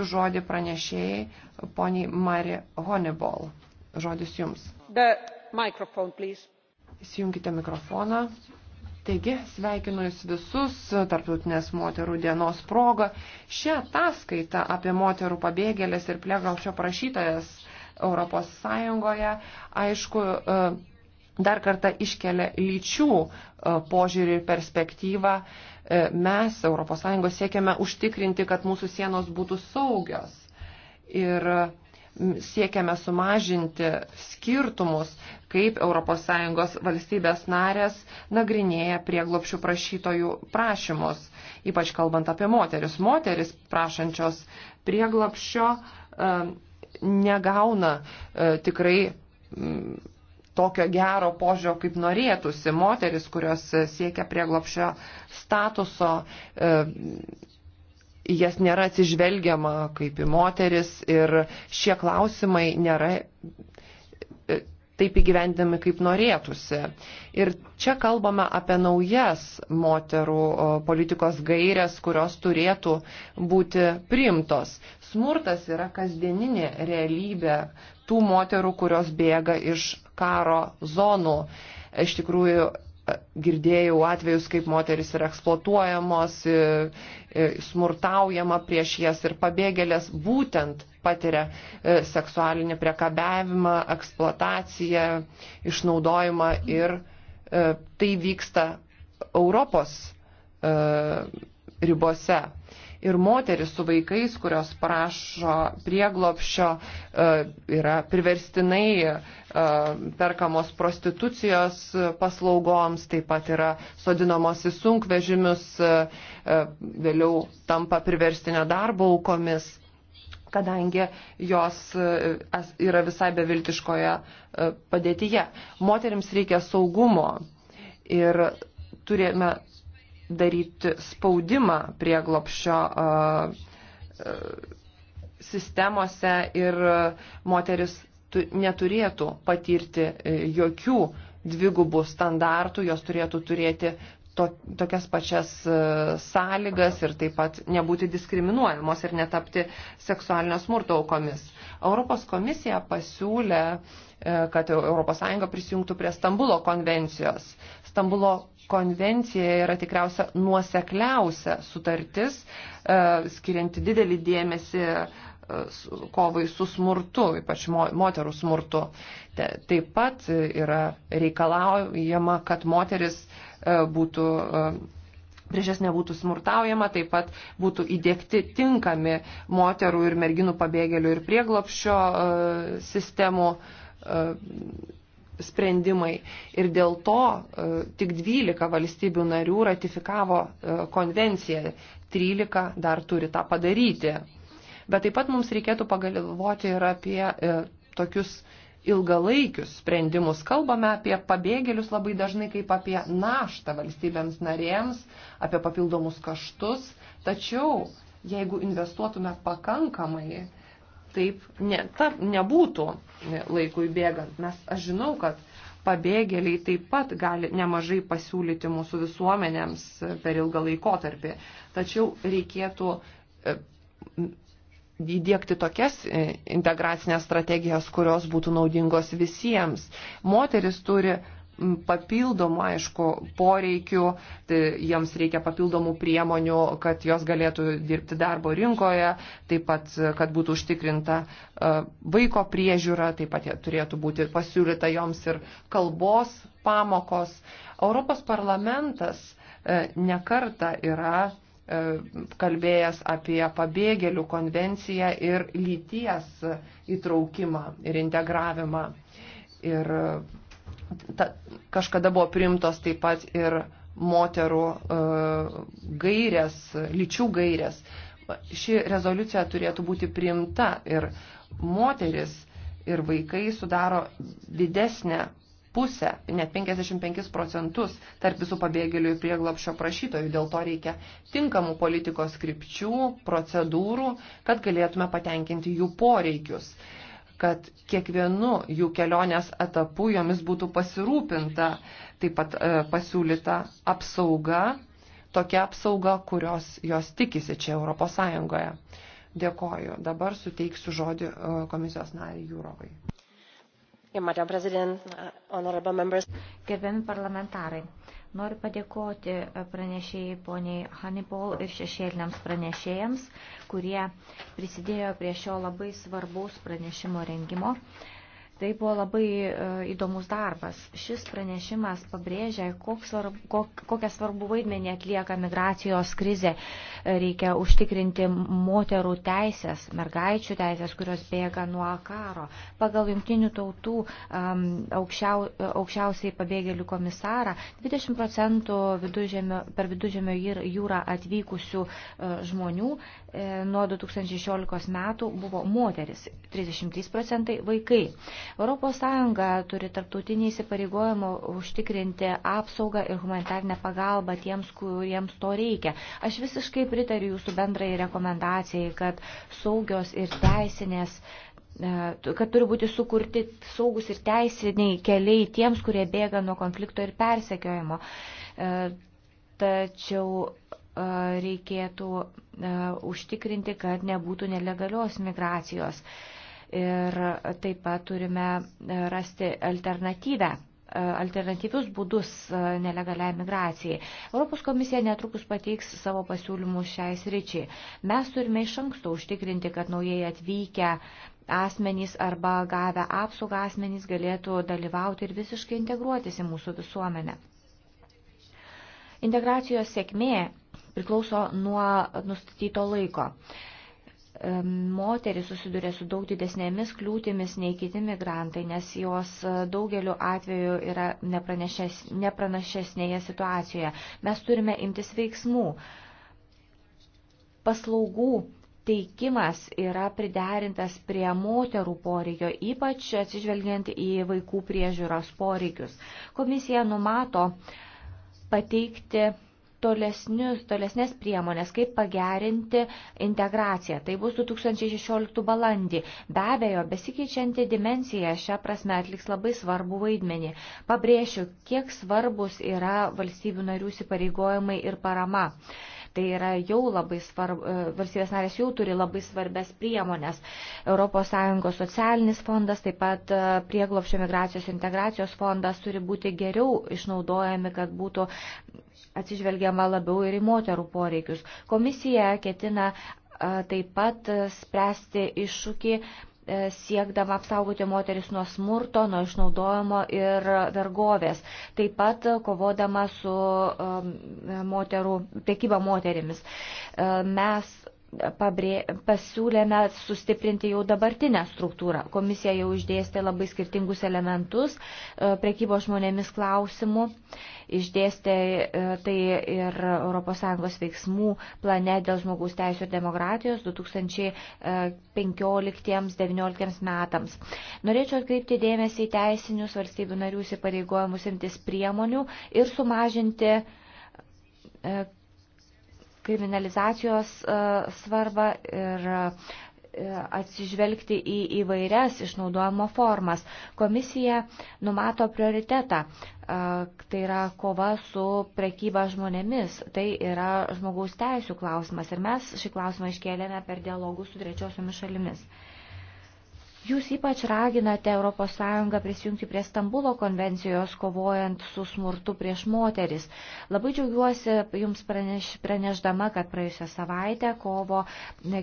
žodį pranešėjai, poniai Mari Honibol. Žodis jums. Įsijunkite mikrofoną. Taigi, sveikinu Jūs visus Tarptautinės moterų dienos progą. Šią ataskaitą apie moterų pabėgėlės ir plėgaučio prašytojas Europos Sąjungoje, aišku, dar kartą iškelia lyčių e, požiūrį ir perspektyvą. E, mes, ES, siekiame užtikrinti, kad mūsų sienos būtų saugios. Ir siekiame sumažinti skirtumus, kaip ES valstybės narės nagrinėja prieglopšių prašytojų prašymus, ypač kalbant apie moteris. Moteris prašančios prieglopščio e, negauna tikrai tokio gero požio, kaip norėtųsi. Moteris, kurios siekia prieglopšio statuso, e, jas nėra atsižvelgiama kaip į moteris ir šie klausimai nėra e, taip įgyvendami, kaip norėtųsi. Ir čia kalbame apie naujas moterų politikos gairias, kurios turėtų būti priimtos. Smurtas yra kasdieninė realybė, tų moterų, kurios bėga iš karo zonų. Iš tikrųjų, e, girdėjau atvejus, kaip moteris yra eksploatuojamos, e, e, smurtaujama prieš jas ir pabėgėlės būtent patiria seksualinį priekabiavimą, eksploataciją, išnaudojimą ir tai vyksta Europos ribose ir moteris su vaikais, kurios prašo prieglopščio, e, yra priverstinai e, perkamos prostitucijos paslaugoms, taip pat yra sodinamos į sunkvežimius, e, vėliau tampa priverstinio darbo aukomis kadangi jos yra visai beviltiškoje padėtyje. Moterims reikia saugumo ir turime daryti spaudimą prieglopščio sistemose ir moteris neturėtų patirti e, jokių dvigubų standartų, jos turėtų turėti to, tokias pačias e, sąlygas ir taip pat nebūti diskriminuojamos ir netapti seksualinio smurto aukomis. Europos komisija pasiūlė, e, kad ES prisijungtų prie Stambulo konvencijos. Stambulo konvencija yra tikriausia nuosekliausia sutartis, e, skirianti didelį dėmesį e, kovai su smurtu, ypač moterų smurtu. Taip pat yra reikalaujama, kad moteris e, būtų prieš jas nebūtų smurtaujama, taip pat būtų įdėkti tinkami moterų ir merginų pabėgėlių ir prieglopščio sistemų sprendimai ir dėl to e, tik 12 valstybių narių ratifikavo e, konvenciją, 13 dar turi tą padaryti. Bet taip pat mums reikėtų pagalvoti ir apie e, tokius ilgalaikius sprendimus. Kalbame apie pabėgėlius labai dažnai kaip apie naštą valstybėms narėms, apie papildomus kaštus. Tačiau, jeigu investuotume pakankamai, taip ne, ta, nebūtų laikui bėgant. Mes, aš žinau, kad pabėgėliai taip pat gali nemažai pasiūlyti mūsų visuomenėms per ilgą laikotarpį. Tačiau reikėtų e, įdėkti tokias e, integracinės strategijas, kurios būtų naudingos visiems. Moteris turi papildomų, aišku, poreikių, tai jiems reikia papildomų priemonių, kad jos galėtų dirbti darbo rinkoje, taip pat, kad būtų užtikrinta e, vaiko priežiūra, taip pat turėtų būti pasiūlyta joms ir kalbos pamokos. Europos parlamentas e, nekarta yra e, kalbėjęs apie pabėgėlių konvenciją ir lyties įtraukimą ir integravimą. Ir ta, kažkada buvo priimtos taip pat ir moterų uh, gairės, lyčių gairės. Ši rezoliucija turėtų būti priimta ir moteris ir vaikai sudaro didesnę pusę, net 55 procentus tarp visų pabėgėlių ir prieglapšio prašytojų. Dėl to reikia tinkamų politikos krypčių, procedūrų, kad galėtume patenkinti jų poreikius. Uh, kad kiekvienu jų kelionės etapu jomis būtų pasirūpinta, taip pat e, pasiūlyta apsauga, tokia apsauga, kurios jos tikisi čia Europos Sąjungoje. Dėkoju. Dabar suteiksiu žodį e, komisijos nariai Jūrovai. Uh, Gerbiami parlamentarai, Noriu padėkoti pranešėjai poniai Hannibal ir šešėliniams pranešėjams, kurie prisidėjo prie šio labai svarbaus pranešimo rengimo. Tai buvo labai e, įdomus darbas. Šis pranešimas pabrėžia, svarb, kok, kokią svarbų vaidmenį atlieka migracijos krizė. E, reikia užtikrinti moterų teisės, mergaičių teisės, kurios bėga nuo karo. Pagal jungtinių tautų um, aukščiau, e, aukščiausiai pabėgėlių komisarą 20 procentų vidužėmio, per vidužėmio jūrą atvykusių uh, žmonių E, nuo 2016 metų buvo moteris, 33 procentai vaikai. ES turi tarptautinį įsipareigojimą užtikrinti apsaugą ir humanitarnę pagalbą tiems, kuriems to reikia. Aš visiškai pritariu jūsų bendrai rekomendacijai, kad saugios ir teisinės e, kad turi būti sukurti saugus ir teisiniai keliai tiems, kurie bėga nuo konflikto ir persekiojimo. E, tačiau reikėtų užtikrinti, kad nebūtų nelegalios migracijos. Ir taip pat turime rasti alternatyvę alternatyvius būdus nelegaliai migracijai. Europos komisija netrukus pateiks savo pasiūlymus šiai sričiai. Mes turime iš anksto užtikrinti, kad naujai atvykę asmenys arba gavę apsaugą asmenys galėtų dalyvauti ir visiškai integruotis į mūsų visuomenę. Integracijos sėkmė priklauso nuo nustatyto laiko. Moteris susiduria su daug didesnėmis kliūtimis nei kiti migrantai, nes jos e, daugeliu atveju yra nepranašesnėje situacijoje. Mes turime imtis veiksmų. Paslaugų teikimas yra priderintas prie moterų poreikio, ypač atsižvelgiant į vaikų priežiūros poreikius. Komisija numato pateikti tolesnės priemonės, kaip pagerinti integraciją. Tai bus 2016 balandį. Be abejo, besikeičianti dimensija šią prasme atliks labai svarbu vaidmenį. Pabrėšiu, kiek svarbus yra valstybių narių įsipareigojimai ir parama. Tai yra jau labai svarbu, e, valstybės narės jau turi labai svarbės priemonės. ES socialinis fondas, taip pat e, prieglopščio migracijos integracijos fondas turi būti geriau išnaudojami, kad būtų atsižvelgiama labiau ir į moterų poreikius. Komisija ketina taip pat spręsti iššūkį e, siekdama apsaugoti moteris nuo smurto, nuo išnaudojimo ir vergovės, taip pat kovodama su moterų, priekyba moterimis. E, mes pabrė, pasiūlėme sustiprinti jau dabartinę struktūrą. Komisija jau išdėstė labai skirtingus elementus e, prekybos žmonėmis klausimų, išdėstė e, tai ir ES veiksmų plane dėl žmogaus teisų ir demokratijos 2015-2019 e, metams. Norėčiau atkreipti dėmesį į teisinius valstybių narių įsipareigojimus imtis priemonių ir sumažinti kriminalizacijos e, svarbą ir e, atsižvelgti į įvairias išnaudojimo formas. Komisija numato prioritetą, e, tai yra kova su prekyba žmonėmis, tai yra žmogaus teisų klausimas ir mes šį klausimą iškėlėme per dialogų su trečiosiomis šalimis. Jūs ypač raginate ES prisijungti prie Stambulo konvencijos, kovojant su smurtu prieš moteris. Labai džiaugiuosi Jums praneš, pranešdama, kad praėjusią savaitę, kovo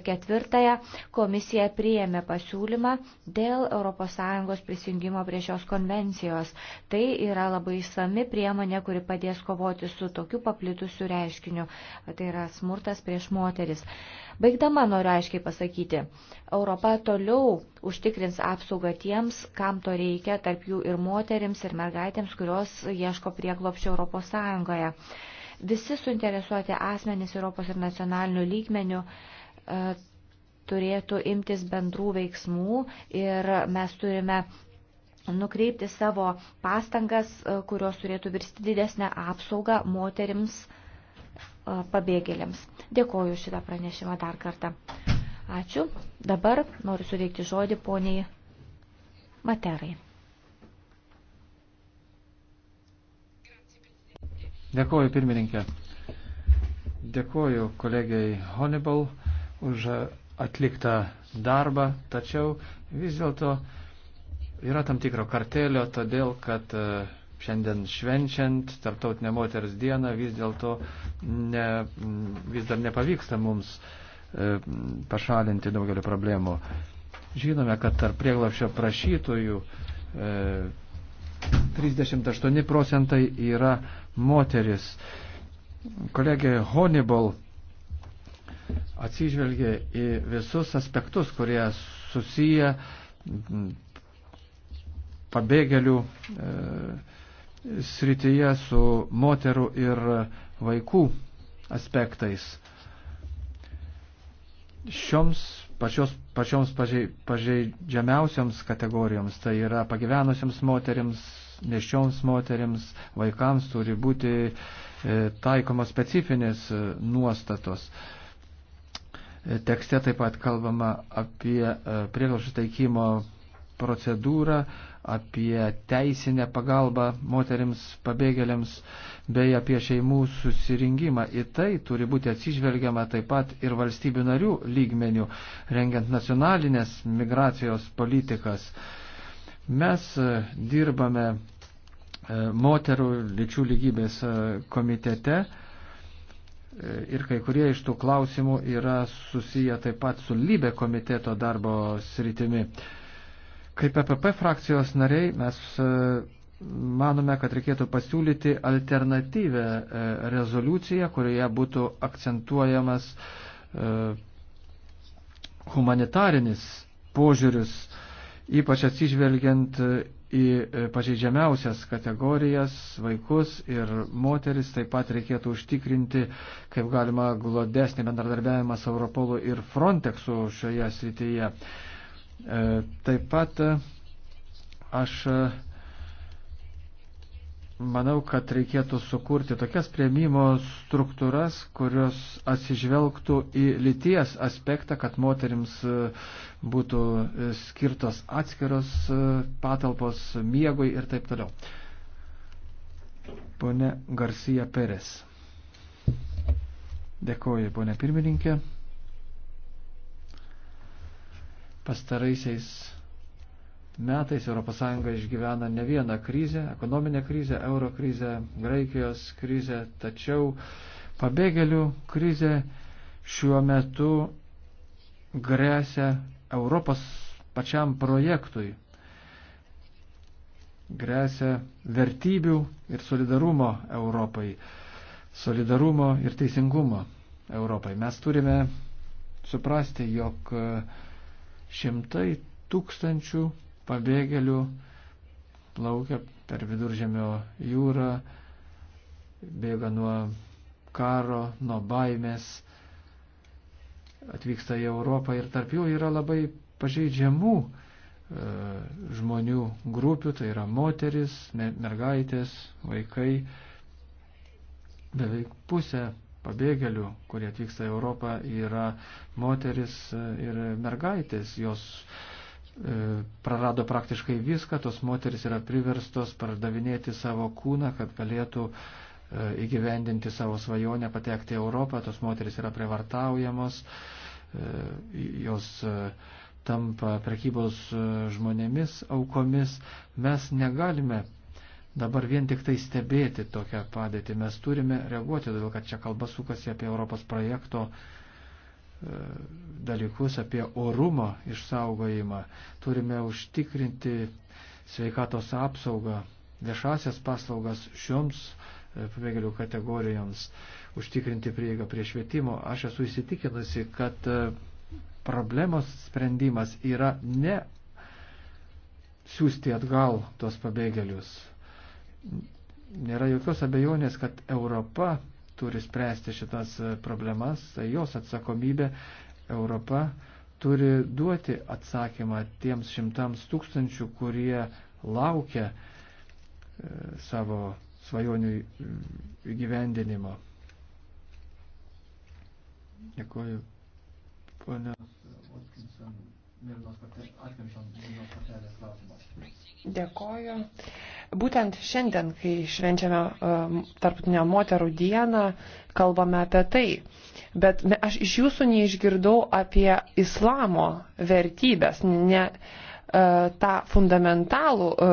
ketvirtąją, komisija priėmė pasiūlymą dėl ES prisijungimo prie šios konvencijos. Tai yra labai sami priemonė, kuri padės kovoti su tokiu paplitusiu reiškiniu. Tai yra smurtas prieš moteris. Baigdama noriu aiškiai pasakyti, Europa toliau užtikrina užtikrins apsaugą tiems, kam to reikia, tarp jų ir moterims, ir mergaitėms, kurios ieško prieglopščio Europos Sąjungoje. Visi suinteresuoti asmenys Europos ir nacionalinių lygmenių e, turėtų imtis bendrų veiksmų ir mes turime nukreipti savo pastangas, e, kurios turėtų virsti didesnę apsaugą moterims e, pabėgėliams. Dėkoju šitą pranešimą dar kartą. Ačiū. Dabar noriu suteikti žodį poniai Materai. Dėkuoju pirmininkė. Dėkuoju kolegijai Honeybal už atliktą darbą, tačiau vis dėlto yra tam tikro kartelio, todėl kad e, šiandien švenčiant Tartautinę moters dieną vis dėlto ne, vis dar nepavyksta mums uh, E, pašalinti daugelį problemų. Žinome, kad tarp prieglapšio prašytojų 38 e, procentai yra moteris. Kolegė Honibal atsižvelgia į visus aspektus, kurie susiję pabėgėlių e, srityje su moterų ir vaikų aspektais šioms pačios, pačioms pažeidžiamiausiams kategorijoms, tai yra pagyvenusiams moteriams, neščioms moteriams, vaikams turi būti e, taikomos specifinės e, nuostatos. E, tekste taip pat kalbama apie e, prieglaušų teikimo procedūrą, e, apie teisinę pagalbą moteriams pabėgėliams bei apie šeimų susirinkimą. Į tai turi būti atsižvelgiama taip pat ir valstybių narių lygmenių, rengiant nacionalinės migracijos politikas. Mes e, dirbame e, moterų lyčių lygybės e, komitete. Ir kai kurie iš tų klausimų yra susiję taip pat su lybė komiteto darbo sritimi. Uh, Kaip EPP frakcijos nariai mes e, manome, kad reikėtų pasiūlyti alternatyvę e, rezoliuciją, kurioje būtų akcentuojamas e, humanitarinis požiūris, ypač atsižvelgiant į pažeidžiamiausias kategorijas, vaikus ir moteris, taip pat reikėtų užtikrinti, kaip galima glodesnį bendradarbiavimą su Europolu ir Frontexu šioje srityje. E, taip pat e, aš e, manau, kad reikėtų sukurti tokias prieimimo struktūras, kurios atsižvelgtų į lyties aspektą, kad moterims būtų skirtos atskiros patalpos miegui ir taip toliau. Pone Garcia Perez. Dėkoju, ponė pirmininkė. Pastaraisiais metais ES išgyvena ne vieną krizę, ekonominę krizę, euro krizę, Graikijos krizę, tačiau pabėgėlių krizė šiuo metu grėsia Europos pačiam projektui, grėsia vertybių ir solidarumo Europai, solidarumo ir teisingumo Europai. Mes turime suprasti, jog uh, Šimtai tūkstančių pabėgėlių plaukia per viduržemio jūrą, bėga nuo karo, nuo baimės, atvyksta į Europą ir tarp jų yra labai pažeidžiamų e, žmonių grupių, tai yra moteris, mergaitės, vaikai, beveik pusė pabėgėlių, kurie atvyksta į Europą, yra moteris ir mergaitės. Jos e, prarado praktiškai viską, tos moteris yra priverstos pardavinėti savo kūną, kad galėtų e, įgyvendinti savo svajonę patekti į Europą, tos moteris yra prievartaujamos, e, jos tampa prekybos žmonėmis aukomis. Mes negalime dabar vien tik tai stebėti tokią padėtį. Mes turime reaguoti, todėl kad čia kalba sukasi apie Europos projekto e, dalykus, apie orumo išsaugojimą. Turime užtikrinti sveikatos apsaugą, viešasias paslaugas šioms e, pabėgėlių kategorijoms, užtikrinti prieigą prie švietimo. Aš esu įsitikinusi, kad e, problemos sprendimas yra ne siūsti atgal tuos pabėgėlius, nėra jokios abejonės, kad Europa turi spręsti šitas problemas, tai jos atsakomybė Europa turi duoti atsakymą tiems šimtams tūkstančių, kurie laukia e, savo svajonių įgyvendinimo. Dėkuoju, ponia Atkinson, Mirnos Atkinson, Mirnos kortelės klausimas. Dėkoju. Būtent šiandien, kai švenčiame e, tarptautinę moterų dieną, kalbame apie tai. Bet aš iš jūsų neišgirdau apie islamo vertybės. Ne, E, tą fundamentalų e,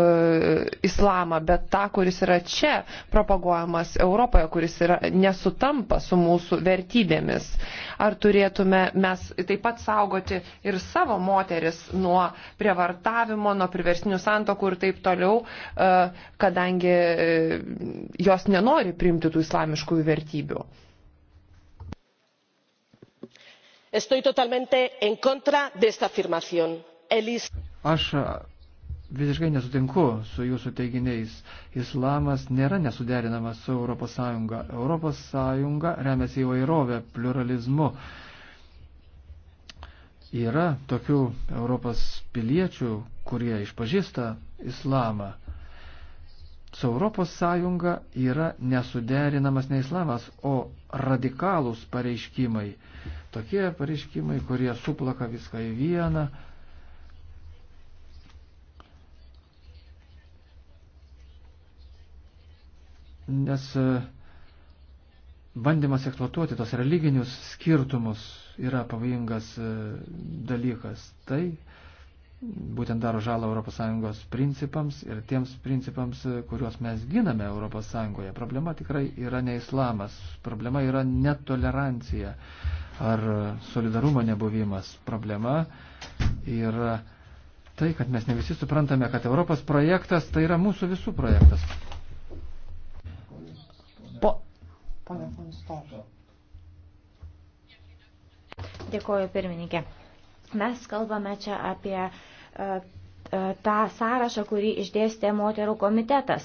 islamą, bet tą, kuris yra čia propaguojamas Europoje, kuris yra, nesutampa su mūsų vertybėmis. Ar turėtume mes taip pat saugoti ir savo moteris nuo prievartavimo, nuo priversinių santokų ir taip toliau, e, kadangi jos nenori priimti tų islamiškųjų vertybių estoy totalmente en contra de esta afirmación. Aš visiškai nesutinku su jūsų teiginiais. Islamas nėra nesuderinamas su ES. ES remiasi įvairovę, pluralizmu. Yra tokių Europos piliečių, kurie išpažįsta islamą. Su ES yra nesuderinamas ne islamas, o radikalūs pareiškimai. Tokie pareiškimai, kurie suplaka viską į vieną, nes e, bandymas eksploatuoti tos religinius skirtumus yra pavojingas e, dalykas. Tai būtent daro žalą ES principams ir tiems principams, e, kuriuos mes giname ES. Problema tikrai yra ne islamas, problema yra netolerancija ar solidarumo nebuvimas. Problema yra tai, kad mes ne visi suprantame, kad Europos projektas tai yra mūsų visų projektas. Pone Fonstov. Dėkuoju, pirmininkė. Mes kalbame čia apie uh, tą sąrašą, kurį išdėstė moterų komitetas.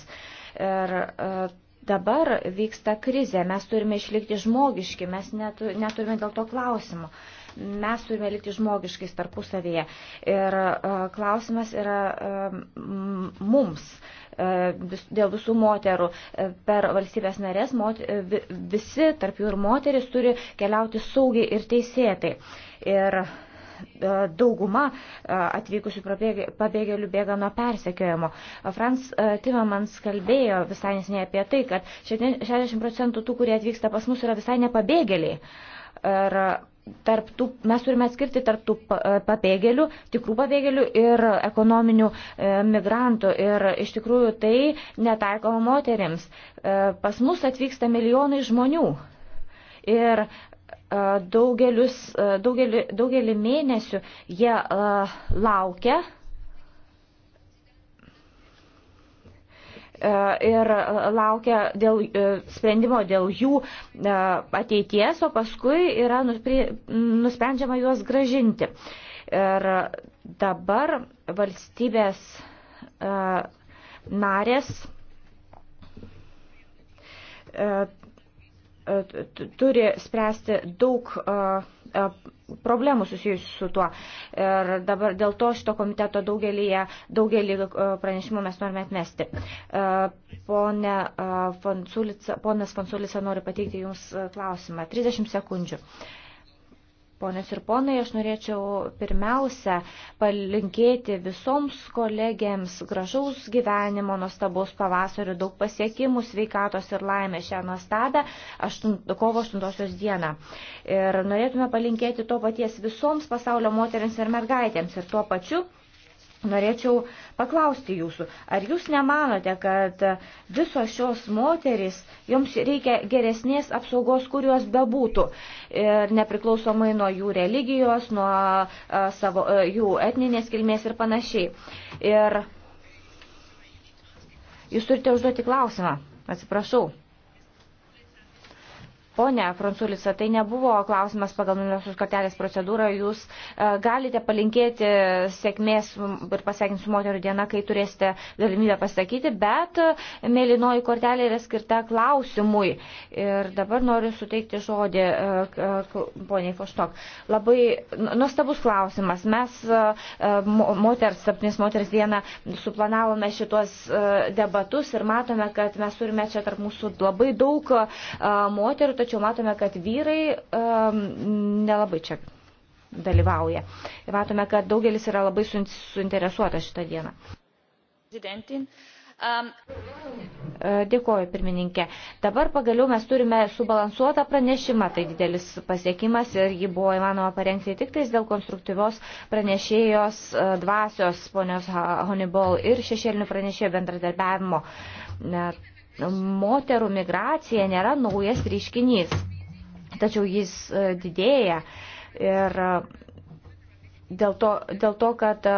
Ir e, dabar vyksta krizė, mes turime išlikti žmogiški, mes neturime dėl to klausimų. Mes turime likti žmogiškais tarpusavėje. Ir klausimas yra mums E, dėl visų moterų e, per valstybės narės, e, visi, tarp jų ir moteris, turi keliauti saugiai ir teisėtai. Ir dauguma atvykusių pabėgėlių bėga nuo persekiojimo. Frans Timmermans kalbėjo visai nesiniai apie tai, kad 60 procentų tų, kurie atvyksta pas mus, yra visai nepabėgėliai. Ir tarptų, mes turime skirti tarptų e, pabėgėlių, tikrų pabėgėlių ir ekonominių e, migrantų. Ir iš tikrųjų tai netaikoma moteriams. E, pas mus atvyksta milijonai žmonių. Ir daugelius, daugelį, daugelį mėnesių jie laukia E, ir laukia dėl, e, sprendimo dėl jų e, ateities, o paskui yra nusprendžiama juos gražinti. Ir dabar valstybės narės turi spręsti daug uh, E, problemų susijusių su tuo. Ir dabar dėl to šito komiteto daugelį, daugelį pranešimų mes norime atmesti. E, pone, e, Fansulica, ponas Fansulica nori pateikti Jums klausimą. 30 sekundžių. Ponios ir ponai, aš norėčiau pirmiausia palinkėti visoms kolegėms gražaus gyvenimo, nuostabaus pavasario, daug pasiekimų, sveikatos ir laimę šią nuostabę kovo 8 dieną. Ir norėtume palinkėti to paties visoms pasaulio moteriams ir mergaitėms ir tuo pačiu Norėčiau paklausti jūsų, ar jūs nemanote, kad visos šios moteris, joms reikia geresnės apsaugos, kurios bebūtų, ir nepriklausomai nuo jų religijos, nuo savo, jų etninės kilmės ir panašiai. Ir jūs turite užduoti klausimą. Atsiprašau. Pone Fransulisa, tai nebuvo klausimas pagal naujosios kartelės procedūrą. Jūs e, galite palinkėti sėkmės ir pasveikinti su moterų diena, kai turėsite galimybę pasakyti, bet e, mėlynoji kortelė yra skirta klausimui. Ir dabar noriu suteikti žodį e, poniai Foštok. Labai nuostabus klausimas. Mes moters, sapnis moters dieną suplanavome šitos debatus ir matome, kad mes turime čia tarp mūsų labai daug moterų tačiau matome, kad vyrai um, nelabai čia dalyvauja. Ir matome, kad daugelis yra labai suinteresuota šitą dieną. Prezidentin. E, dėkoju, pirmininkė. Dabar pagaliau mes turime subalansuotą pranešimą, tai didelis pasiekimas ir jį buvo įmanoma parengti tik tais dėl konstruktyvios pranešėjos e, dvasios ponios Honibol ir šešėlinių pranešėjo bendradarbiavimo. Net moterų migracija nėra naujas reiškinys, tačiau jis e, didėja ir e, Dėl to, dėl to, kad e,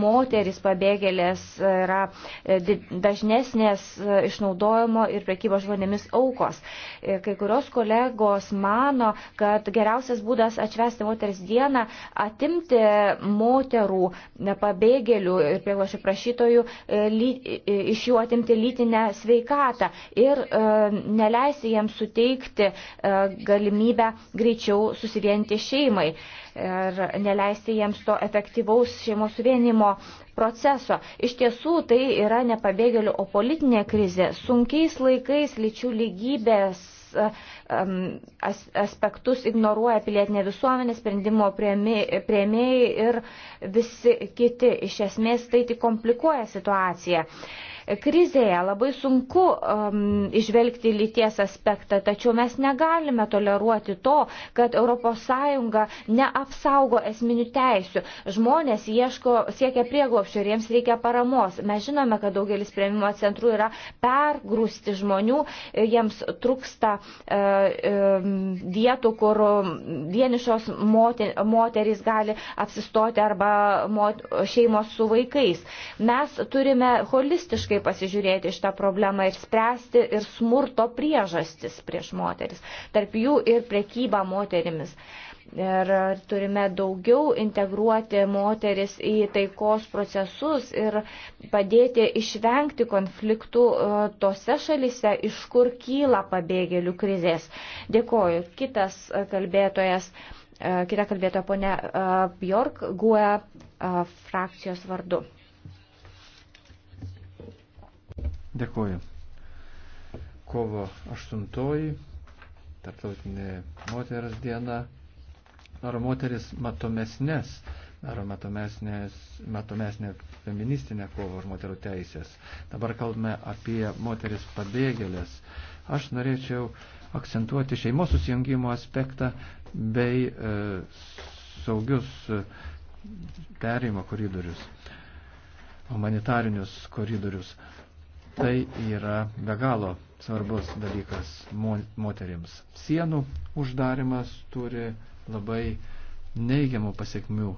moteris pabėgėlės yra e, dažnesnės e, išnaudojimo ir prekybos žmonėmis aukos. Kai kurios kolegos mano, kad geriausias būdas atšvesti moters dieną - atimti moterų pabėgėlių ir prieglošio prašytojų, iš jų atimti lytinę sveikatą ir neleisti jiems suteikti galimybę greičiau susivienyti šeimai ir neleisti jiems to efektyvaus šeimos vienimo proceso. Iš tiesų tai yra ne pabėgėlių, o politinė krizė. Sunkiais laikais lyčių lygybės e, aspektus ignoruoja pilietinė visuomenė, sprendimo prieimėjai ir visi kiti. Iš esmės tai tik komplikuoja situaciją. Krizėje labai sunku um, išvelgti lyties aspektą, tačiau mes negalime toleruoti to, kad ES neapsaugo esminių teisių. Žmonės ieško, siekia prieglopščio ir jiems reikia paramos. Mes žinome, kad daugelis prieimimo centrų yra pergrūsti žmonių, jiems trūksta e, e, vietų, kur vienišos moter, moterys gali apsistoti arba mot, šeimos su vaikais. Mes turime holistiškai kryptingai pasižiūrėti šitą problemą ir spręsti ir smurto priežastis prieš moteris, tarp jų ir prekyba moterimis. Ir turime daugiau integruoti moteris į taikos procesus ir padėti išvengti konfliktų e, tose šalise, iš kur kyla pabėgėlių krizės. Dėkoju. Kitas e, kalbėtojas e, kitą kalbėtoją ponę Bjork Guę frakcijos vardu. Dėkuoju. Kovo 8. Tartautinė moteris diena. Ar moteris matomesnės, ar matomesnės, matomesnė feministinė kovo už moterų teisės. Dabar kalbame apie moteris pabėgėlės. Aš norėčiau akcentuoti šeimos susijungimo aspektą bei e, saugius e, perėjimo koridorius, humanitarinius koridorius. E, tai yra be galo svarbus dalykas moterims. Sienų uždarimas turi labai neigiamų pasiekmių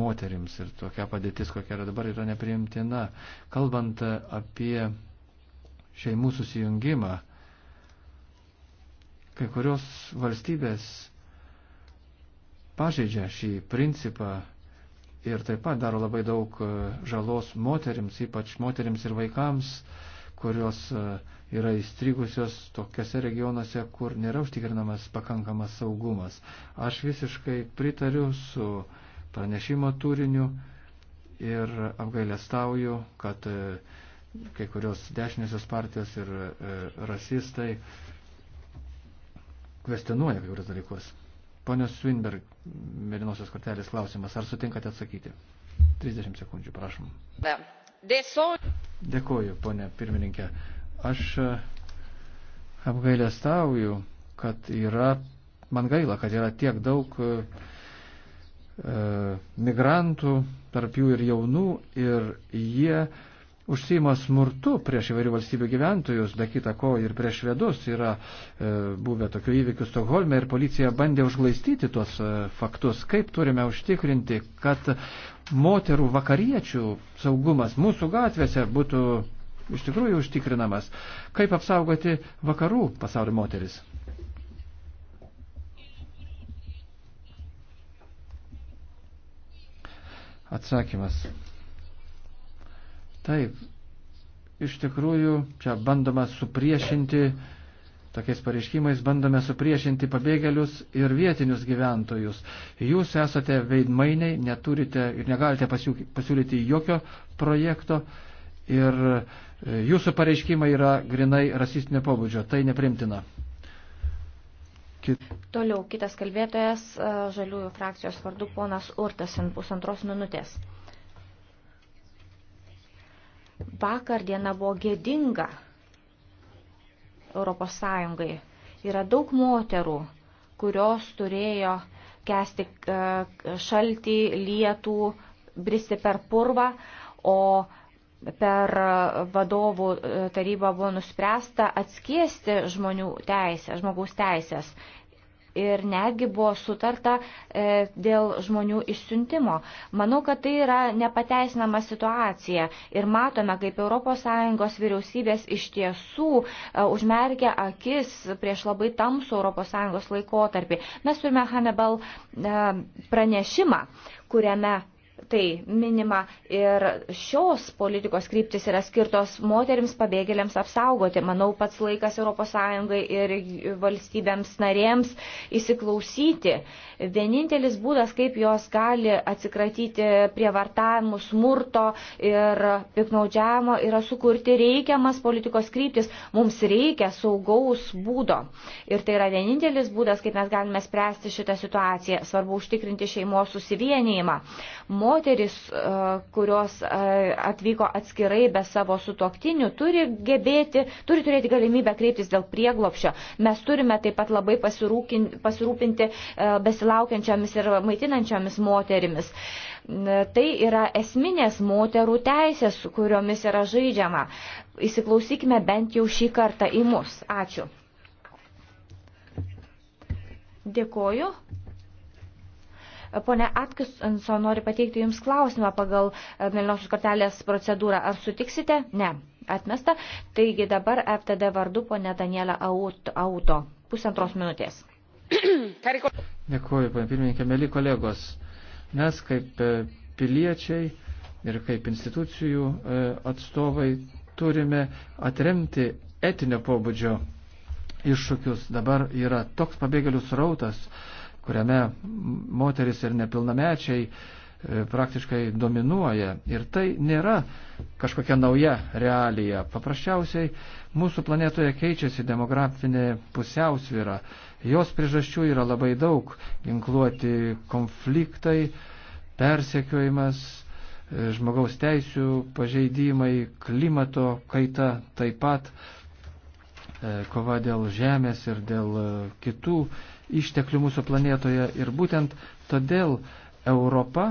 moterims ir tokia padėtis, kokia yra dabar, yra nepriimtina. Kalbant apie šeimų susijungimą, kai kurios valstybės pažeidžia šį principą ir taip pat daro labai daug žalos moterims, ypač moterims ir vaikams, kurios e, yra įstrigusios tokiuose regionuose, kur nėra užtikrinamas pakankamas saugumas. Aš visiškai pritariu su pranešimo turiniu ir apgailestauju, kad e, kai kurios dešiniosios partijos ir e, rasistai kvestionuoja kai kurios dalykus. Ponios Swinberg, mėlynosios kortelės klausimas, ar sutinkate atsakyti? 30 sekundžių, prašom. Ne. Dėkuoju, ponė pirmininkė. Aš e, apgailę stauju, kad yra, man gaila, kad yra tiek daug e, e migrantų, tarp jų ir jaunų, ir jie užsima smurtu prieš įvairių valstybių gyventojus, be kita ko ir prieš švedus. Yra e, buvę tokių įvykių Stokholme ir policija bandė užglaistyti tuos e, faktus. Kaip turime užtikrinti, kad moterų vakariečių saugumas mūsų gatvėse būtų iš tikrųjų užtikrinamas? Kaip apsaugoti vakarų pasaulio moteris? Atsakymas. Taip, iš tikrųjų, čia bandoma supriešinti, tokiais pareiškimais bandome supriešinti pabėgėlius ir vietinius gyventojus. Jūs esate veidmainiai, neturite ir negalite pasiūlyti jokio projekto ir e, jūsų pareiškimai yra grinai rasistinio pobūdžio. Tai neprimtina. Kit... Toliau kitas kalbėtojas e, žaliųjų frakcijos vardu ponas Urtasin pusantros minutės. Vakar diena buvo gėdinga Europos Sąjungai. Yra daug moterų, kurios turėjo kesti e, šaltį, lietų, bristi per purvą, o per vadovų e, tarybą buvo nuspręsta atskiesti žmonių teisę, žmogaus teisės ir netgi buvo sutarta e, dėl žmonių išsiuntimo. Manau, kad tai yra nepateisinama situacija ir matome, kaip ES vyriausybės iš tiesų e, užmerkia akis prieš labai tamsų ES laikotarpį. Mes turime Hannibal e, pranešimą, kuriame tai minima ir šios politikos kryptis yra skirtos moterims pabėgėliams apsaugoti. Manau, pats laikas ES ir valstybėms narėms įsiklausyti. Vienintelis būdas, kaip jos gali atsikratyti prievartavimų, smurto ir piknaudžiavimo, yra sukurti reikiamas politikos kryptis. Mums reikia saugaus būdo. Ir tai yra vienintelis būdas, kaip mes galime spręsti šitą situaciją. Svarbu užtikrinti šeimos susivienijimą moteris, e, kurios e, atvyko atskirai be savo sutoktinių, turi gebėti, turi turėti galimybę kreiptis dėl prieglopšio. Mes turime taip pat labai pasirūpinti e, besilaukiančiomis ir maitinančiomis moterimis. Tai yra esminės moterų teisės, kuriomis yra žaidžiama. Įsiklausykime bent jau šį kartą į mus. Ačiū. Dėkoju. Pone Atkinson nori pateikti Jums klausimą pagal e, Melinosios kortelės procedūrą. Ar sutiksite? Ne. Atmesta. Taigi dabar FTD vardu pone Daniela Auto. Pusantros minutės. Dėkuoju, pane pirmininkė, mėly kolegos. Mes kaip e, piliečiai ir kaip institucijų e, atstovai turime atremti etinio pobūdžio iššūkius. Dabar yra toks pabėgėlių srautas, kuriame moteris ir nepilnamečiai e, praktiškai dominuoja. Ir tai nėra kažkokia nauja realija. Paprasčiausiai mūsų planetoje keičiasi demografinė pusiausvyra. Jos priežasčių yra labai daug. Ginkluoti konfliktai, persekiojimas, e, žmogaus teisių pažeidimai, klimato kaita taip pat, e, kova dėl žemės ir dėl kitų išteklių mūsų planetoje ir būtent todėl Europa,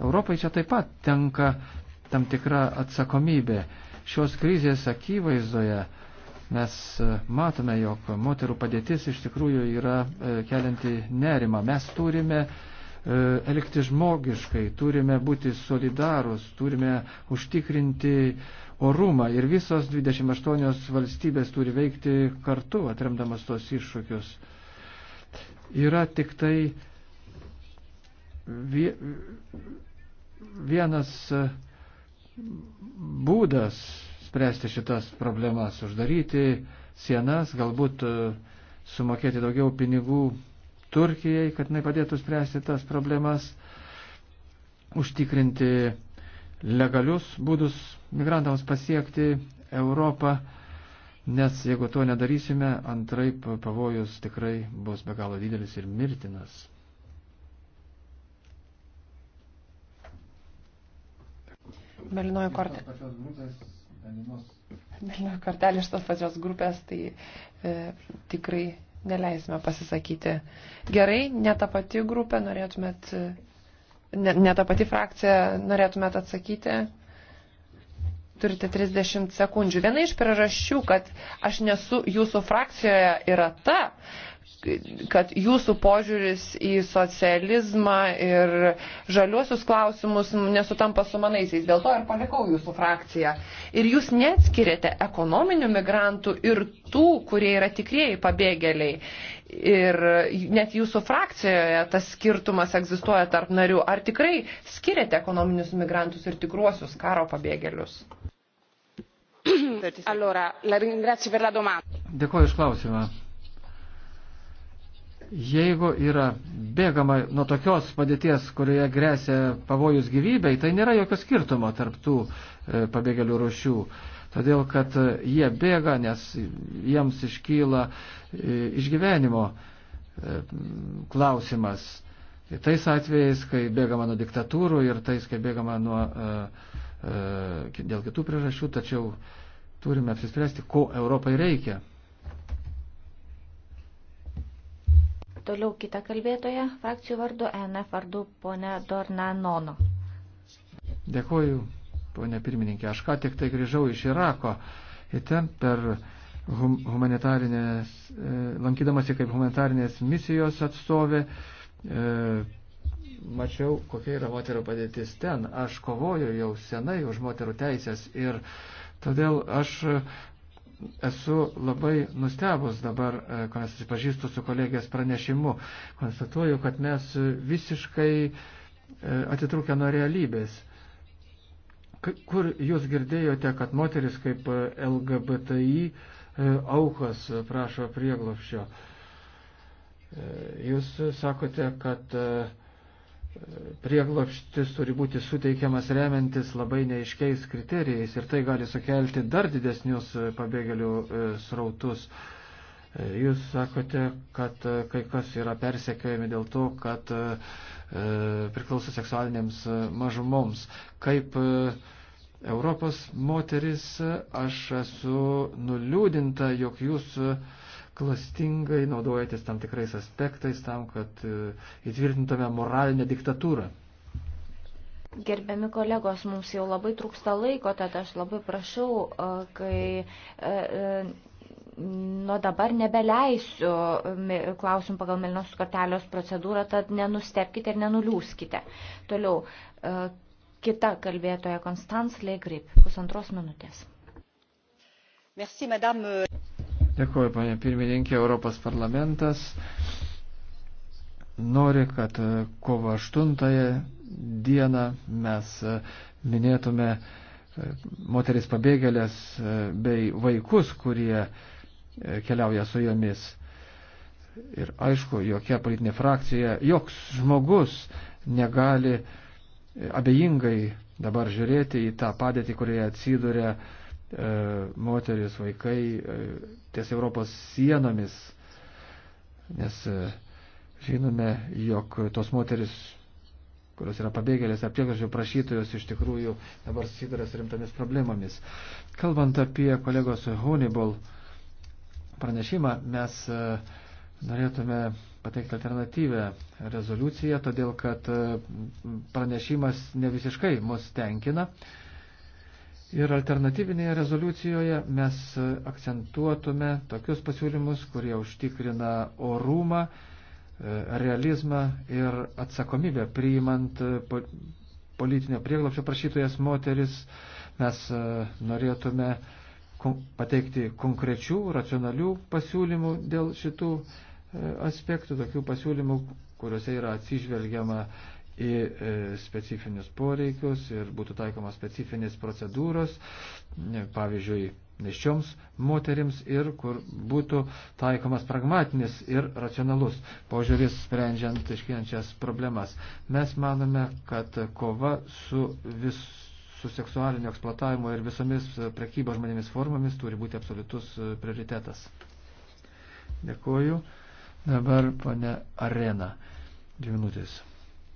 Europai čia taip pat tenka tam tikra atsakomybė. Šios krizės akivaizdoje mes e, matome, jog moterų padėtis iš tikrųjų yra e, kelianti nerimą. Mes turime e, elgti žmogiškai, turime būti solidarus, turime užtikrinti orumą ir visos 28 valstybės turi veikti kartu, atremdamas tos iššūkius yra tik tai vienas e, būdas spręsti šitas problemas, uždaryti sienas, galbūt e, sumokėti daugiau pinigų Turkijai, kad jinai padėtų spręsti tas problemas, užtikrinti legalius būdus migrantams pasiekti Europą nes jeigu to nedarysime, antraip pavojus tikrai bus be galo didelis ir mirtinas. Melinoji kortelė. Melinoji kortelė iš tos pačios grupės, tai e, tikrai neleisime pasisakyti. Gerai, ne ta pati grupė norėtumėt, e, ne, ne ta pati frakcija norėtumėt atsakyti. Turite 30 sekundžių. Viena iš priežasčių, kad aš nesu jūsų frakcijoje, yra ta, kad jūsų požiūris į socializmą ir žaliuosius klausimus nesutampa su manaisiais. Dėl to ir palikau jūsų frakciją. Ir jūs neatskiriate ekonominių migrantų ir tų, kurie yra tikrieji pabėgėliai. Ir net jūsų frakcijoje tas skirtumas egzistuoja tarp narių. Ar tikrai skiriate ekonominius migrantus ir tikruosius karo pabėgėlius? Allora, la ringrazio per la domanda. Dėkuoju iš klausimą. Jeigu yra bėgama nuo tokios padėties, kurioje grėsia pavojus gyvybei, tai nėra jokio skirtumo tarptų e, pabėgėlių rušių. Todėl, kad e, jie bėga, nes jiems iškyla e, išgyvenimo e, klausimas. Ir tai tais atvejais, kai bėgama nuo diktatūrų ir tais, kai bėgama nuo, e, e, dėl kitų priežasčių, tačiau e, Turime apsispręsti, ko Europai reikia. Toliau kitą kalbėtoją, frakcijų vardu, e NF vardu, ponė Dornanono. Dėkuoju, ponė pirmininkė. Aš ką tik tai grįžau iš Irako. Ir ten per humanitarinės, e, lankydamasi kaip humanitarinės misijos atstovė, e, mačiau, kokia yra moterų padėtis ten. Aš kovoju jau senai už moterų teisės ir Todėl aš e, esu labai nustebus dabar, e, kai susipažįstu su kolegės pranešimu. Konstatuoju, kad mes visiškai e, atitrūkę nuo realybės. Kur jūs girdėjote, kad moteris kaip LGBTI aukos prašo prieglopščio? Jūs sakote, kad prieglopštis turi būti suteikiamas remiantis labai neiškiais kriterijais ir tai gali sukelti dar didesnius pabėgėlių e, srautus. E, jūs sakote, kad e, kai kas yra persekiojami dėl to, kad priklauso seksualinėms mažumoms. Kaip Europos moteris aš esu nuliūdinta, jog jūs klastingai naudojatės tam tikrais aspektais tam, kad e, įtvirtintume moralinę diktatūrą. Gerbiami kolegos, mums jau labai trūksta laiko, tad aš labai prašau, e, kai e, nuo dabar nebeleisiu klausimų pagal Melinos kortelės procedūrą, tad nenustepkite ir nenuliūskite. Toliau, kita kalbėtoja Konstans Legrip, pusantros minutės. Merci, madame. Dėkuoju, panė pirmininkė, Europos parlamentas nori, kad e, kovo 8 dieną mes e, minėtume e, moteris pabėgėlės bei vaikus, kurie keliauja su jomis. Ir aišku, jokia politinė frakcija, joks žmogus negali abejingai dabar žiūrėti į tą padėtį, kurioje atsiduria uh, E, moteris, vaikai e, ties Europos sienomis, nes e, žinome, jog tos moteris, kurios yra pabėgėlės ar prieglobsčio prašytojos, iš tikrųjų dabar susiduria su rimtomis problemomis. Kalbant apie kolegos Honeyball pranešimą, mes norėtume pateikti alternatyvę rezoliuciją, todėl kad pranešimas ne visiškai mus tenkina. Uh, Ir alternatyvinėje rezoliucijoje mes akcentuotume tokius pasiūlymus, kurie užtikrina orumą, e, realizmą ir atsakomybę priimant e, politinio prieglapšio prašytojas moteris. Mes e, norėtume pateikti konkrečių, racionalių pasiūlymų dėl šitų aspektų, tokių pasiūlymų, kuriuose yra atsižvelgiama į e, specifinius poreikius ir būtų taikomas specifinės procedūros, pavyzdžiui, neščioms moterims ir kur būtų taikomas pragmatinis ir racionalus požiūris sprendžiant iškiančias problemas. Mes manome, kad kova su vis su seksualiniu eksploatavimu ir visomis prekybos žmonėmis formomis turi būti absoliutus e, prioritetas. Dėkuoju. Dabar pane Arena. Dvi minutės.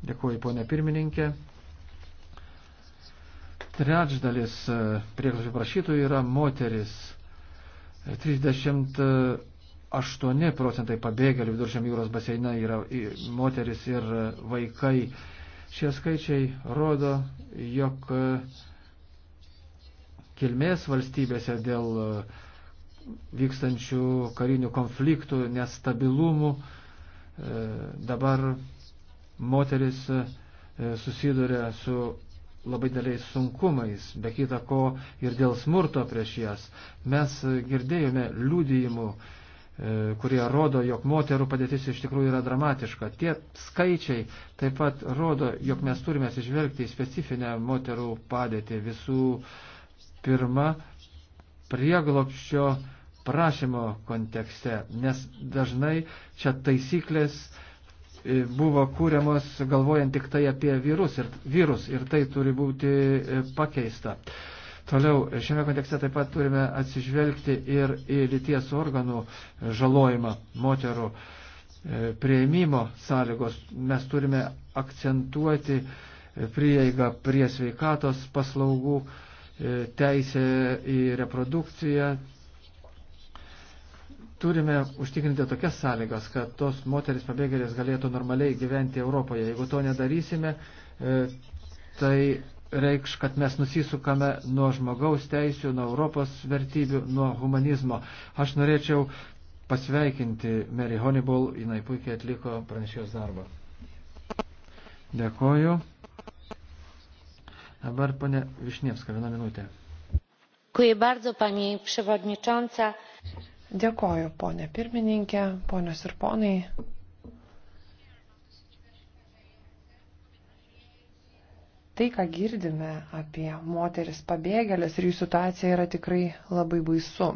Dėkuoju, ponė pirmininkė. Trečdalis e, prieglobsčio prašytojų yra moteris. 38 e, procentai pabėgėlių viduržėm jūros baseina yra moteris ir vaikai. Šie skaičiai rodo, jog e, kilmės valstybėse dėl vykstančių karinių konfliktų, nestabilumų dabar moteris e, susiduria su labai dėliais sunkumais, be kita ko ir dėl smurto prieš jas. Mes girdėjome liūdėjimų, e, kurie rodo, jog moterų padėtis iš tikrųjų yra dramatiška. Tie skaičiai taip pat rodo, jog mes turime atsižvelgti į specifinę moterų padėtį. Visų pirma, prieglopščio prašymo kontekste, nes dažnai čia taisyklės E, buvo kūriamos galvojant tik tai apie vyrus ir, vyrus ir tai turi būti e, pakeista. Toliau, šiame kontekste taip pat turime atsižvelgti ir į lyties organų žalojimą moterų e, prieimimo sąlygos. Mes turime akcentuoti prieigą prie sveikatos paslaugų, teisę į reprodukciją, turime užtikrinti tokias sąlygas, kad tos moteris pabėgėlės galėtų normaliai gyventi Europoje. Jeigu to nedarysime, e, tai reikš, kad mes nusisukame nuo žmogaus teisių, nuo Europos vertybių, nuo humanizmo. Aš norėčiau pasveikinti Mary Honeyball, jinai puikiai atliko pranešėjos darbą. Dėkoju. Dabar ponė Višnievska, vieną minutę. Dziękuję bardzo, pani przewodnicząca. Dėkoju, ponė pirmininkė, ponios ir ponai. Tai, ką girdime apie moteris pabėgėlės ir jų situacija yra tikrai labai baisu.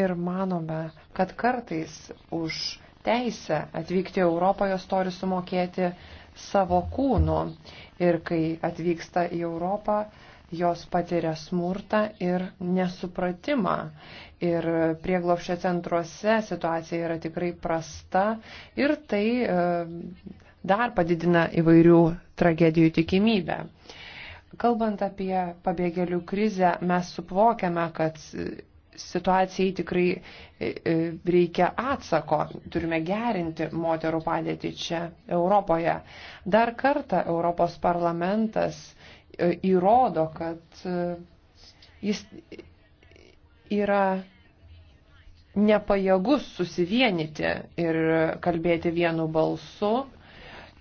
Ir manome, kad kartais už teisę atvykti į Europą jos turi sumokėti savo kūnu. Ir kai atvyksta į Europą, jos patiria smurtą ir nesupratimą. Ir prieglopščio centruose situacija yra tikrai prasta ir tai e, dar padidina įvairių tragedijų tikimybę. Kalbant apie pabėgėlių krizę, mes suvokiame, kad situacijai tikrai e, e, reikia atsako, turime gerinti moterų padėtį čia Europoje. Dar kartą Europos parlamentas E, įrodo, kad e, jis yra nepajėgus susivienyti ir kalbėti vienu balsu,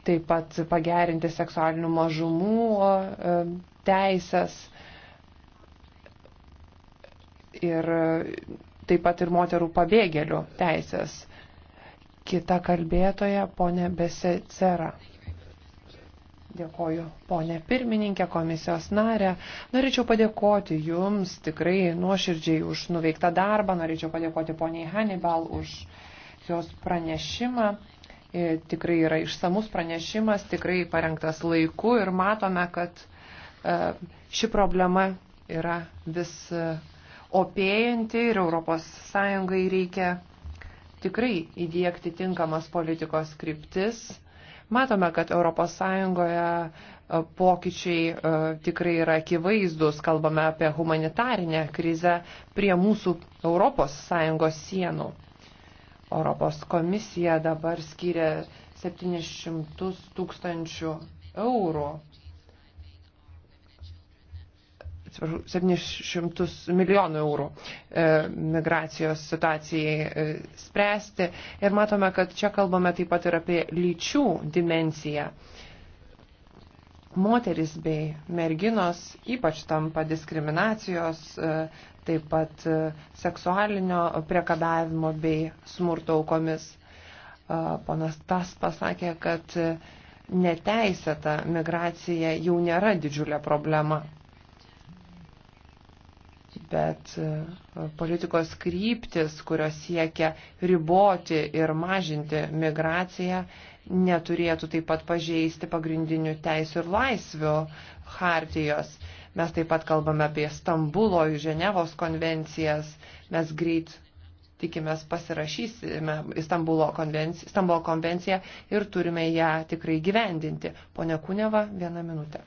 taip pat pagerinti seksualinių mažumų e, teisės ir taip pat ir moterų pabėgėlių teisės. Kita kalbėtoja, ponė Besecera. Dėkoju, ponė pirmininkė, komisijos narė. Norėčiau padėkoti Jums tikrai nuoširdžiai už nuveiktą darbą. Norėčiau padėkoti poniai Hannibal už jos pranešimą. E, tikrai yra išsamus pranešimas, tikrai parengtas laiku ir matome, kad e, ši problema yra vis e, opėjanti ir ES reikia tikrai įdėkti tinkamas politikos kryptis Matome, kad ES e, pokyčiai e, tikrai yra akivaizdus, kalbame apie humanitarinę krizę prie mūsų ES sienų. Europos komisija dabar skiria 700 tūkstančių eurų 700 milijonų eurų e, migracijos situacijai e, spręsti. Ir matome, kad čia kalbame taip pat ir apie lyčių dimenciją. Moteris bei merginos ypač tampa diskriminacijos, e, taip pat seksualinio priekabavimo bei smurto aukomis. Ponas Tas pasakė, kad neteisėta migracija jau nėra didžiulė problema bet e, politikos kryptis, kurios siekia riboti ir mažinti migraciją, neturėtų taip pat pažeisti pagrindinių teisų ir laisvių hartijos. Mes taip pat kalbame apie Stambulo ir Ženevos konvencijas. Mes greit tikimės pasirašysime Stambulo konvenciją, Stambulo konvenciją ir turime ją tikrai gyvendinti. Pone Kuneva, vieną minutę.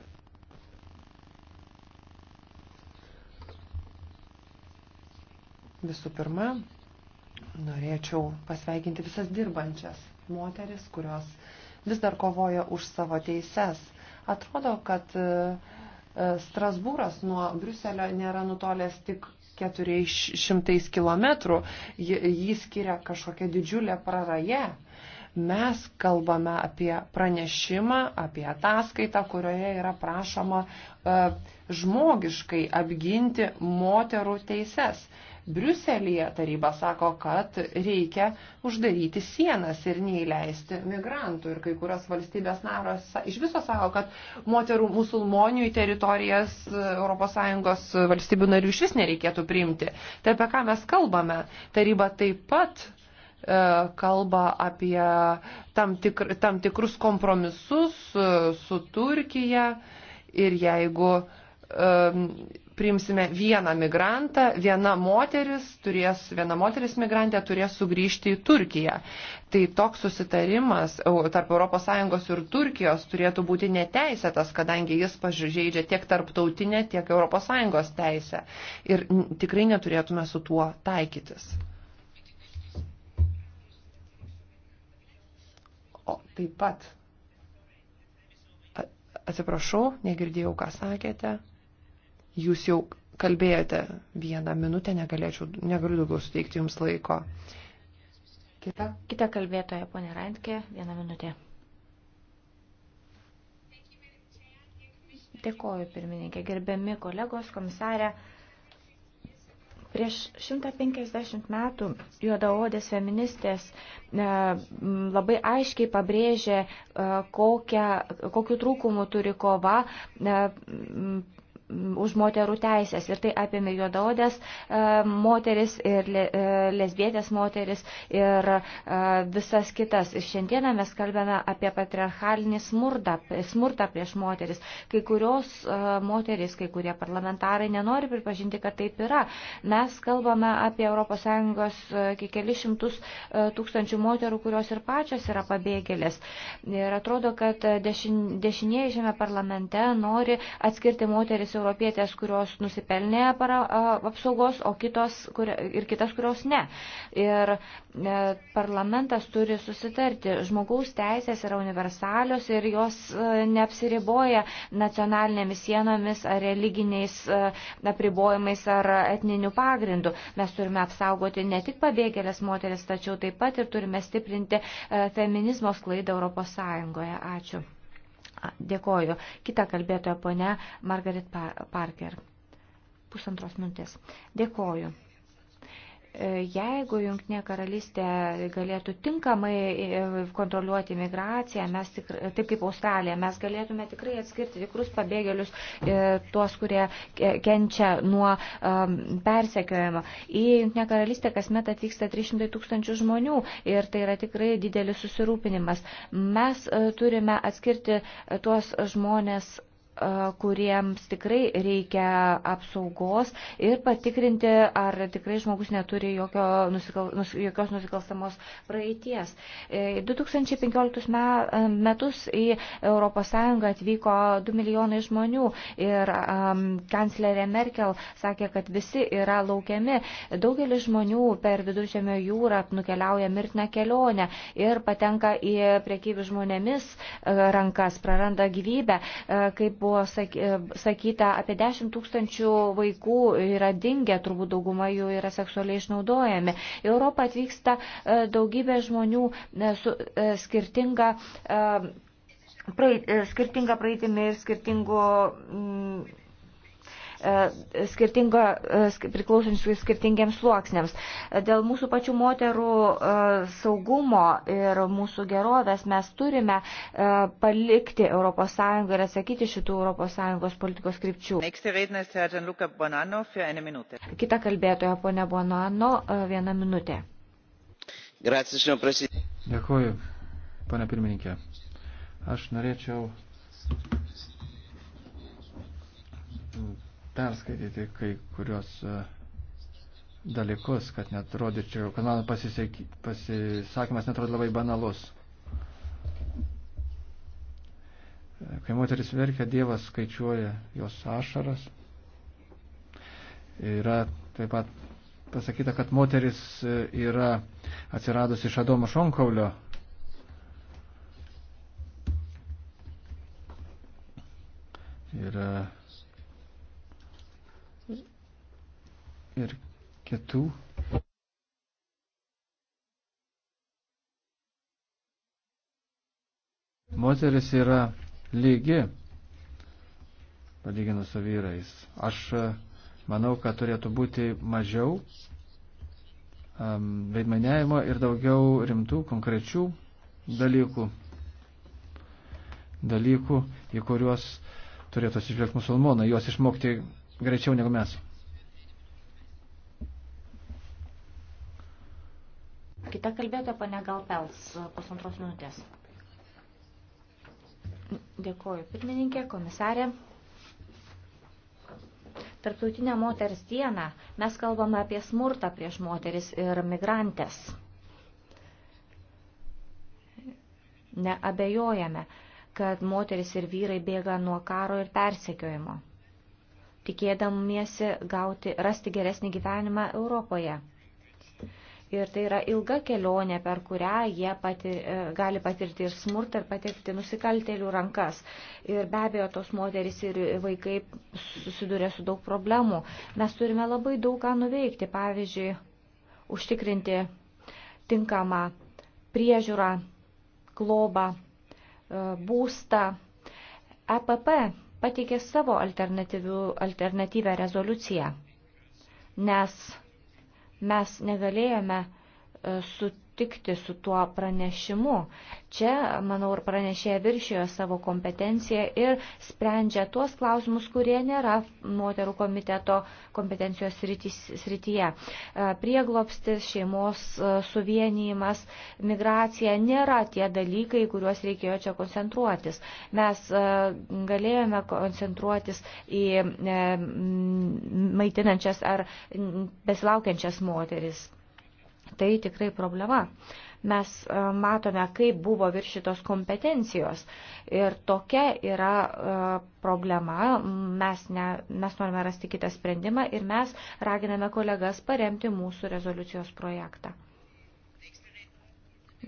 Visų pirma, norėčiau pasveikinti visas dirbančias moteris, kurios vis dar kovoja už savo teises. Atrodo, kad e, e, Strasbūras nuo Briuselio nėra nutolęs tik 400 km, jį skiria kažkokia didžiulė praraja. Mes kalbame apie pranešimą, apie ataskaitą, kurioje yra prašoma e, žmogiškai apginti moterų teises. Briuselėje taryba sako, kad reikia uždaryti sienas ir neįleisti migrantų. Ir kai kurios valstybės naros iš viso sako, kad moterų musulmonių į teritorijas ES valstybių narių iš vis nereikėtų priimti. Tai apie ką mes kalbame? Taryba taip pat e, kalba apie tam, tikr, tam tikrus kompromisus e, su Turkija ir jeigu um, priimsime vieną migrantą, viena moteris, turės, viena moteris migrantė turės sugrįžti į Turkiją. Tai toks susitarimas tarp ES ir Turkijos turėtų būti neteisėtas, kadangi jis pažeidžia tiek tarptautinę, tiek ES teisę. Ir tikrai neturėtume su tuo taikytis. O taip pat. Atsiprašau, negirdėjau, ką sakėte. Jūs jau kalbėjote vieną minutę, negalėčiau, negaliu daugiau suteikti jums laiko. Kita? Kita kalbėtoja, ponė Rantke, vieną minutę. Dėkoju, pirmininkė. Gerbiami kolegos, komisarė, prieš 150 metų juodaodės feministės e, labai aiškiai pabrėžė, e, kokią, kokiu trūkumu turi kova e, už moterų teisės. Ir tai apėmė juodaodės e, moteris ir e, lesbietės moteris ir e, visas kitas. Ir šiandieną mes kalbame apie patriarchalinį smurtą, smurtą prieš moteris. Kai kurios moteris, kai kurie parlamentarai nenori pripažinti, kad taip yra. Mes kalbame apie ES kelius šimtus tūkstančių moterų, kurios ir pačios yra pabėgėlės. Ir atrodo, kad dešin, dešinieji šiame parlamente nori atskirti moteris europietės, kurios nusipelnė para, apsaugos, o kitos kur, ir kitas, kurios ne. Ir e, parlamentas turi susitarti. Žmogaus teisės yra universalios ir jos e, neapsiriboja nacionalinėmis sienomis ar religiniais e, apribojimais ar etniniu pagrindu. Mes turime apsaugoti ne tik pabėgėlės moteris, tačiau taip pat ir turime stiprinti feminizmo sklaidą Europos Sąjungoje. Ačiū. Dėkoju. Kita kalbėtoja ponia Margaret Parker. Pusantros minutės. Dėkoju. E, jeigu Junktinė karalystė galėtų tinkamai e, kontroliuoti migraciją, mes tikr, taip kaip Australija, mes galėtume tikrai atskirti tikrus pabėgėlius, e, tuos, kurie kenčia nuo persekiojimo. Į Junktinę karalystę kasmet atvyksta 300 tūkstančių žmonių ir tai yra tikrai didelis susirūpinimas. Mes turime atskirti tuos žmonės kuriems tikrai reikia apsaugos ir patikrinti, ar tikrai žmogus neturi jokio nusikal, nus, jokios nusikalstamos praeities. 2015 e, metus į ES atvyko 2 milijonai žmonių ir um, kanclerė Merkel sakė, kad visi yra laukiami. Daugelis žmonių per viduržėmio jūrą nukeliauja mirtiną kelionę ir patenka į priekybį žmonėmis e, rankas, praranda gyvybę. E, kaip buvo e, sakyta, apie 10 tūkstančių vaikų yra dingę, turbūt dauguma jų yra seksualiai išnaudojami. Į Europą atvyksta e, daugybė žmonių e, su skirtinga, praeit, skirtinga praeitimi ir skirtingu. Mm, E, skirtingo, e, priklausančių skirtingiems sluoksniams. Dėl mūsų pačių moterų e, saugumo ir mūsų gerovės mes turime palikti ES ir atsakyti šitų ES politikos krypčių. Kita kalbėtoja, ponė Bonano, vieną minutę. Dėkuoju, ponė pirmininkė. Aš norėčiau perskaityti kai kurios e, dalykus, kad netrodyčiau, kad mano pasisakymas netrodo labai banalus. E, kai moteris verkia, Dievas skaičiuoja jos ašaras. Yra taip pat pasakyta, kad moteris e, yra atsiradusi iš Adomo šonkaulio. Yra ir kitų. Moteris yra lygi, palyginus su vyrais. Aš e, manau, kad turėtų būti mažiau veidmainiavimo ir daugiau rimtų, konkrečių dalykų, dalykų, į kuriuos turėtų atsižvelgti musulmonai, juos išmokti greičiau negu mes. Kita kalbėtoja pane Galpels, e, pusantros minutės. Dėkoju pirmininkė, komisarė. Tarptautinę moters dieną mes kalbame apie smurtą prieš moteris ir migrantės. Neabejojame, kad moteris ir vyrai bėga nuo karo ir persekiojimo, tikėdamiesi gauti, rasti geresnį gyvenimą Europoje ir tai yra ilga kelionė, per kurią jie pati, e, gali patirti ir smurtą ir patekti nusikaltelių rankas. Ir be abejo, tos moteris ir vaikai susiduria su daug problemų. Mes turime labai daug ką nuveikti, pavyzdžiui, užtikrinti tinkamą priežiūrą, globą, e, būstą. EPP pateikė savo alternatyvę rezoliuciją, nes Mes negalėjome e, sutikti sutikti su tuo pranešimu. Čia, manau, ir pranešėja viršijo savo kompetenciją ir sprendžia tuos klausimus, kurie nėra moterų komiteto kompetencijos srityje. E, Prieglopstis, šeimos e, suvienijimas, migracija nėra tie dalykai, kuriuos reikėjo čia koncentruotis. Mes e, galėjome koncentruotis į maitinančias ar besilaukiančias moteris. Tai tikrai problema. Mes e, matome, kaip buvo viršytos kompetencijos. Ir tokia yra e, problema. Mes, ne, mes norime rasti kitą sprendimą ir mes raginame kolegas paremti mūsų rezoliucijos projektą.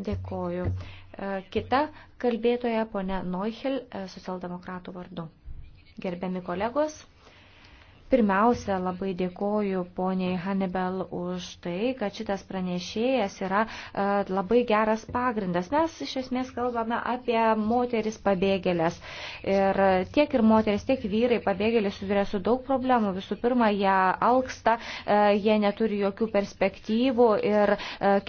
Dėkoju. E, kita kalbėtoja, ponė Neuchel, socialdemokratų vardu. Gerbiami kolegos. Pirmiausia, labai dėkoju poniai Hannibal už tai, kad šitas pranešėjas yra e, labai geras pagrindas. Mes iš esmės kalbame apie moteris pabėgėlės. Ir tiek ir moteris, tiek vyrai pabėgėliai susiduria su daug problemų. Visų pirma, jie alksta, e, jie neturi jokių perspektyvų ir e,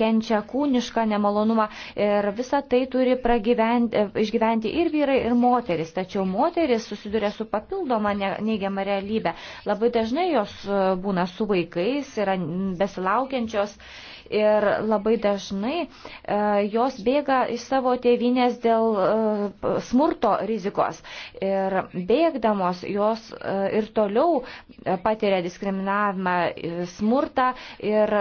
kenčia kūnišką nemalonumą. Ir visą tai turi išgyventi ir vyrai, ir moteris. Tačiau moteris susiduria su papildoma neigiama realybė. Labai Labai dažnai jos e, būna su vaikais, yra besilaukiančios ir labai dažnai e, jos bėga iš savo tėvinės dėl e, smurto rizikos. Ir bėgdamos jos ir toliau patiria diskriminavimą, smurtą ir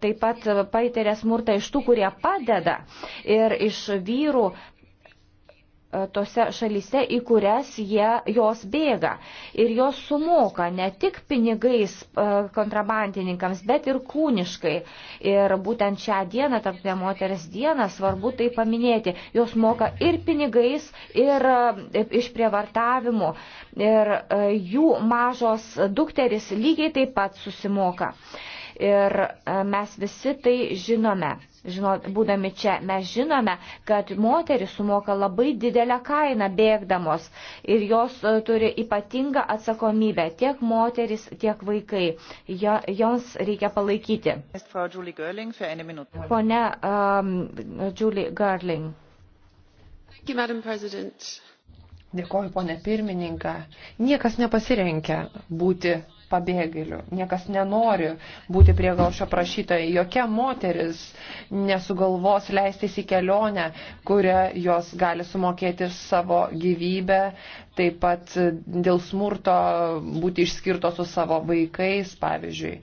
taip pat patiria smurtą iš tų, kurie padeda ir iš vyrų tose šalyse, į kurias jie, jos bėga. Ir jos sumoka ne tik pinigais e, kontrabandininkams, bet ir kūniškai. Ir būtent šią dieną, tarptautinę moters dieną, svarbu tai paminėti. Jos moka ir pinigais, ir e, išprievartavimu. Ir e, jų mažos dukteris lygiai taip pat susimoka. Ir mes visi tai žinome žino, būdami čia, mes žinome, kad moteris sumoka labai didelę kainą bėgdamos ir jos e, turi ypatingą atsakomybę tiek moteris, tiek vaikai. Jo, joms reikia palaikyti. Pone um, Julie Garling. You, Madam President. Dėkoju, ponė pirmininką. Niekas nepasirenkia būti pabėgėlių. Niekas nenori būti prieglaušio prašytojai. Jokia moteris nesugalvos leistis į kelionę, kurią jos gali sumokėti savo gyvybę, taip pat dėl smurto būti išskirto su savo vaikais, pavyzdžiui.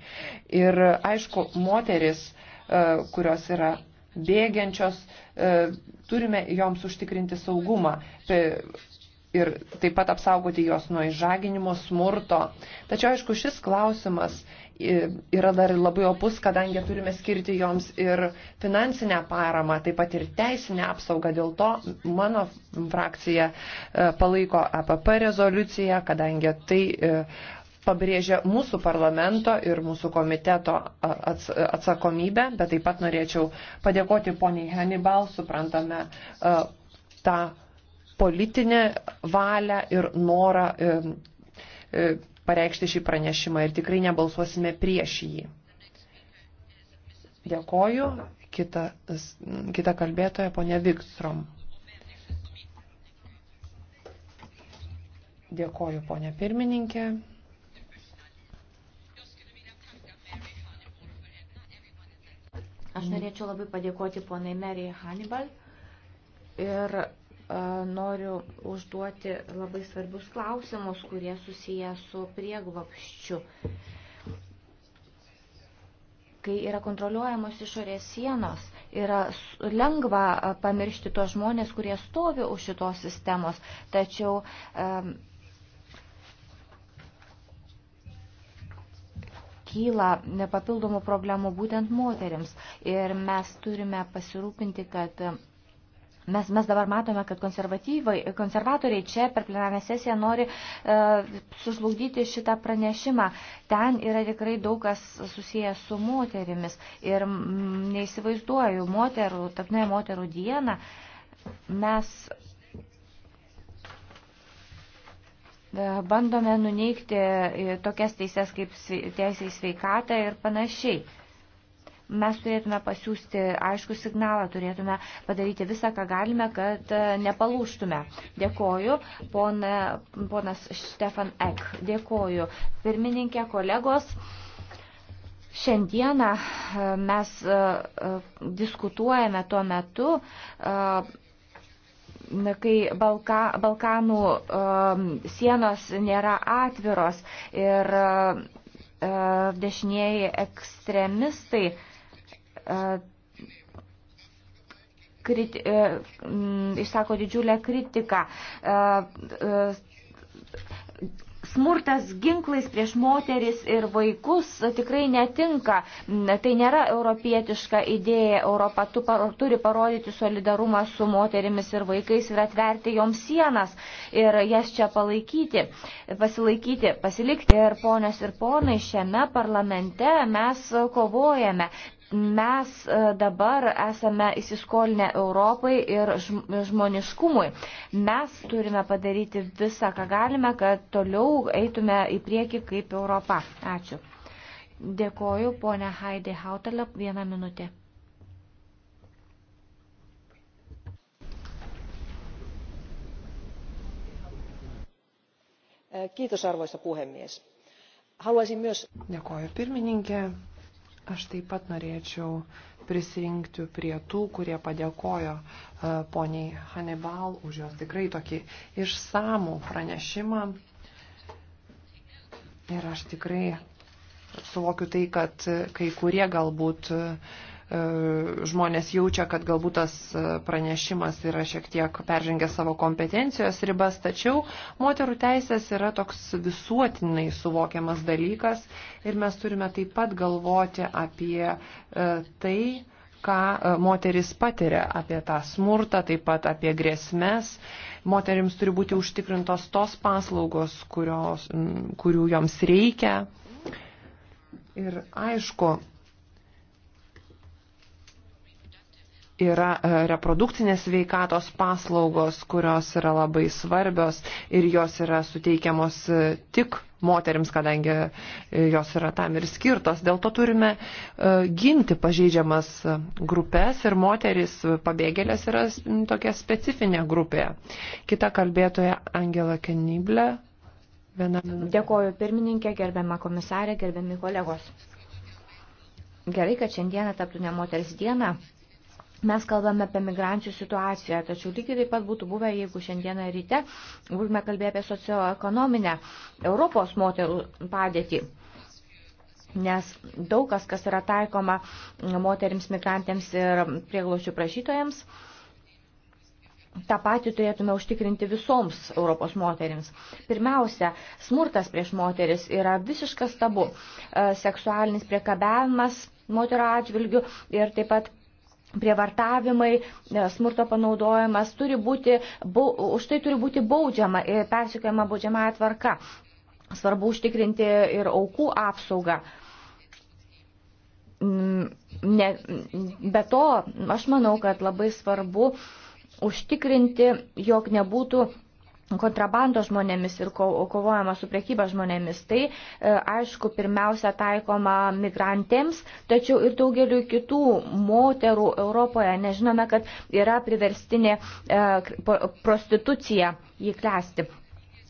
Ir aišku, moteris, e, kurios yra bėgiančios, e, turime joms užtikrinti saugumą ir taip pat apsaugoti juos nuo išžaginimo, smurto. Tačiau, aišku, šis klausimas e, yra dar labai opus, kadangi turime skirti joms ir finansinę paramą, taip pat ir teisinę apsaugą. Dėl to mano frakcija e, palaiko APP rezoliuciją, kadangi tai e, pabrėžia mūsų parlamento ir mūsų komiteto atsakomybę, bet taip pat norėčiau padėkoti poniai Hannibal, suprantame tą politinę valią ir norą e, e, pareikšti šį pranešimą ir tikrai nebalsuosime prieš jį. Dėkoju. Kita, kita kalbėtoja, ponia Vikstrom. Dėkoju, ponia pirmininkė. Aš norėčiau labai padėkoti ponai Mary Hannibal ir noriu užduoti labai svarbius klausimus, kurie susiję su prieglopščiu. Kai yra kontroliuojamos išorės sienos, yra lengva pamiršti tos žmonės, kurie stovi už šitos sistemos, tačiau um, kyla papildomų problemų būtent moteriams. Ir mes turime pasirūpinti, kad um, Mes, mes dabar matome, kad konservatoriai čia per plenarinę sesiją nori e, sužlugdyti šitą pranešimą. Ten yra tikrai daug kas susijęs su moterimis. Ir m, neįsivaizduoju, moterų, tapnai moterų dieną mes e, bandome nuneikti e, tokias teises kaip teisė į sveikatą ir panašiai. Mes turėtume pasiūsti aišku signalą, turėtume padaryti visą, ką galime, kad e, nepalūštume. Dėkoju, pona, ponas Stefan Ek. Dėkoju, pirmininkė, kolegos. Šiandieną e, mes e, diskutuojame tuo metu, kai Balka, Balkanų sienos nėra atviros ir dešinieji ekstremistai kriti, e, išsako didžiulę kritiką. E, smurtas ginklais prieš moteris ir vaikus tikrai netinka. Tai nėra europietiška idėja. Europa turi parodyti solidarumą su moterimis ir vaikais ir atverti joms sienas ir jas čia palaikyti, pasilaikyti, pasilikti. Ir ponios ir ponai, šiame parlamente mes kovojame mes e, dabar esame įsiskolinę Europai ir žmoniškumui. Mes turime padaryti visą, ką galime, kad toliau eitume į priekį kaip Europa. Ačiū. Dėkoju, ponia Haidė Hautelė, vieną minutę. Kiitos, arvoisa puhemies. Haluaisin myös... Dėkoju, pirmininkė. Aš taip pat norėčiau prisirinkti prie tų, kurie padėkojo e, poniai Hannibal už jos tikrai tokį išsamų pranešimą. Ir aš tikrai suvokiu tai, kad kai kurie galbūt uh, E, žmonės jaučia, kad galbūt tas e, pranešimas yra šiek tiek peržengę savo kompetencijos ribas, tačiau moterų teisės yra toks visuotinai suvokiamas dalykas ir mes turime taip pat galvoti apie e, tai, ką moteris patiria, apie tą smurtą, taip pat apie grėsmės. Moterims turi būti užtikrintos tos paslaugos, kurios, kurių joms reikia. Ir aišku, yra e, reprodukcinės veikatos paslaugos, kurios yra labai svarbios ir jos yra suteikiamos e, tik moteriams, kadangi e, jos yra tam ir skirtos. Dėl to turime ginti pažeidžiamas grupės ir moteris pabėgėlės yra tokia specifinė grupė. Kita kalbėtoja Angela Keniblė. Viena... Dėkoju pirmininkė, gerbiama komisarė, gerbiami kolegos. Gerai, kad šiandieną taptų ne moters diena, Mes kalbame apie migrančių situaciją, tačiau lygiai taip pat būtų buvę, jeigu šiandieną ryte būtume kalbėję apie socioekonominę Europos moterų padėtį. Nes daug kas, kas yra taikoma moterims, migrantėms ir prieglošių prašytojams, tą patį turėtume užtikrinti visoms Europos moterims. Pirmiausia, smurtas prieš moteris yra visiškas tabu, seksualinis priekabiavimas moterų atžvilgių ir taip pat prievartavimai, e, smurto panaudojimas, turi būti, bu, už tai turi būti baudžiama ir e, persikėjama baudžiamąją tvarka. Svarbu užtikrinti ir aukų apsaugą. Mm, ne, be to, aš manau, kad labai svarbu užtikrinti, jog nebūtų kontrabando žmonėmis ir kovojama su priekyba žmonėmis. Tai, e, aišku, pirmiausia taikoma migrantėms, tačiau ir daugeliu kitų moterų Europoje. Nežinome, kad yra priverstinė e, prostitucija jį klesti.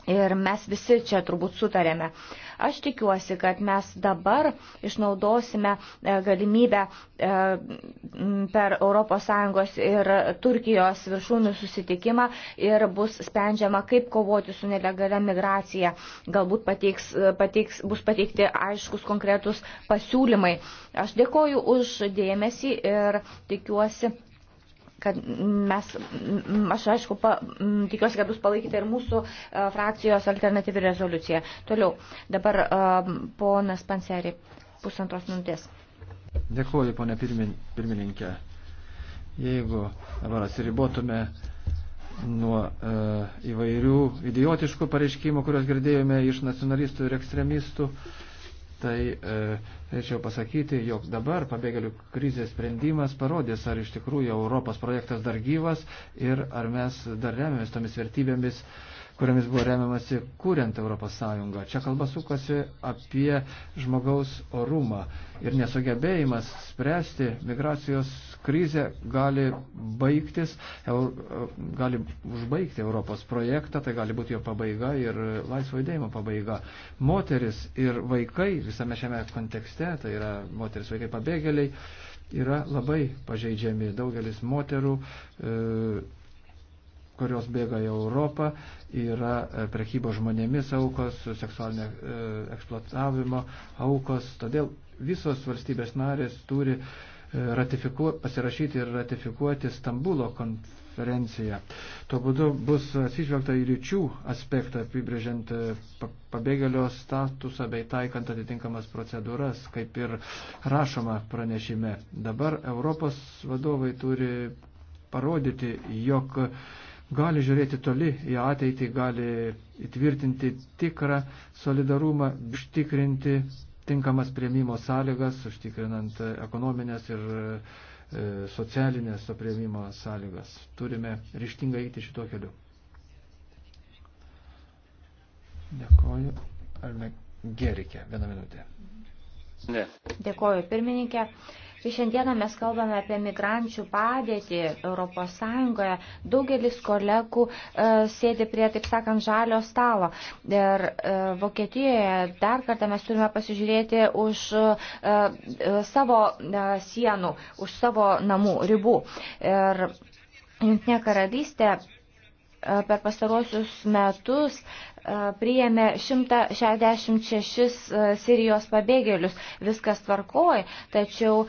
Ir mes visi čia turbūt sutarėme. Uh, Aš tikiuosi, kad mes dabar išnaudosime e, galimybę e, per ES ir Turkijos viršūnių susitikimą ir bus sprendžiama, kaip kovoti su nelegalia migracija. Galbūt pateiks, e, pateiks, bus pateikti aiškus konkretus pasiūlymai. Aš dėkoju už dėmesį ir tikiuosi kad mes, aš aišku, pa, tikiuosi, kad jūs palaikite ir mūsų e, frakcijos alternatyvi rezoliuciją. Toliau, dabar e, ponas Panseri, pusantros minutės. Dėkuoju, ponė pirmin, pirmininkė. Jeigu dabar atsiribotume nuo e, įvairių idiotiškų pareiškimų, kuriuos girdėjome iš nacionalistų ir ekstremistų, e, tai e, reičiau pasakyti, jog dabar pabėgėlių krizės sprendimas parodys, ar iš tikrųjų Europos projektas dar gyvas ir ar mes dar remiamės tomis vertybėmis, kuriamis buvo remiamasi kuriant Europos Sąjungą. Čia kalba sukasi apie žmogaus orumą ir nesugebėjimas spręsti migracijos krizę gali baigtis, gali užbaigti Europos projektą, tai gali būti jo pabaiga ir laisvo judėjimo pabaiga. Moteris ir vaikai visame šiame kontekste, tai yra moteris vaikai pabėgėliai, yra labai pažeidžiami. Daugelis moterų e, kurios bėga į Europą, yra e, prekybo žmonėmis aukos, seksualinio e, eksploatavimo aukos. Todėl visos valstybės narės turi e, ratifiku, pasirašyti ir ratifikuoti Stambulo konferenciją. Tuo būdu bus atsižvelgta į ryčių aspektą, apibrėžiant pabėgėlio statusą bei taikant atitinkamas procedūras, kaip ir rašoma pranešime. Dabar Europos vadovai turi parodyti, jog gali žiūrėti toli į ateitį, gali įtvirtinti tikrą solidarumą, užtikrinti tinkamas prieimimo sąlygas, užtikrinant ekonominės ir e, socialinės to prieimimo sąlygas. Turime ryštingai eiti šito keliu. Dėkoju. Arme Gerikė, vieną minutę. Ne. Dėkoju, pirmininkė. Tai šiandieną mes kalbame apie migrančių padėtį Europos Sąjungoje. Daugelis kolegų e, sėdi prie, taip sakant, žalio stalo. Ir e, Vokietijoje dar kartą mes turime pasižiūrėti už e, e savo e, sienų, už savo namų ribų. Ir Jungtinė karalystė E, per pastaruosius metus e, priėmė 166 e, Sirijos pabėgėlius. Viskas tvarkoj, tačiau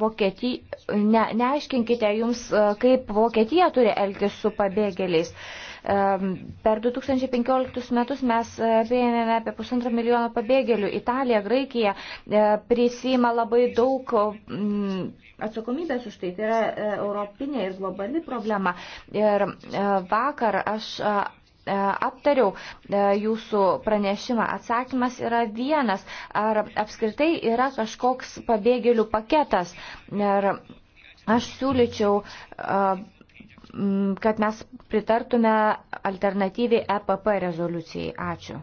Vokietija, ne, neaiškinkite jums, kaip Vokietija turi elgtis su pabėgėliais. Per 2015 metus mes e, priėmėme apie pusantro milijono pabėgėlių. Italija, Graikija e, prisima labai daug atsakomybės už tai. Tai yra e, europinė ir globali problema. Ir vakar aš aptariau jūsų pranešimą. Atsakymas yra vienas. Ar apskritai yra kažkoks pabėgėlių paketas? Ir aš siūlyčiau kad mes pritartume alternatyviai EPP rezoliucijai. Ačiū.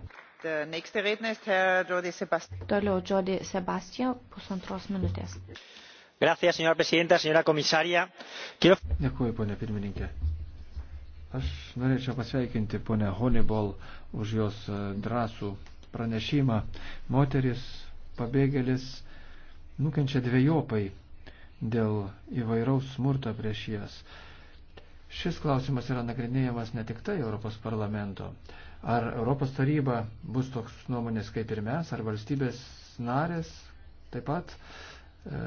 Toliau Jody Sebastio, pusantros minutės. Gracias, señora presidenta, señora komisarija. Quiero... Dėkuoju, ponė pirmininkė. Aš norėčiau pasveikinti ponę Honeyball už jos e, drąsų pranešimą. Moteris, pabėgėlis nukenčia dviejopai dėl įvairaus smurto prieš jas. Šis klausimas yra nagrinėjamas ne tik tai Europos parlamento. Ar Europos taryba bus toks nuomonės kaip ir mes, ar valstybės narės taip pat, e,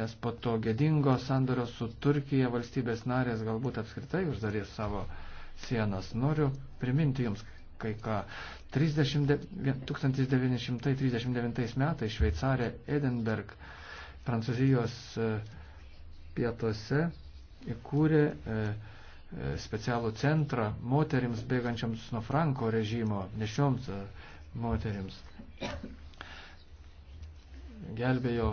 nes po to gėdingo sandorio su Turkija valstybės narės galbūt apskritai uždarės savo sienas. Noriu priminti jums kai ką. 30, 1939 metais Šveicarė Edinburg Prancūzijos e, pietuose įkūrė e, specialų centrą moteriams bėgančiams nuo Franko režimo, nešioms moteriams. Gelbėjo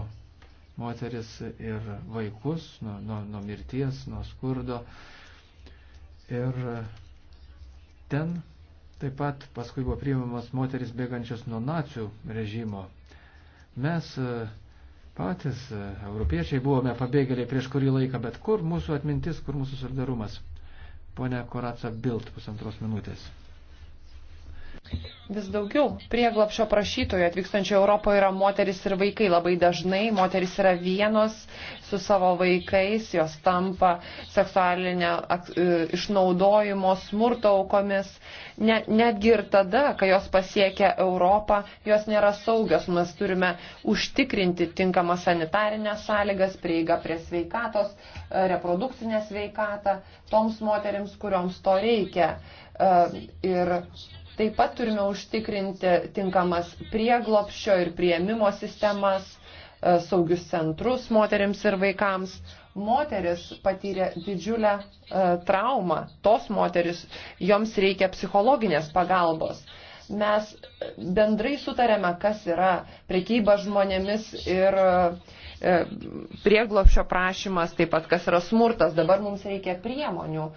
moteris ir vaikus nuo, nuo, nuo mirties, nuo skurdo. Ir ten taip pat paskui buvo priimamas moteris bėgančios nuo nacių režimo. Mes patys, europiečiai, buvome pabėgėliai prieš kurį laiką, bet kur mūsų atmintis, kur mūsų solidarumas? Pone Koraca Bild, pusantros minutės. Vis daugiau prieglapšio prašytojų atvykstančių Europoje yra moteris ir vaikai. Labai dažnai moteris yra vienos su savo vaikais, jos tampa seksualinio e, išnaudojimo smurto aukomis. Ne, netgi ir tada, kai jos pasiekia Europą, jos nėra saugios. Mes turime užtikrinti tinkamą sanitarinę sąlygas, prieigą prie sveikatos, e, reprodukcinę sveikatą toms moterims, kurioms to reikia. E, ir Taip pat turime užtikrinti tinkamas prieglopščio ir prieimimo sistemas, e, saugius centrus moteriams ir vaikams. Moteris patyrė didžiulę e, traumą. Tos moteris, joms reikia psichologinės pagalbos. Mes bendrai sutarėme, kas yra prekyba žmonėmis ir e, prieglopščio prašymas, taip pat kas yra smurtas. Dabar mums reikia priemonių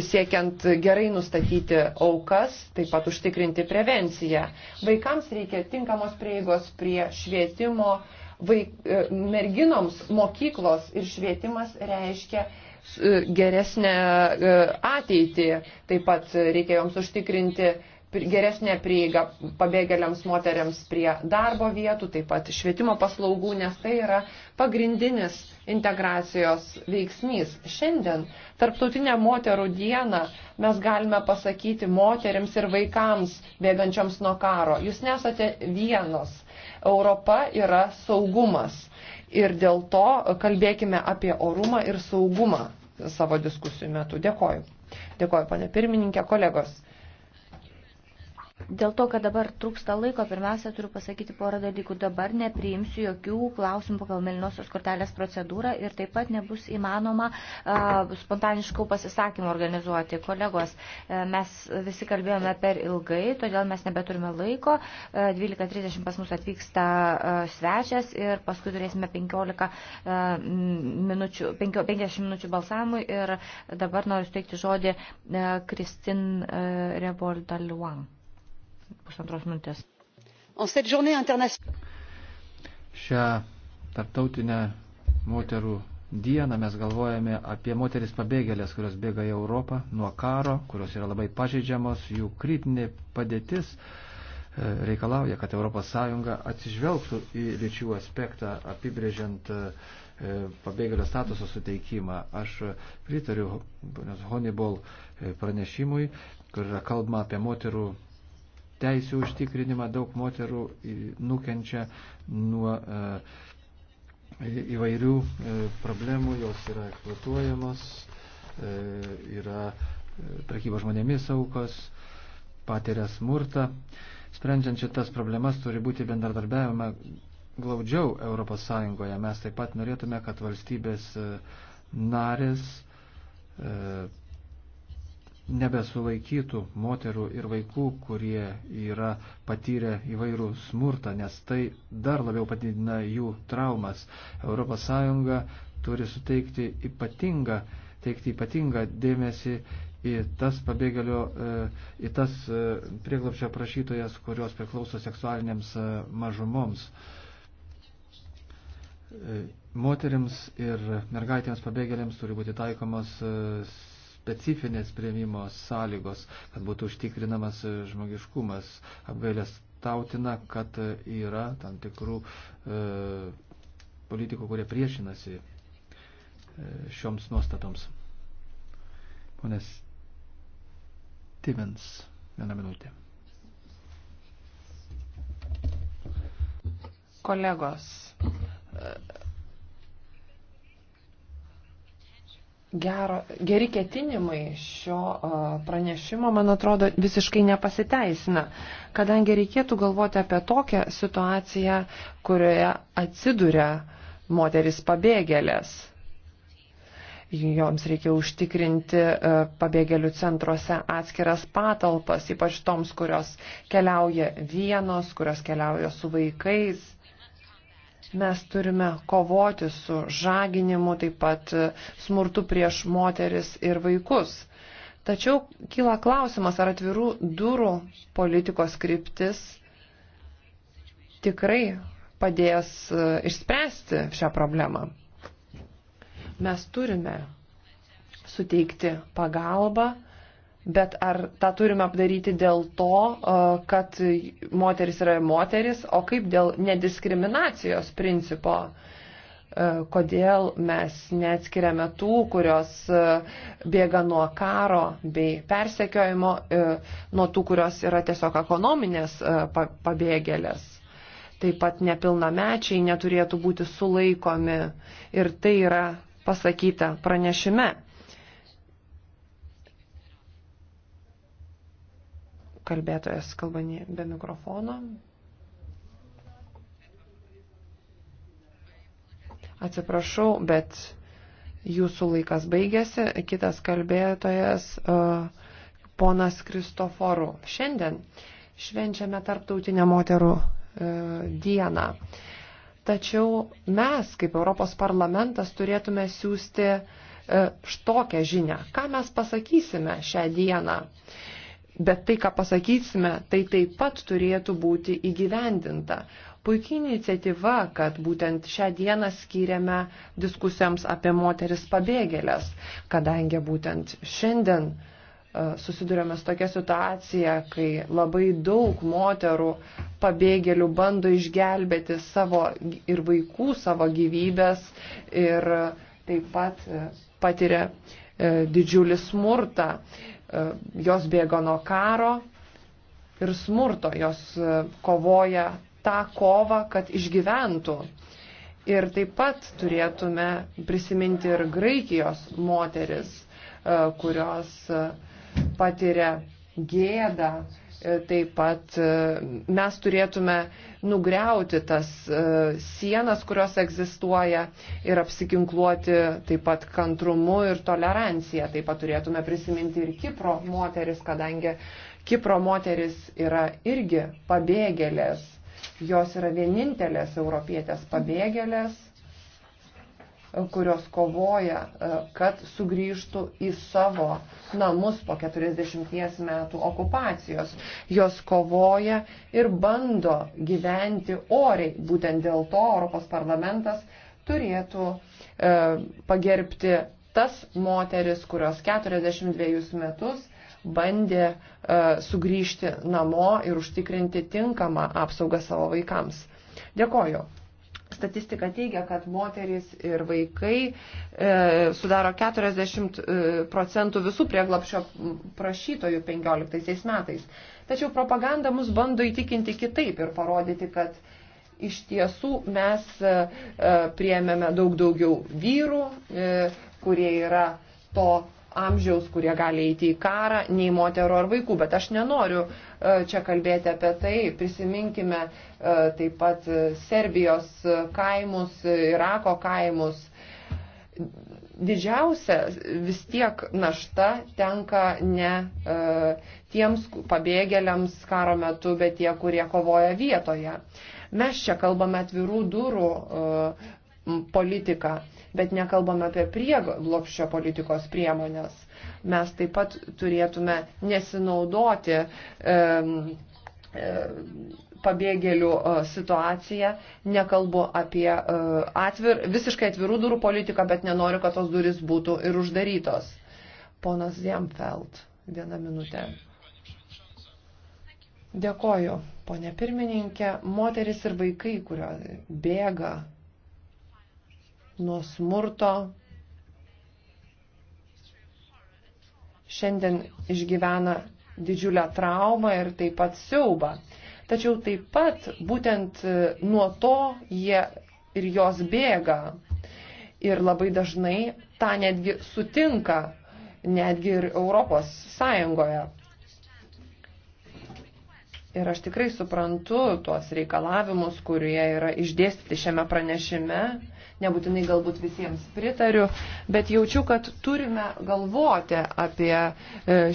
siekiant gerai nustatyti aukas, taip pat užtikrinti prevenciją. Vaikams reikia tinkamos prieigos prie švietimo, vaik, e, merginoms mokyklos ir švietimas reiškia e, geresnę e, ateitį, taip pat reikia joms užtikrinti geresnė prieiga pabėgėliams moteriams prie darbo vietų, taip pat švietimo paslaugų, nes tai yra pagrindinis integracijos veiksnys. Šiandien, tarptautinę moterų dieną, mes galime pasakyti moteriams ir vaikams bėgančioms nuo karo, jūs nesate vienos. Europa yra saugumas. Ir dėl to kalbėkime apie orumą ir saugumą savo diskusijų metu. Dėkoju. Dėkoju, pane pirmininkė, kolegos. Dėl to, kad dabar trūksta laiko, pirmiausia, turiu pasakyti porą dalykų. Dabar nepriimsiu jokių klausimų pagal melinosios kortelės procedūrą ir taip pat nebus įmanoma uh, spontaniškų pasisakymų organizuoti. Kolegos, uh, mes visi kalbėjome per ilgai, todėl mes nebeturime laiko. Uh, e, 12.30 pas mus atvyksta uh, svečias ir paskui turėsime 15, uh, minučių, 5, 50 minučių balsamui ir dabar noriu suteikti žodį uh, Kristin uh, Reboldaluang pusantros minutės. Šią tarptautinę moterų dieną mes galvojame apie moteris pabėgėlės, kurios bėga į Europą nuo karo, kurios yra labai pažeidžiamos, jų kritinė padėtis e, reikalauja, kad ES atsižvelgtų į lyčių aspektą, apibrėžiant e, pabėgėlio statuso suteikimą. Aš pritariu Honibol e, pranešimui, kur yra kalbama apie moterų teisų užtikrinimą, daug moterų nukenčia nuo e, įvairių e, problemų, jos yra eksploatuojamos, e, yra prekybo žmonėmis aukos, patiria smurtą. Sprendžiant šitas problemas turi būti bendradarbiavimą glaudžiau Europos Sąjungoje. Mes taip pat norėtume, kad valstybės narės nebesulaikytų moterų ir vaikų, kurie yra patyrę įvairų smurtą, nes tai dar labiau padidina jų traumas. ES turi suteikti ypatingą, teikti ypatingą dėmesį į tas pabėgėlio, e, į tas e, prieglapščio prašytojas, kurios priklauso seksualinėms e, mažumoms. Moterims ir mergaitėms pabėgėliams turi būti taikomos specifinės prieimimo sąlygos, kad būtų užtikrinamas žmogiškumas. Apgailės tautina, kad yra tam tikrų e, politikų, kurie priešinasi e, šioms nuostatoms. Ponas Stevens, vieną minutę. Kolegos, gero, geri ketinimai šio pranešimo, man atrodo, visiškai nepasiteisina, kadangi reikėtų galvoti apie tokią situaciją, kurioje atsiduria moteris pabėgėlės. Joms reikia užtikrinti pabėgėlių centruose atskiras patalpas, ypač toms, kurios keliauja vienos, kurios keliauja su vaikais Mes turime kovoti su žaginimu, taip pat smurtu prieš moteris ir vaikus. Tačiau kyla klausimas, ar atvirų durų politikos kryptis tikrai padės e, išspręsti šią problemą. Mes turime suteikti pagalbą Bet ar tą turime padaryti dėl to, kad moteris yra moteris, o kaip dėl nediskriminacijos principo? Kodėl mes neatskiriame tų, kurios bėga nuo karo bei persekiojimo, nuo tų, kurios yra tiesiog ekonominės pabėgėlės? Taip pat nepilnamečiai neturėtų būti sulaikomi ir tai yra pasakyta pranešime. kalbėtojas kalbanį be mikrofono. Atsiprašau, bet jūsų laikas baigėsi. Kitas kalbėtojas, e, ponas Kristoforų. Šiandien švenčiame Tarptautinę moterų e, dieną. Tačiau mes, kaip Europos parlamentas, turėtume siūsti e, štokią žinę. Ką mes pasakysime šią dieną? Bet tai, ką pasakysime, tai taip pat turėtų būti įgyvendinta. Puikiai iniciatyva, kad būtent šią dieną skiriame diskusijoms apie moteris pabėgėlės, kadangi būtent šiandien e, susidurėme su tokia situacija, kai labai daug moterų pabėgėlių bando išgelbėti savo ir vaikų, savo gyvybės ir taip pat e, patiria e, didžiulį smurtą. E, jos bėgo nuo karo ir smurto, jos e, kovoja tą kovą, kad išgyventų. Ir taip pat turėtume prisiminti ir Graikijos moteris, e, kurios patiria gėdą, E, taip pat e, mes turėtume nugriauti tas e, sienas, kurios egzistuoja ir apsikinkluoti taip pat kantrumu ir tolerancija. Taip pat turėtume prisiminti ir Kipro moteris, kadangi Kipro moteris yra irgi pabėgėlės. Jos yra vienintelės europietės pabėgėlės kurios kovoja, e, kad sugrįžtų į savo namus po 40 metų okupacijos. Jos kovoja ir bando gyventi oriai. Būtent dėl to Europos parlamentas turėtų e, pagerbti tas moteris, kurios 42 metus bandė e, sugrįžti namo ir užtikrinti tinkamą apsaugą savo vaikams. Dėkoju statistika teigia, kad moteris ir vaikai e, sudaro 40 e, procentų visų prieglapšio prašytojų 15 metais. Tačiau propaganda mus bando įtikinti kitaip ir parodyti, kad iš tiesų mes e, e, priemėme daug daugiau vyrų, kurie yra to amžiaus, kurie gali eiti į karą, nei moterų ar vaikų. Bet aš nenoriu uh, čia kalbėti apie tai. Prisiminkime e, taip pat Serbijos kaimus, Irako kaimus. Didžiausia vis tiek našta tenka ne e, tiems pabėgėliams karo metu, bet tie, kurie kovoja vietoje. Mes čia kalbame atvirų durų e, politiką, bet nekalbame apie prieglopščio politikos priemonės mes taip pat turėtume nesinaudoti e, pabėgėlių e, situaciją. Nekalbu apie e, atvir, visiškai atvirų durų politiką, bet nenoriu, kad tos durys būtų ir uždarytos. Ponas Zemfeld, vieną minutę. Dėkoju, ponė pirmininkė. Moteris ir vaikai, kurio bėga nuo smurto, šiandien išgyvena didžiulę traumą ir taip pat siaubą. Tačiau taip pat būtent e, nuo to jie ir jos bėga. Ir labai dažnai tą netgi sutinka, netgi ir Europos Sąjungoje. Ir aš tikrai suprantu tuos reikalavimus, kurie yra išdėstyti šiame pranešime, nebūtinai galbūt visiems pritariu, bet jaučiu, kad turime galvoti apie e,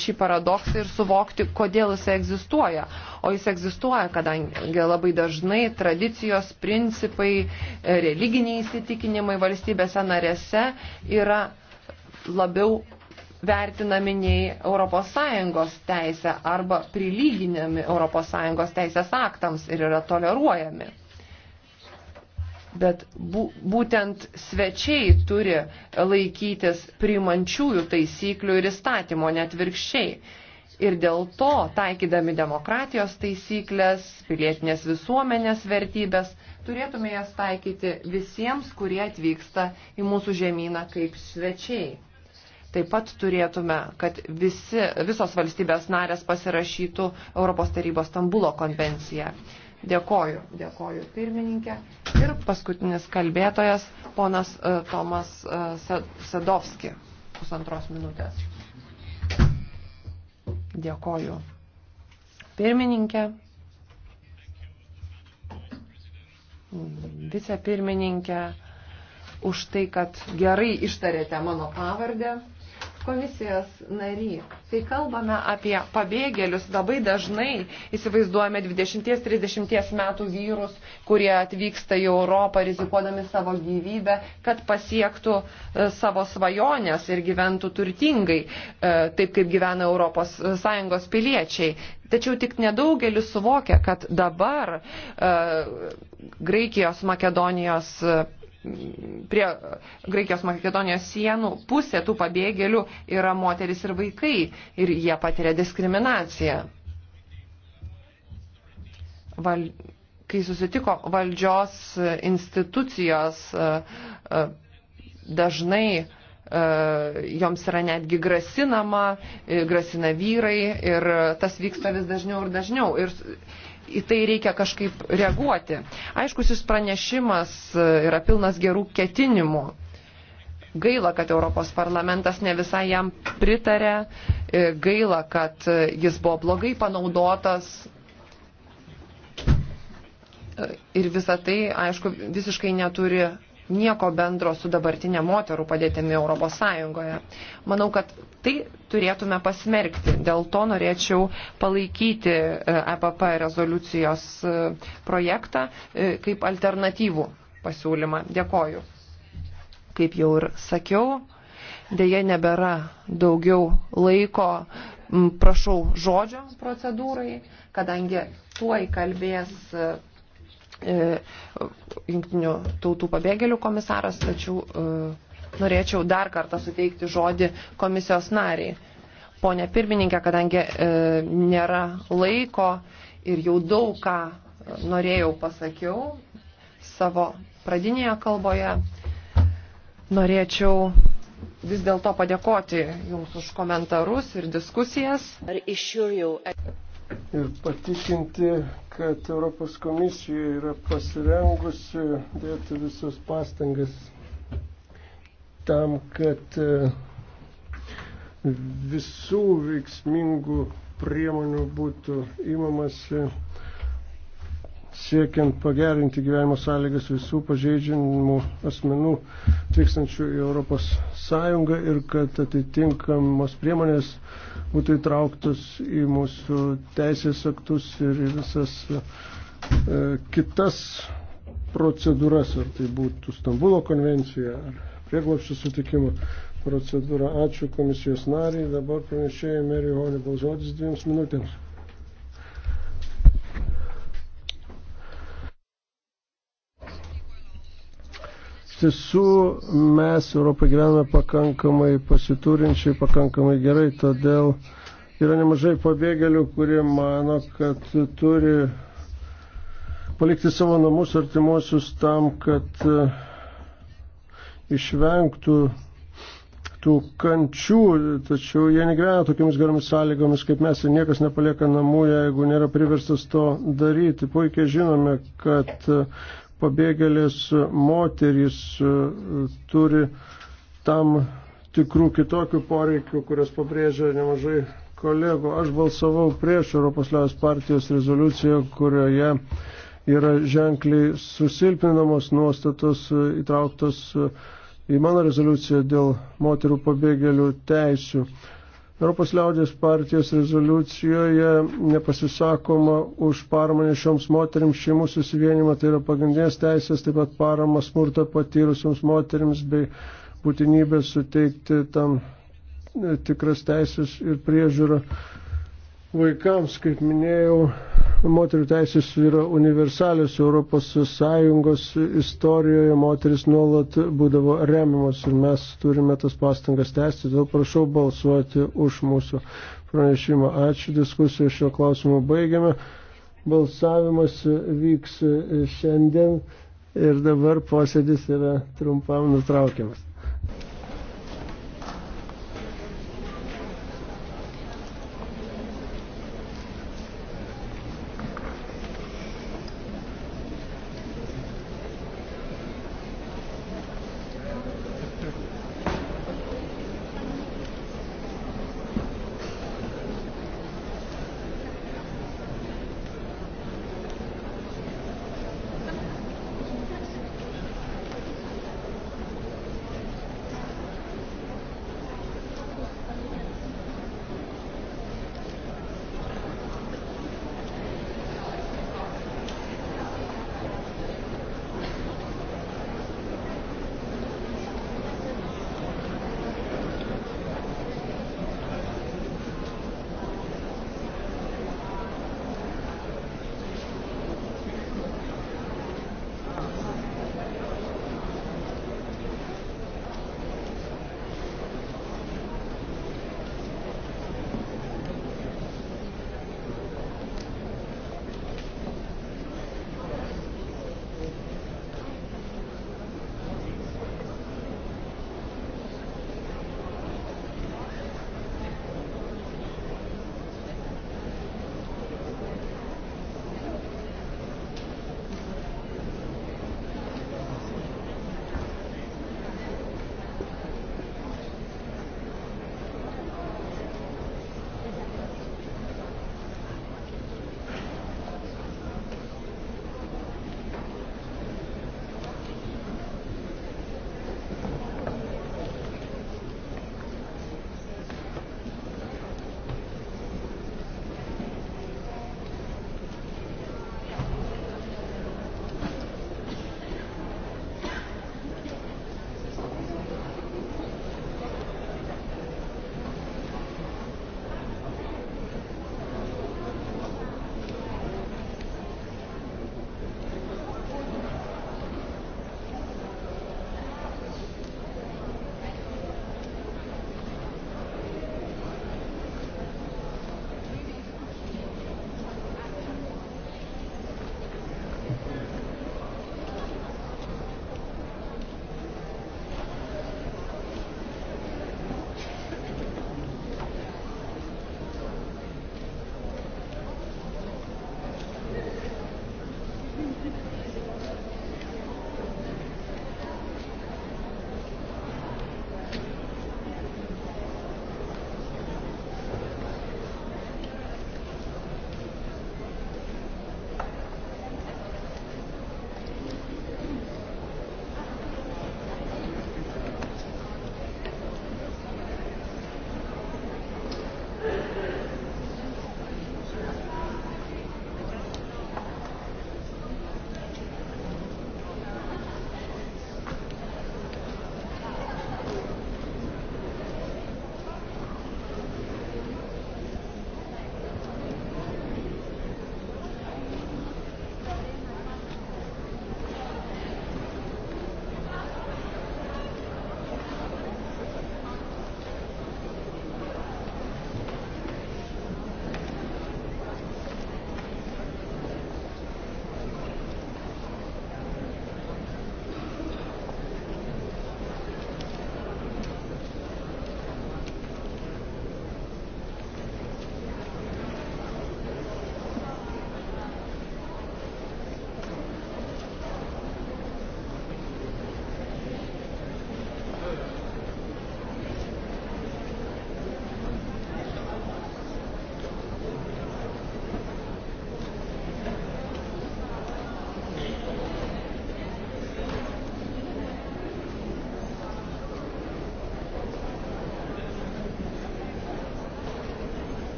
šį paradoksą ir suvokti, kodėl jis egzistuoja. O jis egzistuoja, kadangi labai dažnai tradicijos, principai, e, religiniai įsitikinimai valstybėse narėse yra labiau vertinami nei ES teisė arba prilyginami ES teisės aktams ir yra toleruojami. Bet būtent svečiai turi laikytis priimančiųjų taisyklių ir įstatymo net virkščiai. Ir dėl to, taikydami demokratijos taisyklės, pilietinės visuomenės vertybės, turėtume jas taikyti visiems, kurie atvyksta į mūsų žemyną kaip svečiai. Taip pat turėtume, kad visi, visos valstybės narės pasirašytų Europos tarybos Stambulo konvenciją. Dėkoju, dėkoju pirmininkė. Ir paskutinis kalbėtojas, ponas e, Tomas e, Sedovski, pusantros minutės. Dėkoju. Pirmininkė, vicepirmininkė, už tai, kad gerai ištarėte mano pavardę. Komisijos nary, kai kalbame apie pabėgėlius, labai dažnai įsivaizduojame 20-30 metų vyrus, kurie atvyksta į Europą rizikuodami savo gyvybę, kad pasiektų e, savo svajonės ir gyventų turtingai, e, taip kaip gyvena ES e, piliečiai. Tačiau tik nedaugelis suvokia, kad dabar Graikijos, Makedonijos prie Graikijos Makedonijos sienų pusė tų pabėgėlių yra moteris ir vaikai ir jie patiria diskriminaciją. Val... Kai susitiko valdžios institucijos e, e, dažnai e, joms yra netgi grasinama, grasina vyrai ir tas vyksta vis dažniau ir dažniau. Ir į tai reikia kažkaip reaguoti. Aišku, šis pranešimas e, yra pilnas gerų ketinimų. Gaila, kad Europos parlamentas ne visai jam pritarė, e, gaila, kad e, jis buvo blogai panaudotas. Ir visa tai, aišku, visiškai neturi nieko bendro su dabartinė moterų padėtimi Europos Sąjungoje. Manau, kad tai turėtume pasmerkti. Dėl to norėčiau palaikyti EPP e rezoliucijos e, projektą e, kaip alternatyvų pasiūlymą. Dėkoju. Kaip jau ir sakiau, dėje nebėra daugiau laiko, prašau žodžio procedūrai, kadangi tuoj kalbės E, jungtinių tautų pabėgėlių komisaras, tačiau e, norėčiau dar kartą suteikti žodį komisijos nariai. Pone pirmininkė, kadangi e, nėra laiko ir jau daug ką e, norėjau pasakiau savo pradinėje kalboje, norėčiau vis dėlto padėkoti Jums už komentarus ir diskusijas ir patikinti, kad Europos komisija yra pasirengusi dėti visus pastangas tam, kad e, visų veiksmingų priemonių būtų įmamasi siekiant pagerinti gyvenimo sąlygas visų pažeidžiamų asmenų atvykstančių į Europos Sąjungą ir kad atitinkamos priemonės būtų įtrauktos į mūsų teisės aktus ir į visas e, kitas procedūras, ar tai būtų Stambulo konvencija ar prieglopščio sutikimo procedūra. Ačiū komisijos nariai, dabar pranešėjai Mary Honibal žodis dviems minutėms. tiesų mes Europoje gyvename pakankamai pasiturinčiai, pakankamai gerai, todėl yra nemažai pabėgėlių, kurie mano, kad turi palikti savo namus artimuosius tam, kad e, išvengtų tų kančių, tačiau jie negyvena tokiamis geromis sąlygomis kaip mes ir niekas nepalieka namų, jeigu nėra priverstas to daryti. Puikiai žinome, kad uh, pabėgėlės moterys e, turi tam tikrų kitokių poreikių, kurias pabrėžia nemažai kolegų. Aš balsavau prieš Europos Liaudės partijos rezoliuciją, kurioje yra ženkliai susilpinamos nuostatos e, įtrauktos e, į mano rezoliuciją dėl moterų pabėgėlių teisių. Europos liaudės partijos rezoliucijoje nepasisakoma už paramą nešioms moteriams šeimų susivienimą, tai yra pagrindinės teisės, taip pat parama smurto patyrusioms moteriams bei būtinybė suteikti tam tikras teisės ir priežiūrą Vaikams, kaip minėjau, moterių teisės yra universalios Europos Sąjungos istorijoje, moteris nuolat būdavo remiamos ir mes turime tas pastangas tęsti, todėl prašau balsuoti už mūsų pranešimą. Ačiū, diskusiją šio klausimu baigiame. Balsavimas vyks šiandien ir dabar posėdis yra trumpam nutraukiamas.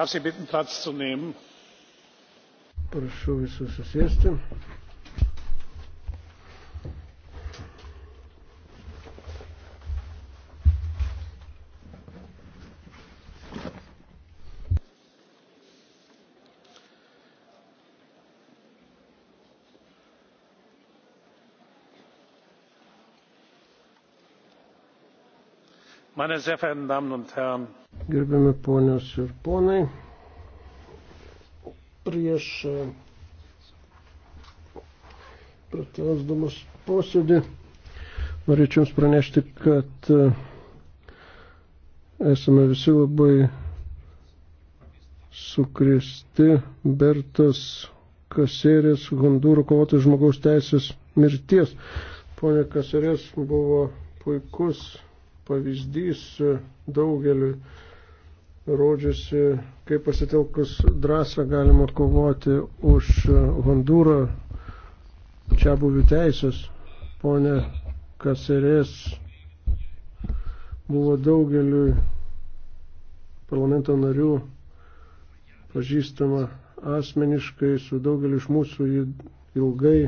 darf sie bitten platz zu nehmen. prašau visus susėsti. meine sehr verehrten damen und herren! Gerbiami ponios ir ponai, prieš e, pratesdamas posėdį norėčiau Jums pranešti, kad e, esame visi labai sukristi Bertas Kaserės Hondūro kovotojų žmogaus teisės mirties. Pone Kaserės buvo puikus pavyzdys daugeliu rodžiusi, kaip pasitelkus drąsą galima kovoti už e, Hondūrą čia buvių teisės. Pone Kaserės buvo daugeliu parlamento narių pažįstama asmeniškai, su daugeliu iš mūsų ilgai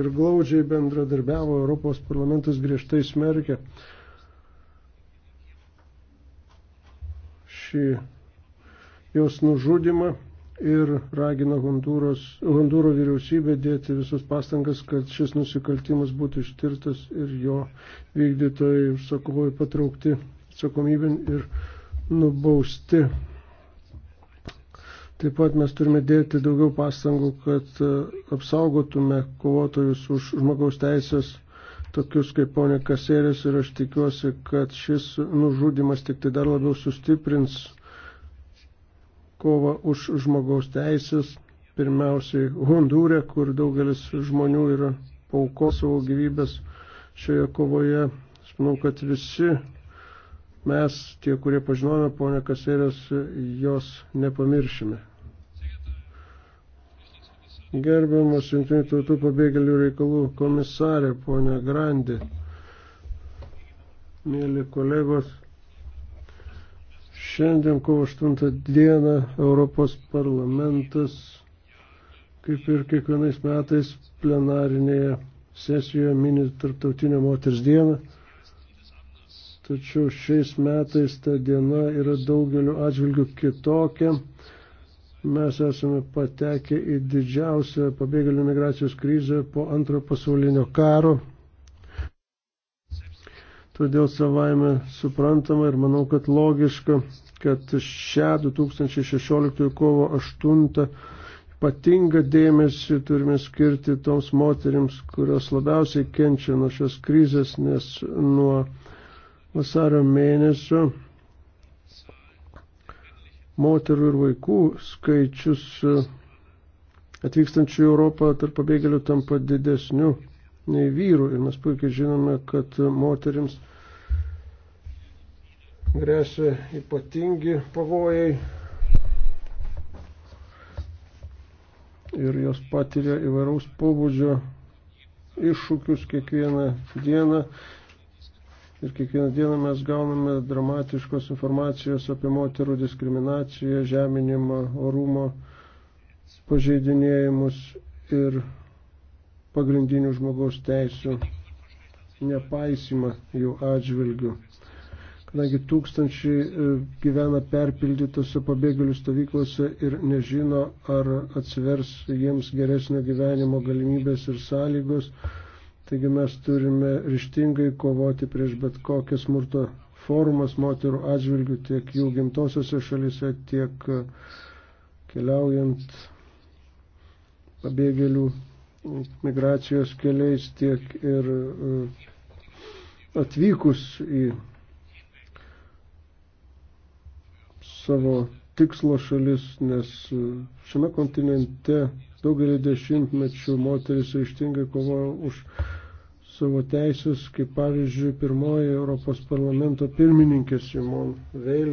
ir glaudžiai bendradarbiavo, Europos parlamentas griežtai smerkė šį jos nužudimą ir ragina Honduros, Honduro vyriausybę dėti visus pastangas, kad šis nusikaltimas būtų ištirtas ir jo vykdytojai užsakovai patraukti atsakomybin ir nubausti. Taip pat mes turime dėti daugiau pastangų, kad e, apsaugotume kovotojus už žmogaus teisės tokius kaip ponė Kaseris ir aš tikiuosi, kad šis nužudimas tik tai dar labiau sustiprins kovą už žmogaus teisės, pirmiausiai Hondūre, kur daugelis žmonių yra pauko savo gyvybės šioje kovoje. Aš manau, kad visi mes, tie, kurie pažinome ponę Kaserės, jos nepamiršime. Gerbiamas Junktinių tautų pabėgėlių reikalų komisarė, ponia Grandi, mėly kolegos, šiandien kovo 8 dieną Europos parlamentas, kaip ir kiekvienais metais plenarinėje sesijoje mini tarptautinę moters dieną. Tačiau šiais metais ta diena yra daugeliu atžvilgių kitokia mes esame patekę į didžiausią pabėgėlių migracijos krizę po antrojo pasaulinio karo. Todėl savaime suprantama ir manau, kad logiška, kad šią 2016 kovo 8 ypatingą dėmesį turime skirti toms moteriams, kurios labiausiai kenčia nuo šios krizės, nes nuo vasario mėnesio moterų ir vaikų skaičius e, atvykstančių į Europą tarp pabėgėlių tampa didesniu nei vyrų. Ir mes puikiai žinome, kad moterims grėsia ypatingi pavojai ir jos patiria įvairaus pobūdžio iššūkius kiekvieną dieną. Ir kiekvieną dieną mes gauname dramatiškos informacijos apie moterų diskriminaciją, žeminimą, orumo pažeidinėjimus ir pagrindinių žmogaus teisų nepaisimą jų atžvilgių. Kadangi tūkstančiai e, gyvena perpildytose pabėgėlių stovyklose ir nežino, ar atsivers jiems geresnio gyvenimo galimybės ir sąlygos, Taigi mes turime ryštingai kovoti prieš bet kokias smurto formas moterų atžvilgių tiek jų gimtosiose šalise, tiek e, keliaujant pabėgėlių migracijos keliais, tiek ir e, atvykus į savo tikslo šalis, nes e, šiame kontinente daugelį dešimtmečių moteris ryštingai kovojo už savo teisės, kaip pavyzdžiui, pirmoji Europos parlamento pirmininkė Simon Veil,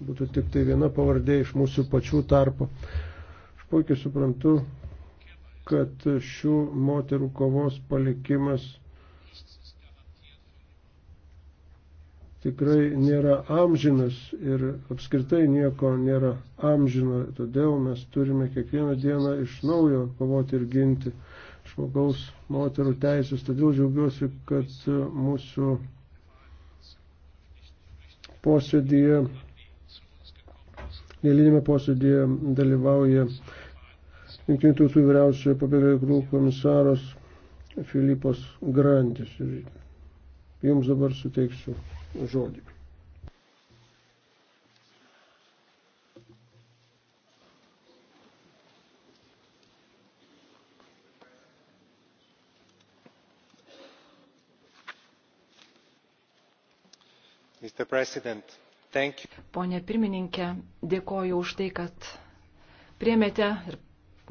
būtų tik tai viena pavardė iš mūsų pačių tarpo. Aš puikiai suprantu, kad šių moterų kovos palikimas tikrai nėra amžinas ir apskritai nieko nėra amžino, todėl mes turime kiekvieną dieną iš naujo kovoti ir ginti žmogaus moterų teisės. Todėl džiaugiuosi, kad mūsų posėdėje, nelinėme posėdėje dalyvauja Junktinių tautų vyriausiojo pabėgėlių komisaras Filipos Grandis. Jums dabar suteiksiu žodį. Pone pirmininkė, dėkoju už tai, kad priemėte ir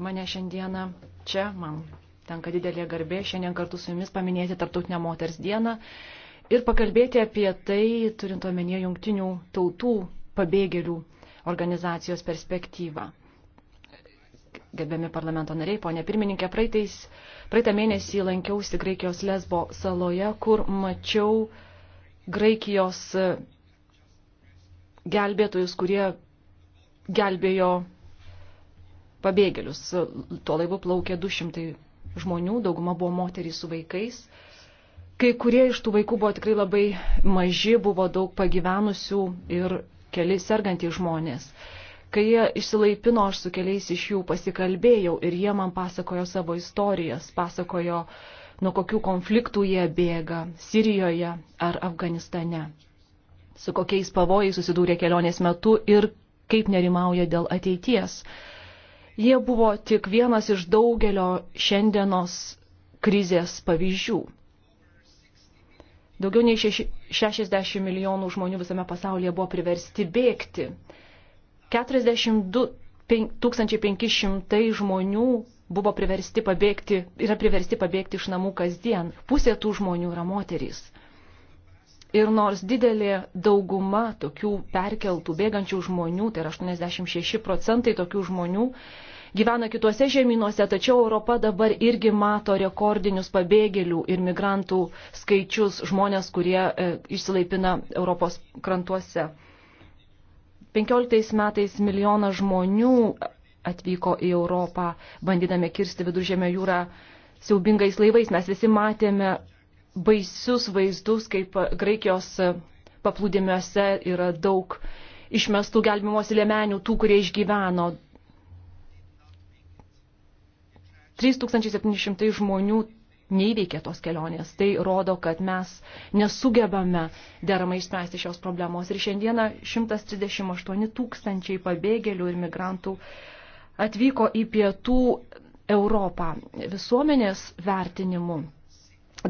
mane šiandieną čia. Man tenka didelė garbė šiandien kartu su jumis paminėti Tarptautinę moters dieną ir pakalbėti apie tai, turint omenyje jungtinių tautų pabėgėlių organizacijos perspektyvą. Gerbiami parlamento nariai, ponė pirmininkė, praeitais, praeitą mėnesį lankiausi Graikijos lesbo saloje, kur mačiau Graikijos e, gelbėtojus, kurie gelbėjo pabėgėlius. Tuo laivu plaukė 200 žmonių, dauguma buvo moterys su vaikais. Kai kurie iš tų vaikų buvo tikrai labai maži, buvo daug pagyvenusių ir keli sergantys žmonės. Kai jie išsilaipino, aš su keliais iš jų pasikalbėjau ir jie man pasakojo savo istorijas, pasakojo uh, nuo kokių konfliktų jie bėga Sirijoje ar Afganistane, su kokiais pavojais susidūrė kelionės metu ir kaip nerimauja dėl ateities. Jie buvo tik vienas iš daugelio šiandienos krizės pavyzdžių. Daugiau nei 60 milijonų žmonių visame pasaulyje buvo priversti bėgti. 42 500 žmonių buvo priversti pabėgti, yra priversti pabėgti iš namų kasdien. Pusė tų žmonių yra moterys. Ir nors didelė dauguma tokių perkeltų, bėgančių žmonių, tai yra 86 procentai tokių žmonių, gyvena kituose žemynuose, tačiau Europa dabar irgi mato rekordinius pabėgėlių ir migrantų skaičius žmonės, kurie e, išsilaipina Europos krantuose. 15 metais milijonas žmonių atvyko į Europą, bandydami kirsti viduržėmio jūrą siaubingais laivais. Mes visi matėme baisius vaizdus, kaip Graikijos paplūdimiuose yra daug išmestų gelbimosi lėmenių, tų, kurie išgyveno. 3700 žmonių neįveikė tos kelionės. Tai rodo, kad mes nesugebame deramai išspręsti šios problemos. Ir šiandieną 138 tūkstančiai pabėgėlių ir migrantų atvyko į pietų Europą visuomenės vertinimu.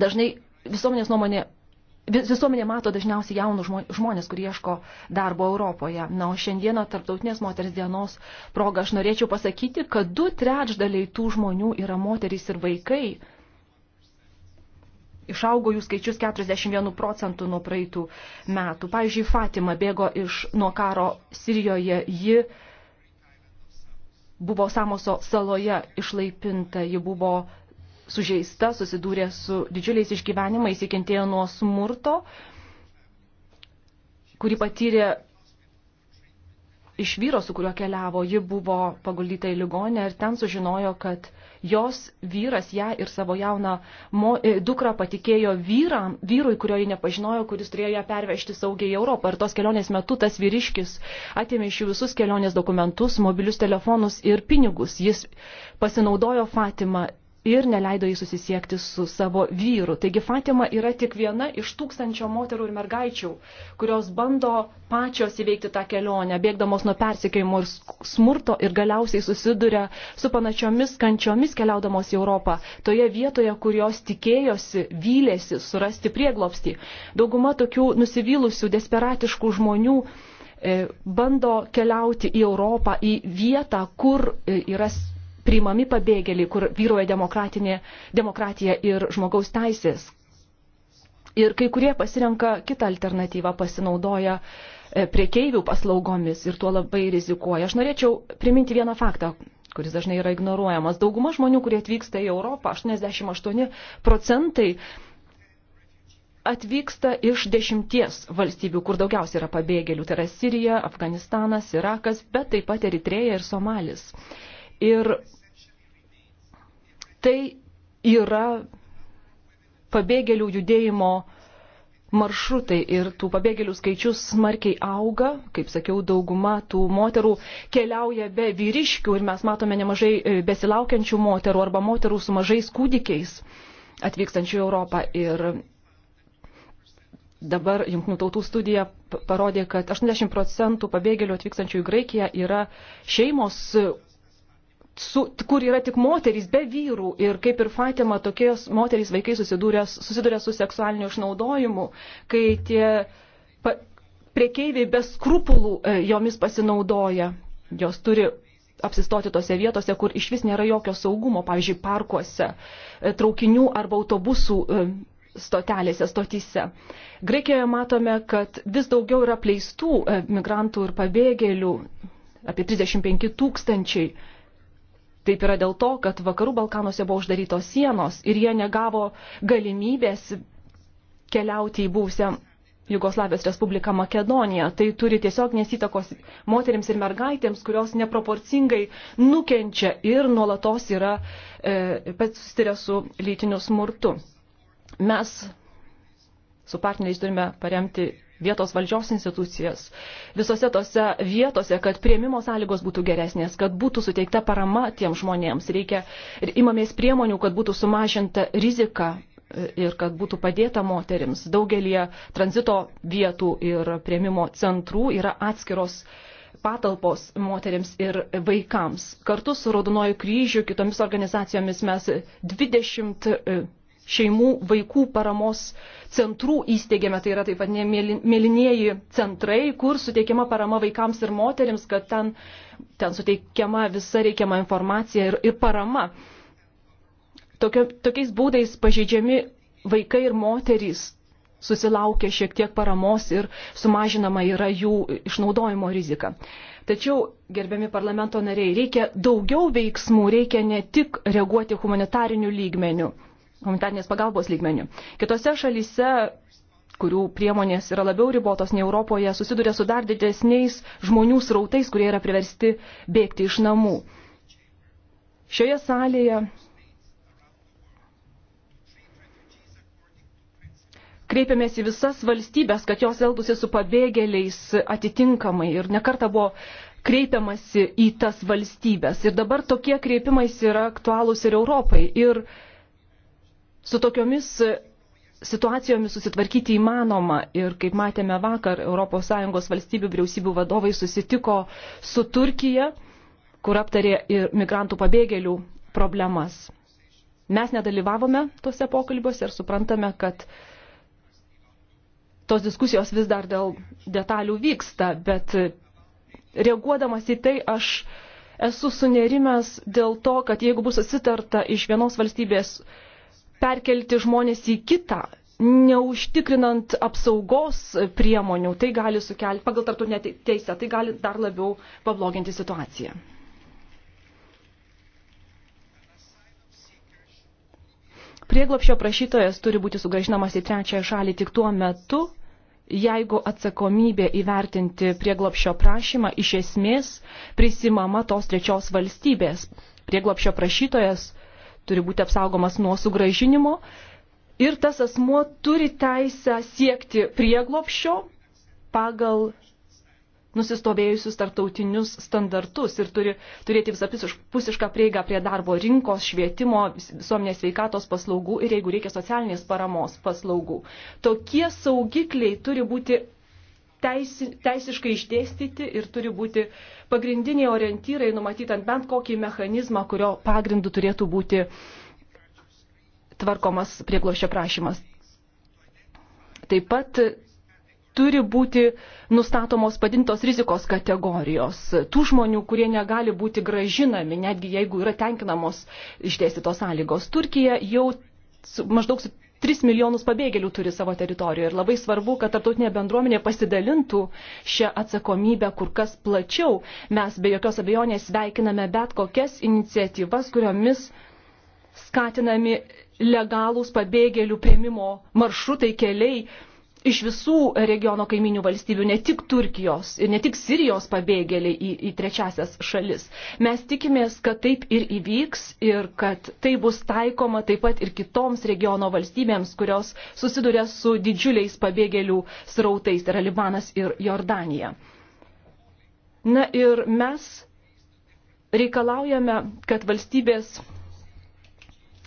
Dažnai visuomenės nuomonė visuomenė mato dažniausiai jaunus žmonės, kurie ieško darbo Europoje. Na, o šiandieną Tarptautinės moters dienos proga aš norėčiau pasakyti, kad du trečdaliai tų žmonių yra moterys ir vaikai. Išaugo jų skaičius 41 procentų nuo praeitų metų. Pavyzdžiui, Fatima bėgo iš nuo karo Sirijoje, ji buvo Samoso saloje išlaipinta, ji buvo sužeista, susidūrė su didžiuliais išgyvenimais, įkentėjo nuo smurto, kurį patyrė iš vyro, su kuriuo keliavo, ji buvo paguldyta į ligonę ir ten sužinojo, kad jos vyras ją ir savo jauną mo, e, dukrą patikėjo vyram, vyrui, kurio ji nepažinojo, kuris turėjo ją pervežti saugiai į Europą. Ir tos kelionės metu tas vyriškis atėmė iš jų visus kelionės dokumentus, mobilius telefonus ir pinigus. Jis pasinaudojo Fatimą ir neleido jį susisiekti su savo vyru. Taigi Fatima yra tik viena iš tūkstančio moterų ir mergaičių, kurios bando pačios įveikti tą kelionę, bėgdamos nuo persikėjimo ir smurto ir galiausiai susiduria su panašiomis kančiomis keliaudamos į Europą, toje vietoje, kur jos tikėjosi, vylėsi surasti prieglopstį. Dauguma tokių nusivylusių, desperatiškų žmonių e, bando keliauti į Europą, į vietą, kur e, yra priimami pabėgėliai, kur vyroja demokratija ir žmogaus teisės. Ir kai kurie pasirenka kitą alternatyvą, pasinaudoja e, priekeivių paslaugomis ir tuo labai rizikuoja. Aš norėčiau priminti vieną faktą, kuris dažnai yra ignoruojamas. Dauguma žmonių, kurie atvyksta į Europą, 88 procentai atvyksta iš dešimties valstybių, kur daugiausiai yra pabėgėlių. Tai yra Sirija, Afganistanas, Irakas, bet taip pat Eritreja ir Somalis. Ir Tai yra pabėgėlių judėjimo maršrutai ir tų pabėgėlių skaičius smarkiai auga. Kaip sakiau, dauguma tų moterų keliauja be vyriškių ir mes matome nemažai e, besilaukiančių moterų arba moterų su mažais kūdikiais atvykstančių į Europą. Ir dabar Junktinių tautų studija parodė, kad 80 procentų pabėgėlių atvykstančių į Graikiją yra šeimos, su, kur yra tik moterys be vyrų ir kaip ir Fatima, tokios moterys vaikai susiduria, susiduria su seksualiniu išnaudojimu, kai tie pa, priekeiviai be skrupulų e, jomis pasinaudoja. Jos turi apsistoti tose vietose, kur iš vis nėra jokio saugumo, pavyzdžiui, parkuose, e, traukinių arba autobusų. E, stotelėse, stotyse. Graikijoje matome, kad vis daugiau yra pleistų e, migrantų ir pabėgėlių, apie 35 tūkstančiai Taip yra dėl to, kad vakarų Balkanuose buvo uždarytos sienos ir jie negavo galimybės keliauti į buvusią Jugoslavijos Respubliką Makedoniją. Tai turi tiesiog nesitakos moteriams ir mergaitėms, kurios neproporcingai nukenčia ir nuolatos yra e, susitirę su lytiniu smurtu. Mes su partneriais turime paremti vietos valdžios institucijas visose tose vietose, kad prieimimo sąlygos būtų geresnės, kad būtų suteikta parama tiem žmonėms. Reikia ir imamės priemonių, kad būtų sumažinta rizika e, ir kad būtų padėta moterims. Daugelie tranzito vietų ir prieimimo centrų yra atskiros patalpos moteriams ir vaikams. Kartu su Raudonoju kryžiu, kitomis organizacijomis mes 20 šeimų vaikų paramos centrų įsteigėme, tai yra taip pat mėlynieji centrai, kur suteikiama parama vaikams ir moteriams, kad ten, ten suteikiama visa reikiama informacija ir, ir parama. Tokio, tokiais būdais pažeidžiami vaikai ir moterys susilaukia šiek tiek paramos ir sumažinama yra jų išnaudojimo rizika. Tačiau, gerbiami parlamento nariai, reikia daugiau veiksmų, reikia ne tik reaguoti humanitariniu lygmeniu humanitarnės pagalbos lygmenių. Kitose šalyse kurių priemonės yra labiau ribotos nei Europoje, susiduria su dar didesniais žmonių srautais, kurie yra priversti bėgti iš namų. Šioje salėje kreipėmės į visas valstybės, kad jos elgtųsi su pabėgėliais atitinkamai ir nekarta buvo kreipiamasi į tas valstybės. Ir dabar tokie kreipimais yra aktualūs ir Europai. Ir uh, Su tokiomis e, situacijomis susitvarkyti įmanoma ir, kaip matėme vakar, ES valstybių vyriausybių vadovai susitiko su Turkija, kur aptarė ir migrantų pabėgėlių problemas. Mes nedalyvavome tuose pokalbiuose ir suprantame, kad tos diskusijos vis dar dėl detalių vyksta, bet reaguodamas į tai aš esu sunerimęs dėl to, kad jeigu bus susitarta iš vienos valstybės perkelti žmonės į kitą, neužtikrinant apsaugos priemonių, tai gali sukelti, pagal tartutinę teisę, tai gali dar labiau pabloginti situaciją. Prieglopšio prašytojas turi būti sugražinamas į trečiąją šalį tik tuo metu, jeigu atsakomybė įvertinti prieglopšio prašymą iš esmės prisimama tos trečios valstybės. Prieglopšio prašytojas turi būti apsaugomas nuo sugražinimo ir tas asmuo turi teisę siekti prieglopščio pagal nusistovėjusius tartautinius standartus ir turi turėti visapusišką prieigą prie darbo rinkos, švietimo, visuomenės sveikatos paslaugų ir jeigu reikia socialinės paramos paslaugų. Tokie saugikliai turi būti teisi, teisiškai išdėstyti ir turi būti uh, pagrindiniai orientyrai numatytant bent kokį mechanizmą, kurio pagrindu turėtų būti tvarkomas prieglošio prašymas. Taip pat turi būti nustatomos padintos rizikos kategorijos tų žmonių, kurie negali būti gražinami, netgi jeigu yra tenkinamos išdėstytos sąlygos. Turkija jau maždaug 3 milijonus pabėgėlių turi savo teritorijoje ir labai svarbu, kad tarptautinė bendruomenė pasidalintų šią atsakomybę kur kas plačiau. Mes be jokios abejonės sveikiname bet kokias iniciatyvas, kuriomis skatinami legalūs pabėgėlių prieimimo maršrutai keliai iš visų regiono kaiminių valstybių, ne tik Turkijos ir ne tik Sirijos pabėgėliai į, į trečiasias šalis. Mes tikimės, kad taip ir įvyks ir kad tai bus taikoma taip pat ir kitoms regiono valstybėms, kurios susiduria su didžiuliais pabėgėlių srautais, tai yra Libanas ir Jordanija. Na ir mes reikalaujame, kad valstybės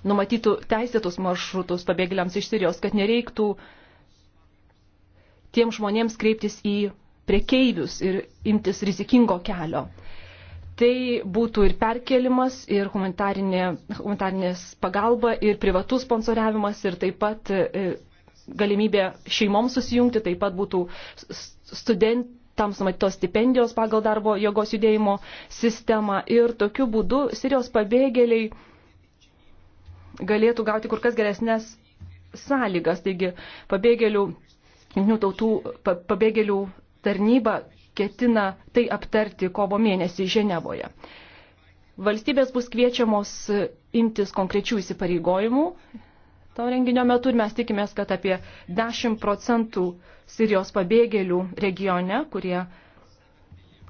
numatytų teisėtus maršrutus pabėgėliams iš Sirijos, kad nereiktų uh, tiem žmonėms kreiptis į prekeivius ir imtis rizikingo kelio. Tai būtų ir perkelimas, ir humanitarinė, humanitarinės pagalba, ir privatus sponsoriavimas, ir taip pat e, galimybė šeimoms susijungti, taip pat būtų studentams numatytos stipendijos pagal darbo jėgos judėjimo sistemą. Ir tokiu būdu Sirijos pabėgėliai galėtų gauti kur kas geresnės sąlygas. Taigi pabėgėlių Jungtinių tautų pabėgėlių tarnyba ketina tai aptarti kovo mėnesį Ženevoje. Valstybės bus kviečiamos imtis konkrečių įsipareigojimų to renginio metu ir mes tikimės, kad apie 10 procentų Sirijos pabėgėlių regione, kurie,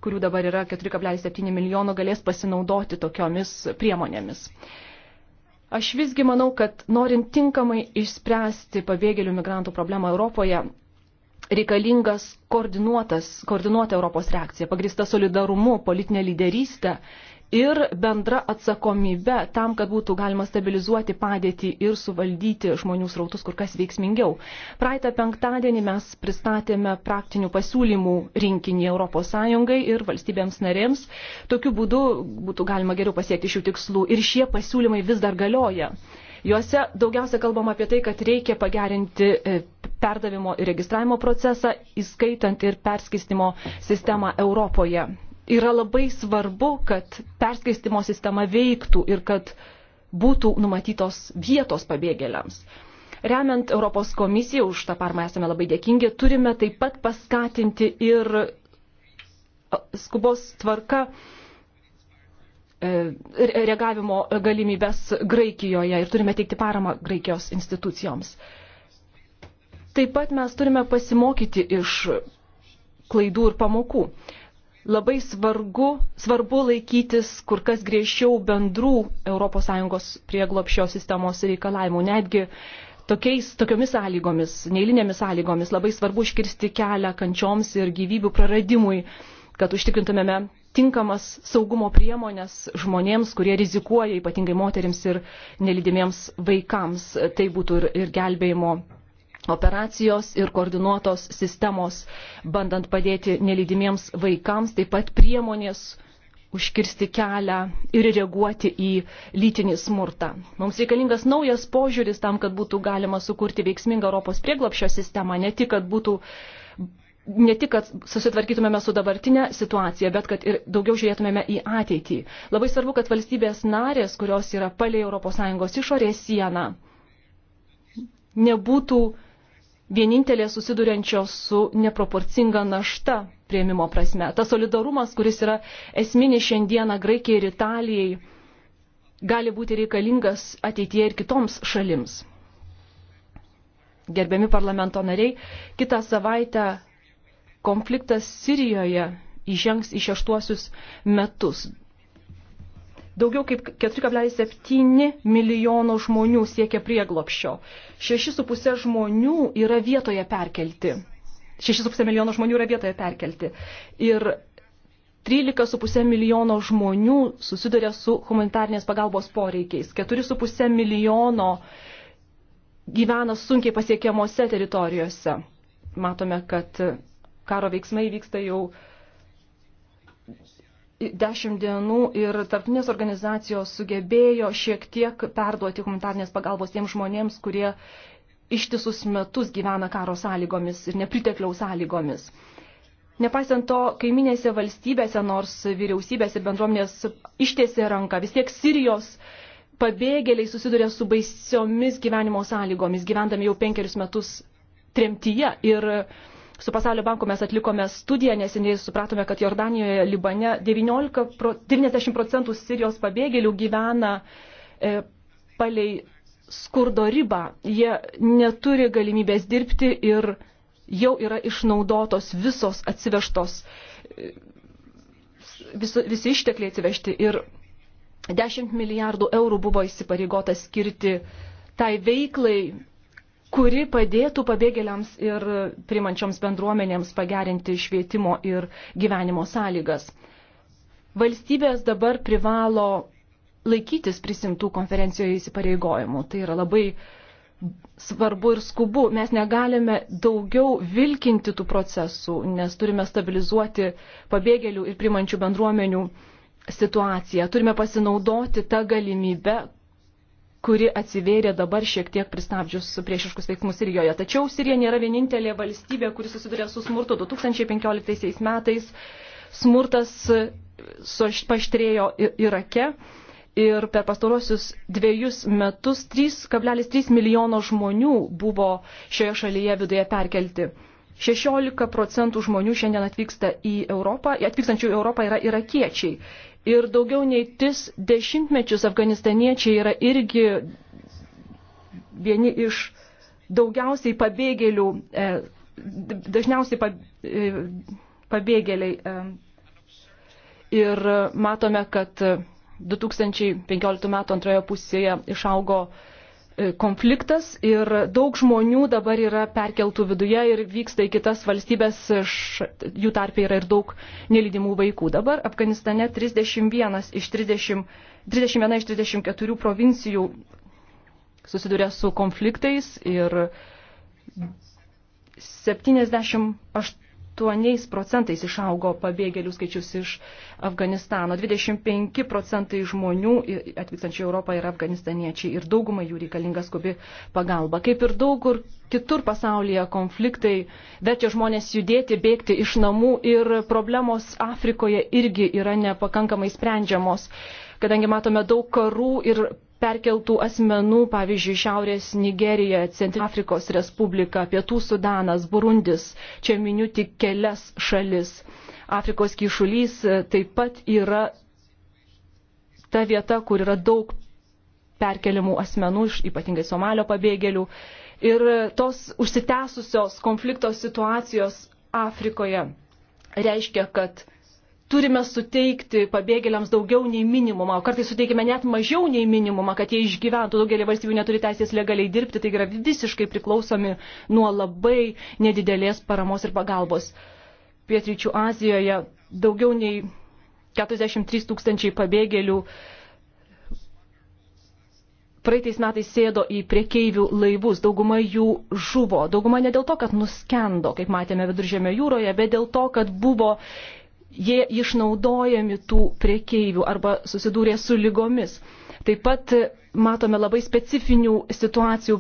kurių dabar yra 4,7 milijono, galės pasinaudoti tokiomis priemonėmis. Aš visgi manau, kad norint tinkamai išspręsti pabėgėlių migrantų problemą Europoje, reikalingas koordinuotas, koordinuota Europos reakcija, pagrįsta solidarumu, politinė lyderystė ir bendra atsakomybė tam, kad būtų galima stabilizuoti padėtį ir suvaldyti žmonių srautus kur kas veiksmingiau. Praeitą penktadienį mes pristatėme praktinių pasiūlymų rinkinį ES ir valstybėms narėms. Tokiu būdu būtų galima geriau pasiekti šių tikslų ir šie pasiūlymai vis dar galioja. Juose daugiausia kalbama apie tai, kad reikia pagerinti e, perdavimo ir registravimo procesą, įskaitant ir perskistimo sistemą Europoje. Yra labai svarbu, kad perskistimo sistema veiktų ir kad būtų numatytos vietos pabėgėliams. Remiant Europos komisiją, už tą parmą esame labai dėkingi, turime taip pat paskatinti ir e, skubos tvarka uh, E, reagavimo galimybės Graikijoje ir turime teikti paramą Graikijos institucijoms. Taip pat mes turime pasimokyti iš klaidų ir pamokų. Labai svarbu, svarbu laikytis kur kas griežčiau bendrų ES prieglopščio sistemos reikalavimų. Netgi tokiais, tokiomis sąlygomis, neįlinėmis sąlygomis labai svarbu iškirsti kelią kančioms ir gyvybių praradimui, kad užtikrintumėme tinkamas saugumo priemonės žmonėms, kurie rizikuoja, ypatingai moteriams ir nelydimiems vaikams. Tai būtų ir, ir gelbėjimo operacijos ir koordinuotos sistemos, bandant padėti nelydimiems vaikams, taip pat priemonės užkirsti kelią ir reaguoti į lytinį smurtą. Mums reikalingas naujas požiūris tam, kad būtų galima sukurti veiksmingą Europos prieglapšio sistemą, ne tik, kad būtų uh, ne tik, kad susitvarkytumėme su dabartinė situacija, bet kad ir daugiau žiūrėtumėme į ateitį. Labai svarbu, kad valstybės narės, kurios yra palei ES išorės sieną, nebūtų vienintelės susiduriančios su neproporcinga našta prieimimo prasme. Tas solidarumas, kuris yra esminis šiandieną Graikijai ir Italijai, gali būti reikalingas ateityje ir kitoms šalims. Gerbiami parlamento nariai, kitą savaitę konfliktas Sirijoje įžengs į šeštuosius metus. Daugiau kaip 4,7 milijono žmonių siekia prieglopščio. 6,5 žmonių yra vietoje perkelti. 6,5 milijono žmonių yra vietoje perkelti. Ir 13,5 milijono žmonių susiduria su humanitarnės pagalbos poreikiais. 4,5 milijono gyvena sunkiai pasiekiamose teritorijose. Matome, kad karo veiksmai vyksta jau dešimt dienų ir tarptinės organizacijos sugebėjo šiek tiek perduoti humanitarnės pagalbos tiems žmonėms, kurie ištisus metus gyvena karo sąlygomis ir nepritekliaus sąlygomis. Nepaisant to, kaiminėse valstybėse, nors vyriausybės ir bendruomenės ištiesė ranką, vis tiek Sirijos pabėgėliai susiduria su baisiomis gyvenimo sąlygomis, gyvendami jau penkerius metus tremtyje. Ir uh, Su Pasaulio banku mes atlikome studiją, neseniai supratome, kad Jordanijoje, Libane 19, 90 procentų Sirijos pabėgėlių gyvena e, palei skurdo ribą. Jie neturi galimybės dirbti ir jau yra išnaudotos visos atsivežtos, e, vis, visi ištekliai atsivežti. Ir 10 milijardų eurų buvo įsipareigota skirti tai veiklai, kuri padėtų pabėgėliams ir primančioms bendruomenėms pagerinti švietimo ir gyvenimo sąlygas. Valstybės dabar privalo laikytis prisimtų konferencijoje įsipareigojimų. Tai yra labai svarbu ir skubu. Mes negalime daugiau vilkinti tų procesų, nes turime stabilizuoti pabėgėlių ir primančių bendruomenių situaciją. Turime pasinaudoti tą galimybę, kuri atsivėrė dabar šiek tiek pristabdžius priešiškus veiksmus Sirijoje. Tačiau Sirija nėra vienintelė valstybė, kuri susiduria su smurtu. 2015 metais smurtas paštrėjo Irake ir per pastarosius dviejus metus 3,3 milijono žmonių buvo šioje šalyje viduje perkelti. 16 procentų žmonių šiandien atvyksta į Europą, atvykstančių į Europą yra irakiečiai ir daugiau nei tis dešimtmečius afganistaniečiai yra irgi vieni iš daugiausiai pabėgėlių, e, dažniausiai e, pabėgėliai. E. Ir matome, kad 2015 metų antroje pusėje išaugo E, konfliktas ir daug žmonių dabar yra perkeltų viduje ir vyksta į kitas valstybės, jų tarpe yra ir daug nelydimų vaikų. Dabar Afganistane 31 iš, 30, 31 iš 34 provincijų susiduria su konfliktais ir 78 8 procentais išaugo pabėgėlių skaičius iš Afganistano. 25 procentai žmonių atvykstančių į Europą yra afganistaniečiai ir daugumai jų reikalinga skubi pagalba. Kaip ir daug kur kitur pasaulyje konfliktai verčia žmonės judėti, bėgti iš namų ir problemos Afrikoje irgi yra nepakankamai sprendžiamos, kadangi matome daug karų ir perkeltų asmenų, pavyzdžiui, Šiaurės Nigerija, Centrinė Afrikos Respublika, Pietų Sudanas, Burundis, čia miniu tik kelias šalis. Afrikos kyšulys e, taip pat yra ta vieta, kur yra daug perkeliamų asmenų, ypatingai Somalio pabėgėlių. Ir e, tos užsitęsusios konflikto situacijos Afrikoje reiškia, kad turime suteikti pabėgėliams daugiau nei minimumą, o kartais suteikime net mažiau nei minimumą, kad jie išgyventų. Daugelį valstybių neturi teisės legaliai dirbti, tai yra visiškai priklausomi nuo labai nedidelės paramos ir pagalbos. Pietryčių Azijoje daugiau nei 43 tūkstančiai pabėgėlių praeitais metais sėdo į priekeivių laivus, dauguma jų žuvo, dauguma ne dėl to, kad nuskendo, kaip matėme viduržėmio jūroje, bet dėl to, kad buvo jie išnaudojami tų priekeivių arba susidūrė su lygomis. Taip pat matome labai specifinių situacijų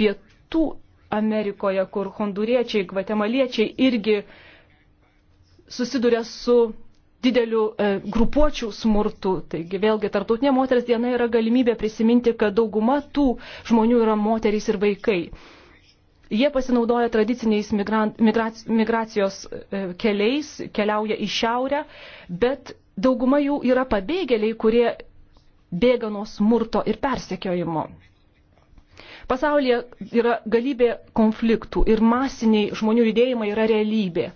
pietų Amerikoje, kur honduriečiai, gvatemaliečiai irgi susiduria su dideliu e, grupuočių smurtu. Taigi vėlgi tarptautinė moters diena yra galimybė prisiminti, kad dauguma tų žmonių yra moterys ir vaikai. Jie pasinaudoja tradiciniais migracijos e, keliais, keliauja į šiaurę, bet dauguma jų yra pabėgėliai, kurie bėga nuo smurto ir persekiojimo. Pasaulyje yra galybė konfliktų ir masiniai žmonių judėjimai yra realybė.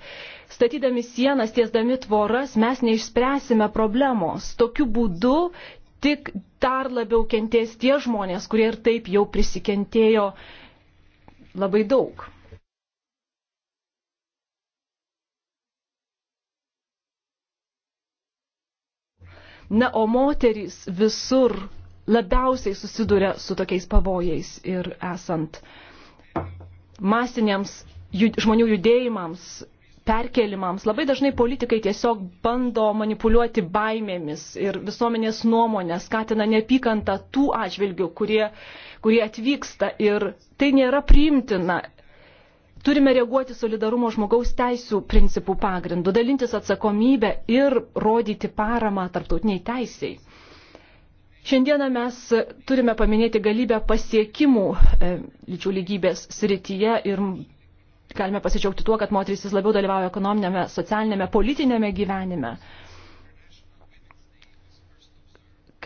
Statydami sienas, tiesdami tvoras, mes neišspręsime problemos. Tokiu būdu tik dar labiau kentės tie žmonės, kurie ir taip jau prisikentėjo uh, labai daug. Na, o moterys visur labiausiai susiduria su tokiais pavojais ir esant masiniams žmonių judėjimams perkelimams. Labai dažnai politikai tiesiog bando manipuliuoti baimėmis ir visuomenės nuomonę, skatina neapykantą tų atžvilgių, kurie, kurie atvyksta ir tai nėra priimtina. Turime reaguoti solidarumo žmogaus teisų principų pagrindu, dalintis atsakomybę ir rodyti paramą tarptautiniai teisiai. Šiandieną mes turime paminėti galybę pasiekimų e, lyčių lygybės srityje ir galime pasidžiaugti tuo, kad moterys vis labiau dalyvauja ekonominėme, socialinėme, politinėme gyvenime.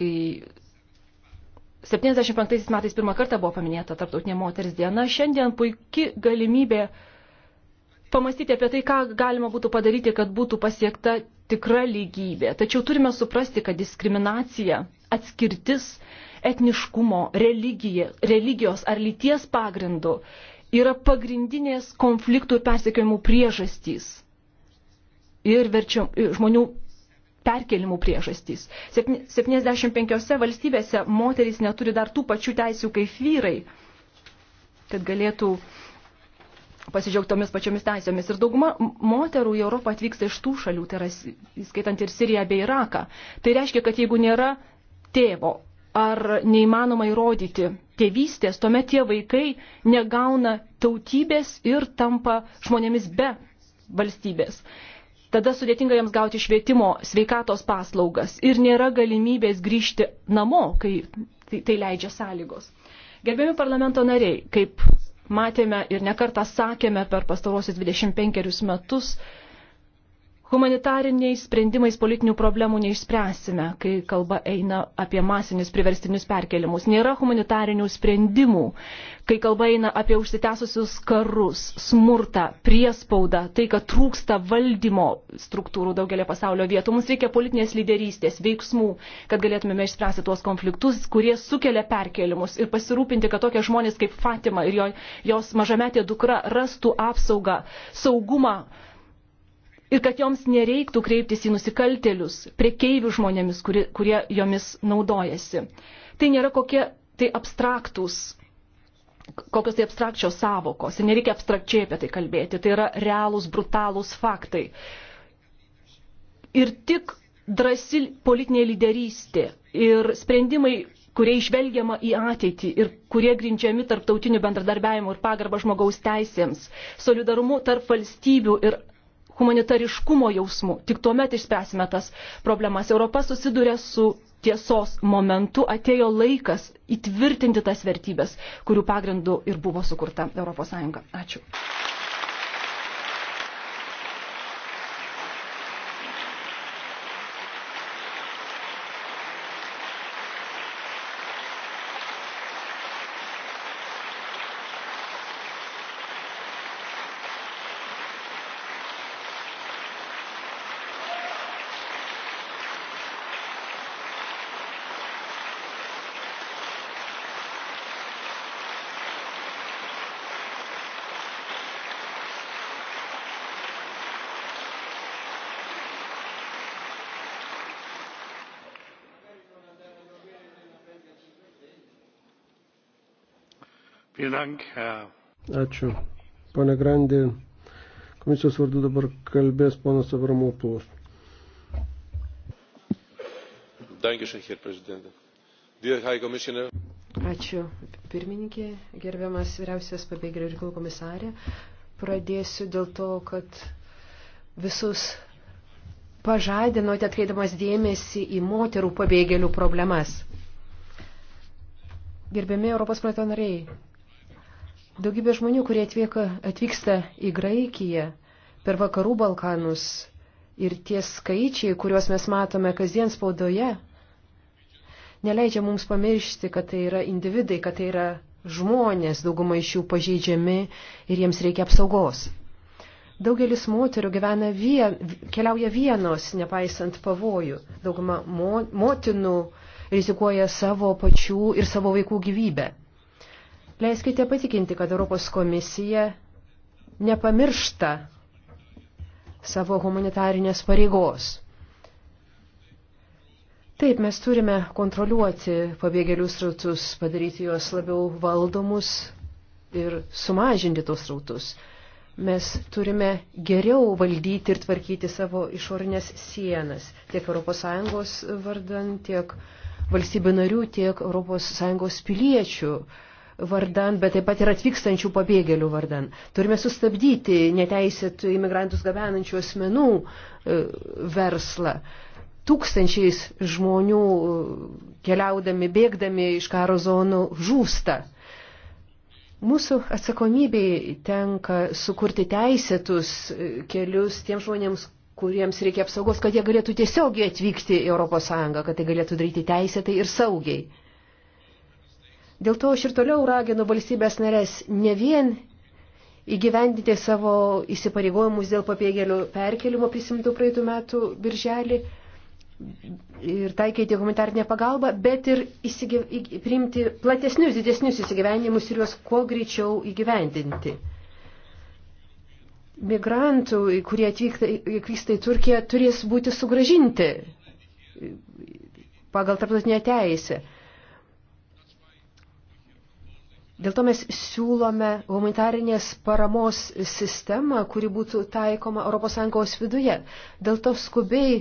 Kai 75 metais pirmą kartą buvo paminėta Tarptautinė moters diena, šiandien puikia galimybė pamastyti apie tai, ką galima būtų padaryti, kad būtų pasiekta tikra lygybė. Tačiau turime suprasti, kad diskriminacija, atskirtis etniškumo, religija, religijos ar lyties pagrindu yra pagrindinės konfliktų ir persekiojimų priežastys ir verčia, žmonių perkelimų priežastys. 75 valstybėse moterys neturi dar tų pačių teisių kaip vyrai, kad galėtų pasidžiaugti tomis pačiomis teisėmis. Ir dauguma moterų į Europą atvyksta iš tų šalių, tai yra įskaitant ir Siriją bei Iraką. Tai reiškia, kad jeigu nėra tėvo ar neįmanoma įrodyti tėvystės, tuomet tie vaikai negauna tautybės ir tampa žmonėmis be valstybės. Tada sudėtinga jiems gauti švietimo, sveikatos paslaugas ir nėra galimybės grįžti namo, kai tai, tai leidžia sąlygos. Gerbiami parlamento nariai, kaip matėme ir nekartą sakėme per pastarosius 25 metus, humanitariniais sprendimais politinių problemų neišspręsime, kai kalba eina apie masinius priverstinius perkelimus. Nėra humanitarinių sprendimų, kai kalba eina apie užsitęsusius karus, smurtą, priespaudą, tai, kad trūksta valdymo struktūrų daugelio pasaulio vietų. Mums reikia politinės lyderystės, veiksmų, kad galėtumėme išspręsti tuos konfliktus, kurie sukelia perkelimus ir pasirūpinti, kad tokie žmonės kaip Fatima ir jo, jos mažametė dukra rastų apsaugą, saugumą ir kad joms nereiktų kreiptis į nusikaltelius, priekeivių žmonėmis, kuri, kurie jomis naudojasi. Tai nėra kokie tai abstraktus kokios tai abstrakčios savokos ir nereikia abstrakčiai apie tai kalbėti, tai yra realūs, brutalūs faktai. Ir tik drasi politinė lyderystė ir sprendimai, kurie išvelgiama į ateitį ir kurie grindžiami tarptautiniu bendradarbiavimu ir pagarba žmogaus teisėms, solidarumu tarp valstybių ir humanitariškumo jausmu. Tik tuomet išspręsime tas problemas. Europa susiduria su tiesos momentu, atėjo laikas įtvirtinti tas vertybės, kurių pagrindu ir buvo sukurta ES. Ačiū. Ačiū. Pane Grandi, komisijos vardu dabar kalbės ponas Avramopulos. Ačiū, pirmininkė, gerbiamas vyriausias pabėgėlių reikalų komisarė. Pradėsiu dėl to, kad visus pažadinote atkreidamas dėmesį į moterų pabėgėlių problemas. Gerbiami Europos projekto nariai, Daugybė žmonių, kurie atvyka, atvyksta į Graikiją per vakarų Balkanus ir tie skaičiai, kuriuos mes matome kasdien spaudoje, neleidžia mums pamiršti, kad tai yra individai, kad tai yra žmonės, dauguma iš jų pažeidžiami ir jiems reikia apsaugos. Daugelis moterų gyvena vien, keliauja vienos, nepaisant pavojų. Dauguma mo, motinų rizikuoja savo pačių ir savo vaikų gyvybę. Leiskite patikinti, kad Europos komisija nepamiršta savo humanitarinės pareigos. Taip, mes turime kontroliuoti pabėgėlių srautus, padaryti juos labiau valdomus ir sumažinti tos srautus. Mes turime geriau valdyti ir tvarkyti savo išorinės sienas, tiek ES vardan, tiek valstybių narių, tiek ES piliečių uh, vardan, bet taip pat ir atvykstančių pabėgėlių vardan. Turime sustabdyti neteisėtų imigrantus gabenančių asmenų e, verslą. Tūkstančiais žmonių e, keliaudami, bėgdami iš karo zonų žūsta. Mūsų atsakomybei tenka sukurti teisėtus e, kelius tiems žmonėms, kuriems reikia apsaugos, kad jie galėtų tiesiogiai atvykti į ES, kad tai galėtų daryti teisėtai ir saugiai. Dėl to aš ir toliau raginu valstybės narės ne vien įgyvendinti savo įsipareigojimus dėl papėgėlių perkelimo prisimtų praeitų metų birželį ir taikyti humanitarnę pagalbą, bet ir įsigyv... priimti platesnius, didesnius įsigyvenimus ir juos kuo greičiau įgyvendinti. Migrantų, kurie atvyksta, atvyksta į Turkiją, turės būti sugražinti pagal tarptautinę teisę. Dėl to mes siūlome humanitarinės paramos sistemą, kuri būtų taikoma ES viduje. Dėl to skubiai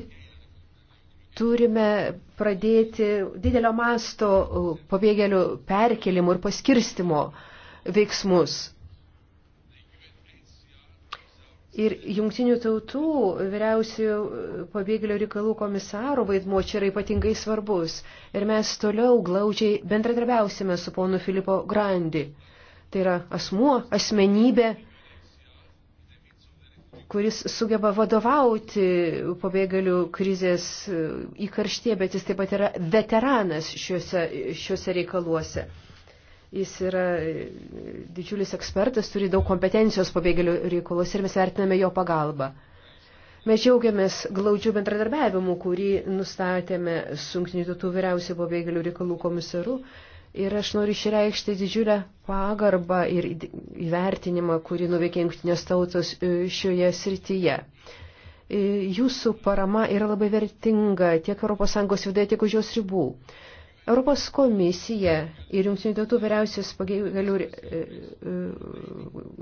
turime pradėti didelio masto pabėgėlių perkelimo ir paskirstimo veiksmus. Ir jungtinių tautų vyriausių pabėgėlių reikalų komisarų vaidmuo čia yra ypatingai svarbus. Ir mes toliau glaudžiai bendradarbiausime su ponu Filipo Grandi. Tai yra asmuo, asmenybė, kuris sugeba vadovauti pabėgalių krizės įkarštie, bet jis taip pat yra veteranas šiuose, šiuose reikaluose. Jis yra e, didžiulis ekspertas, turi daug kompetencijos pabėgėlių reikalus ir mes vertiname jo pagalbą. Mes džiaugiamės glaudžių bendradarbiavimu, kurį nustatėme su Junktinių tautų vyriausių pabėgėlių reikalų komisaru. Ir aš noriu išreikšti didžiulę pagarbą ir įvertinimą, kurį nuveikė Junktinės tautos e, šioje srityje. E, jūsų parama yra labai vertinga tiek ES viduje, tiek už jos ribų. Europos komisija ir Jungtinių tautų vyriausios pagalių e, e,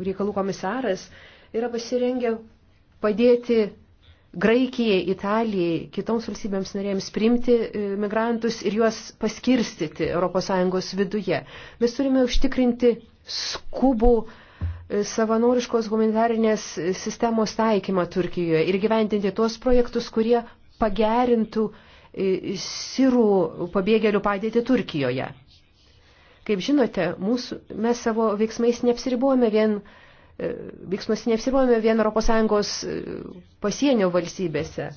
reikalų komisaras yra pasirengę padėti Graikijai, Italijai, kitoms valstybėms norėjams priimti e, migrantus ir juos paskirstyti ES viduje. Mes turime užtikrinti skubų savanoriškos humanitarinės sistemos taikymą Turkijoje ir gyventinti tuos projektus, kurie pagerintų uh, sirų pabėgėlių padėtį Turkijoje. Kaip žinote, mūsų, mes savo veiksmais neapsiribuojame vien e, veiksmus neapsiribuojame vien ES e, pasienio valstybėse.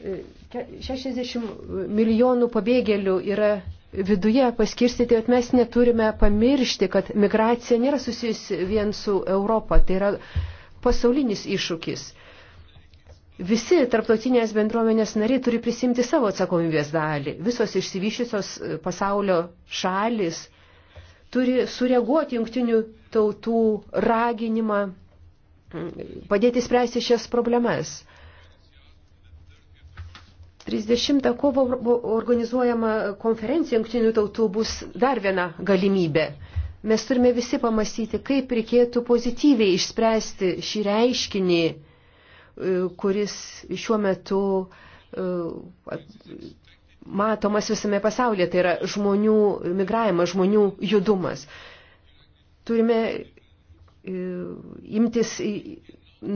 60 e, milijonų pabėgėlių yra viduje paskirstyti, bet mes neturime pamiršti, kad migracija nėra susijusi vien su Europa, tai yra pasaulinis iššūkis. Visi tarptautinės bendruomenės nariai turi prisimti savo atsakomybės dalį. Visos išsivyščiusios e, pasaulio šalis turi sureaguoti jungtinių tautų raginimą, mm, padėti spręsti šias problemas. 30 kovo organizuojama konferencija jungtinių tautų bus dar viena galimybė. Mes turime visi pamastyti, kaip reikėtų pozityviai išspręsti šį reiškinį E, kuris šiuo metu e, matomas visame pasaulyje, tai yra žmonių migravimas, žmonių judumas. Turime e, imtis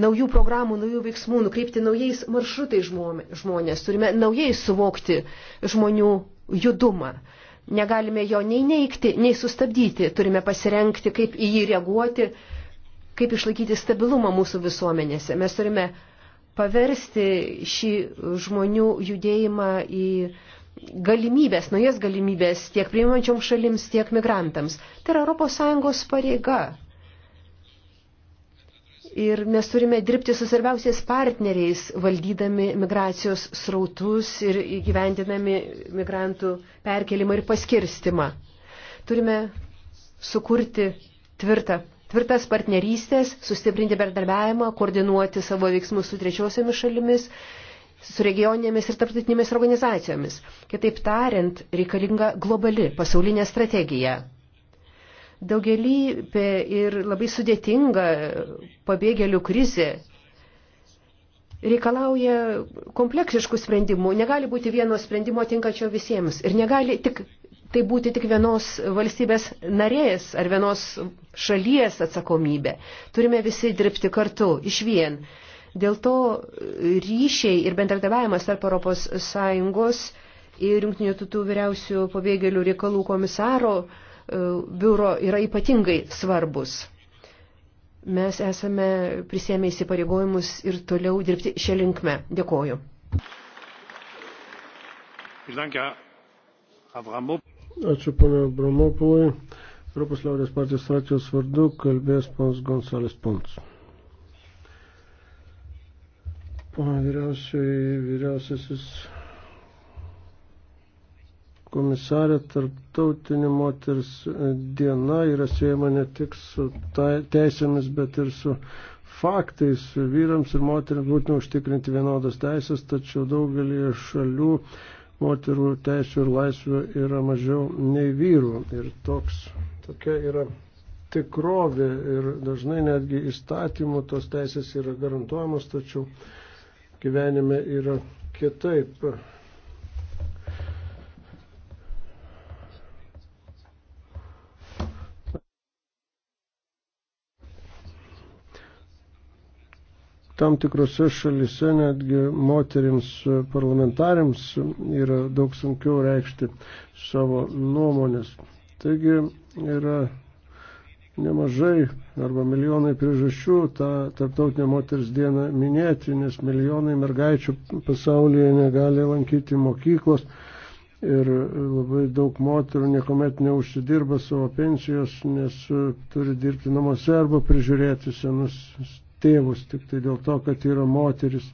naujų programų, naujų veiksmų, nukreipti naujais maršrutai žmonės, turime naujai suvokti žmonių judumą. Negalime jo nei neikti, nei sustabdyti, turime pasirenkti, kaip į jį reaguoti, kaip išlaikyti stabilumą mūsų visuomenėse. Mes turime paversti šį žmonių judėjimą į galimybės, naujas galimybės tiek priimančioms šalims, tiek migrantams. Tai yra ES pareiga. Ir mes turime dirbti su svarbiausiais partneriais, valdydami migracijos srautus ir įgyvendinami migrantų perkelimą ir paskirstimą. Turime sukurti tvirtą tvirtas partnerystės, sustiprinti bendradarbiavimą, koordinuoti savo veiksmus su trečiosiomis šalimis, su regioninėmis ir tarptautinėmis organizacijomis. Kitaip tariant, reikalinga globali pasaulinė strategija. Daugelį ir labai sudėtinga pabėgėlių krizė reikalauja kompleksiškų sprendimų, negali būti vieno sprendimo tinkačio visiems ir negali tik tai būti tik vienos valstybės narės ar vienos šalies atsakomybė. Turime visi dirbti kartu, iš vien. Dėl to ryšiai ir bendradarbiavimas tarp Europos Sąjungos ir Junktinių tautų vyriausių pabėgėlių reikalų komisaro e, biuro yra ypatingai svarbus. Mes esame prisėmę įsipareigojimus ir toliau dirbti šią linkmę. Dėkoju. Danke, Avramop. Ačiū ponė Bramopului. Europos liaudės partijos frakcijos vardu kalbės pons Gonsalės Pons. Pana vyriausiai, vyriausiasis komisarė, tarptautinė moters diena yra siejama ne tik su teisėmis, bet ir su faktais. Vyrams ir moteriams būtina užtikrinti vienodas teisės, tačiau daugelį šalių moterų teisų ir laisvių yra mažiau nei vyrų. Ir toks, tokia yra tikrovė ir dažnai netgi įstatymų tos teisės yra garantuojamos, tačiau gyvenime yra kitaip. tam tikrose šalise netgi moteriams e, parlamentariams yra daug sunkiau reikšti savo nuomonės. Taigi yra nemažai arba milijonai priežasčių tą tarptautinę moters dieną minėti, nes milijonai mergaičių pasaulyje negali lankyti mokyklos ir labai daug moterų niekuomet neužsidirba savo pensijos, nes turi dirbti namuose arba prižiūrėti senus tėvus tik tai dėl to, kad yra moteris.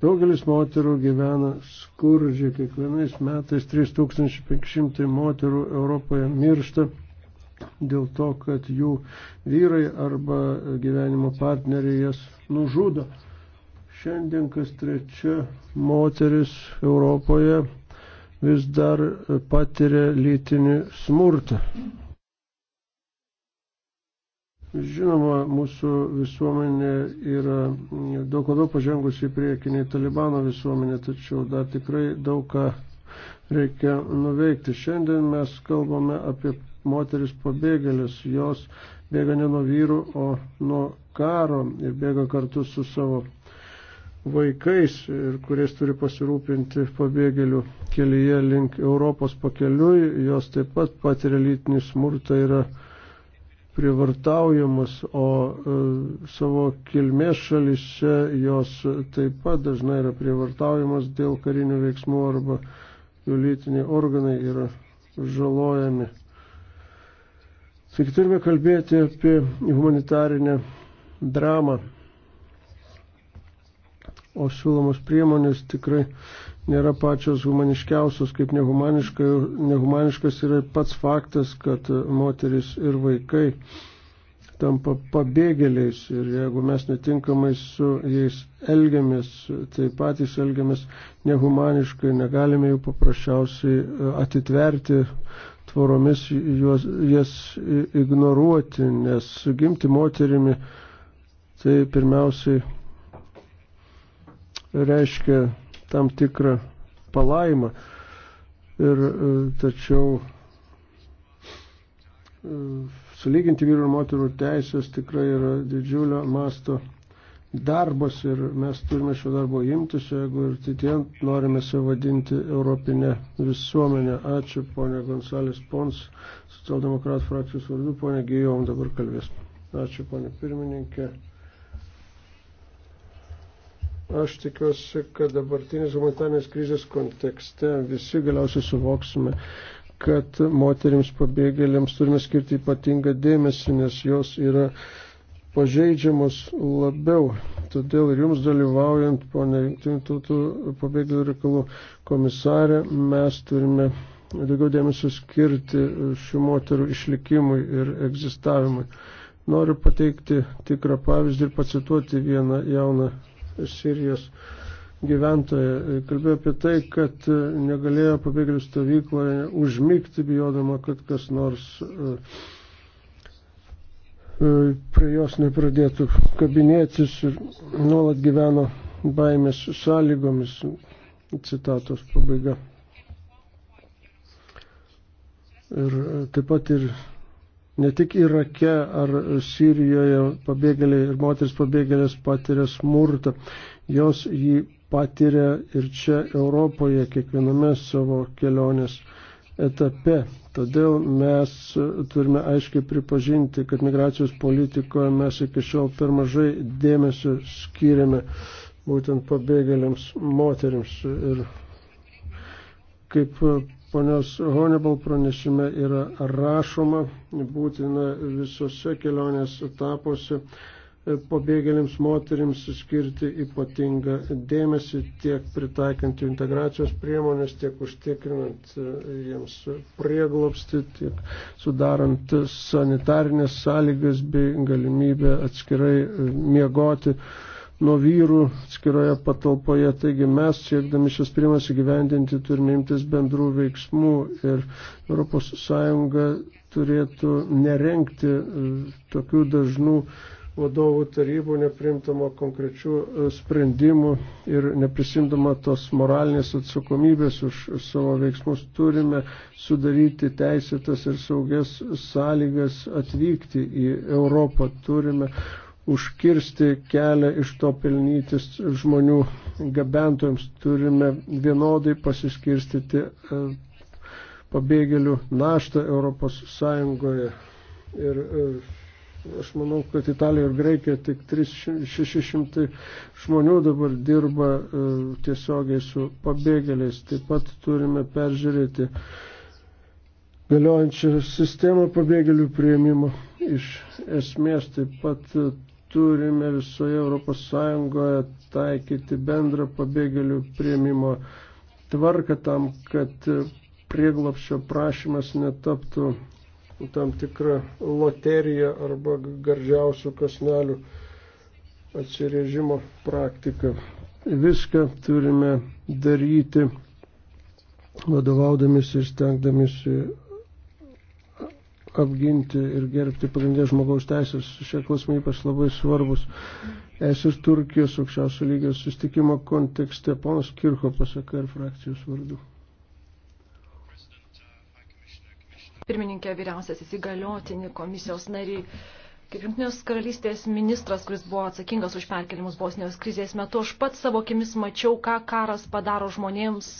Daugelis moterų gyvena skurdžiai, kiekvienais metais 3500 moterų Europoje miršta dėl to, kad jų vyrai arba gyvenimo partneriai jas nužudo. Šiandien kas trečia moteris Europoje vis dar patiria lytinį smurtą. Žinoma, mūsų visuomenė yra daug labiau pažengusi į priekį nei Talibano visuomenė, tačiau dar tikrai daug ką reikia nuveikti. Šiandien mes kalbame apie moteris pabėgėlės, jos bėga ne nuo vyrų, o nuo karo ir bėga kartu su savo vaikais ir kuriais turi pasirūpinti pabėgėlių kelyje link Europos pakeliui, jos taip pat patiria lytinį smurtą yra privartaujamas, o e, savo kilmės šalise jos taip pat dažnai yra privartaujamas dėl karinių veiksmų arba jų lytiniai organai yra žalojami. Taigi turime kalbėti apie humanitarinę dramą, o siūlomos priemonės tikrai nėra pačios humaniškiausios, kaip nehumaniška, nehumaniškas yra pats faktas, kad moteris ir vaikai tampa pabėgėliais ir jeigu mes netinkamai su jais elgiamės, tai patys elgiamės nehumaniškai, negalime jų paprasčiausiai e, atitverti tvoromis, juos, jas ignoruoti, nes gimti moterimi tai pirmiausiai reiškia tam tikrą palaimą. Ir e, tačiau e, sulyginti vyrų ir moterų teisės tikrai yra didžiulio masto darbas ir mes turime šio darbo imtis, jeigu ir titie norime save vadinti Europinę visuomenę. Ačiū, ponė Gonsalės Pons, socialdemokratų frakcijos vardu, ponė Gijom dabar kalbės. Ačiū, ponė pirmininkė. Aš tikiuosi, kad dabartinės humanitarnės krizės kontekste visi galiausiai suvoksime, kad moteriams pabėgėliams turime skirti ypatingą dėmesį, nes jos yra pažeidžiamos labiau. Todėl ir jums dalyvaujant, ponė Junktinių tautų pabėgėlių reikalų komisarė, mes turime daugiau dėmesio skirti šių moterų išlikimui ir egzistavimui. Noriu pateikti tikrą pavyzdį ir pacituoti vieną jauną Sirijos gyventoja. Kalbėjo apie tai, kad negalėjo pabėgėlių stovykloje užmygti, bijodama, kad kas nors e, e, prie jos nepradėtų kabinėtis ir nuolat gyveno baimės sąlygomis. Citatos pabaiga. Ir e, taip pat ir Ne tik Irake ar Sirijoje pabėgėliai ir moteris pabėgėlės patiria smurtą, jos jį patiria ir čia Europoje kiekviename savo kelionės etape. Todėl mes turime aiškiai pripažinti, kad migracijos politikoje mes iki šiol per mažai dėmesio skiriame būtent pabėgėliams moteriams. Ir kaip Ponios Honibal pranešime yra rašoma, būtina visose kelionės etapuose e, pabėgėliams moteriams skirti ypatingą dėmesį tiek pritaikant jų integracijos priemonės, tiek užtikrinant e, jiems prieglopsti, tiek sudarant sanitarinės sąlygas bei galimybę atskirai e, miegoti nuo vyrų atskiroje patalpoje. Taigi mes, siekdami šias priemas įgyvendinti, turime imtis bendrų veiksmų ir ES turėtų nerenkti e, tokių dažnų vadovų tarybų, neprimtama konkrečių e, sprendimų ir neprisimdama tos moralinės atsakomybės už savo veiksmus turime sudaryti teisėtas ir saugias sąlygas atvykti į Europą. Turime užkirsti kelią iš to pelnytis žmonių gabentojams. Turime vienodai pasiskirstyti e, pabėgėlių naštą Europos Sąjungoje. Ir e, aš manau, kad Italijoje ir Graikijoje tik 600 žmonių dabar dirba e, tiesiogiai su pabėgėliais. Taip pat turime peržiūrėti galiojančią sistemą pabėgėlių prieimimo. Iš esmės taip pat turime visoje ES taikyti bendrą pabėgėlių prieimimo tvarką tam, kad prieglopščio prašymas netaptų tam tikrą loteriją arba gardžiausių kasnelių atsirėžimo praktiką. Viską turime daryti vadovaudamėsi ir stengdamėsi apginti ir gerbti pagrindės žmogaus teisės. Šie klausimai ypač labai svarbus. Es ir Turkijos aukščiausio lygio sustikimo kontekste ponas Kirko pasaka ir frakcijos vardu. Pirmininkė vyriausias įsigaliotinį komisijos nariai. Kaip Junktinės karalystės ministras, kuris buvo atsakingas už perkelimus Bosnijos krizės metu, aš pats savo akimis mačiau, ką karas padaro žmonėms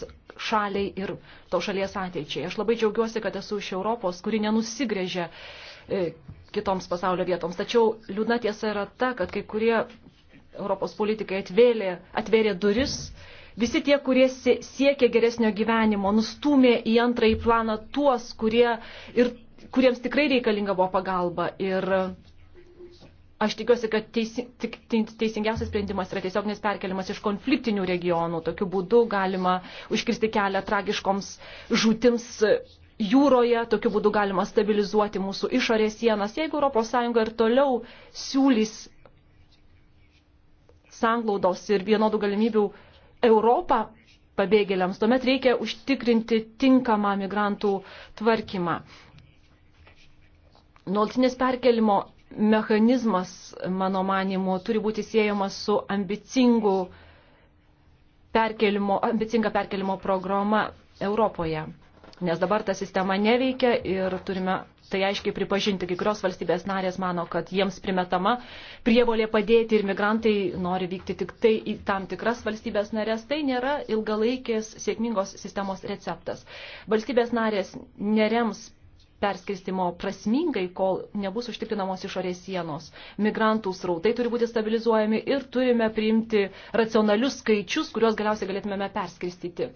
šaliai ir to šalies ateičiai. Aš labai džiaugiuosi, kad esu iš Europos, kuri nenusigrėžė e, kitoms pasaulio vietoms. Tačiau liūdna tiesa yra ta, kad kai kurie Europos politikai atvėlė, atvėrė duris. Visi tie, kurie siekia geresnio gyvenimo, nustumė į antrąjį planą tuos, kurie ir, kuriems tikrai reikalinga buvo pagalba. Ir Aš tikiuosi, kad teisi, tik, teisingiausias sprendimas yra tiesiog nesperkelimas iš konfliktinių regionų. Tokiu būdu galima užkirsti kelią tragiškoms žūtims jūroje, tokiu būdu galima stabilizuoti mūsų išorės sienas. Jeigu ES ir toliau siūlys sanglaudos ir vienodų galimybių Europą pabėgėliams, tuomet reikia užtikrinti tinkamą migrantų tvarkymą. Nuoltinės perkelimo mechanizmas, mano manimu, turi būti siejamas su ambicingu perkelimo, ambicinga perkelimo programa Europoje. Nes dabar ta sistema neveikia ir turime tai aiškiai pripažinti. Kai kurios valstybės narės mano, kad jiems primetama prievolė padėti ir migrantai nori vykti tik tai į tam tikras valstybės narės. Tai nėra ilgalaikės sėkmingos sistemos receptas. Valstybės narės nerems perskirstimo prasmingai, kol nebus užtikrinamos išorės sienos. Migrantų srautai turi būti stabilizuojami ir turime priimti racionalius skaičius, kuriuos galiausiai galėtumėme perskirstyti.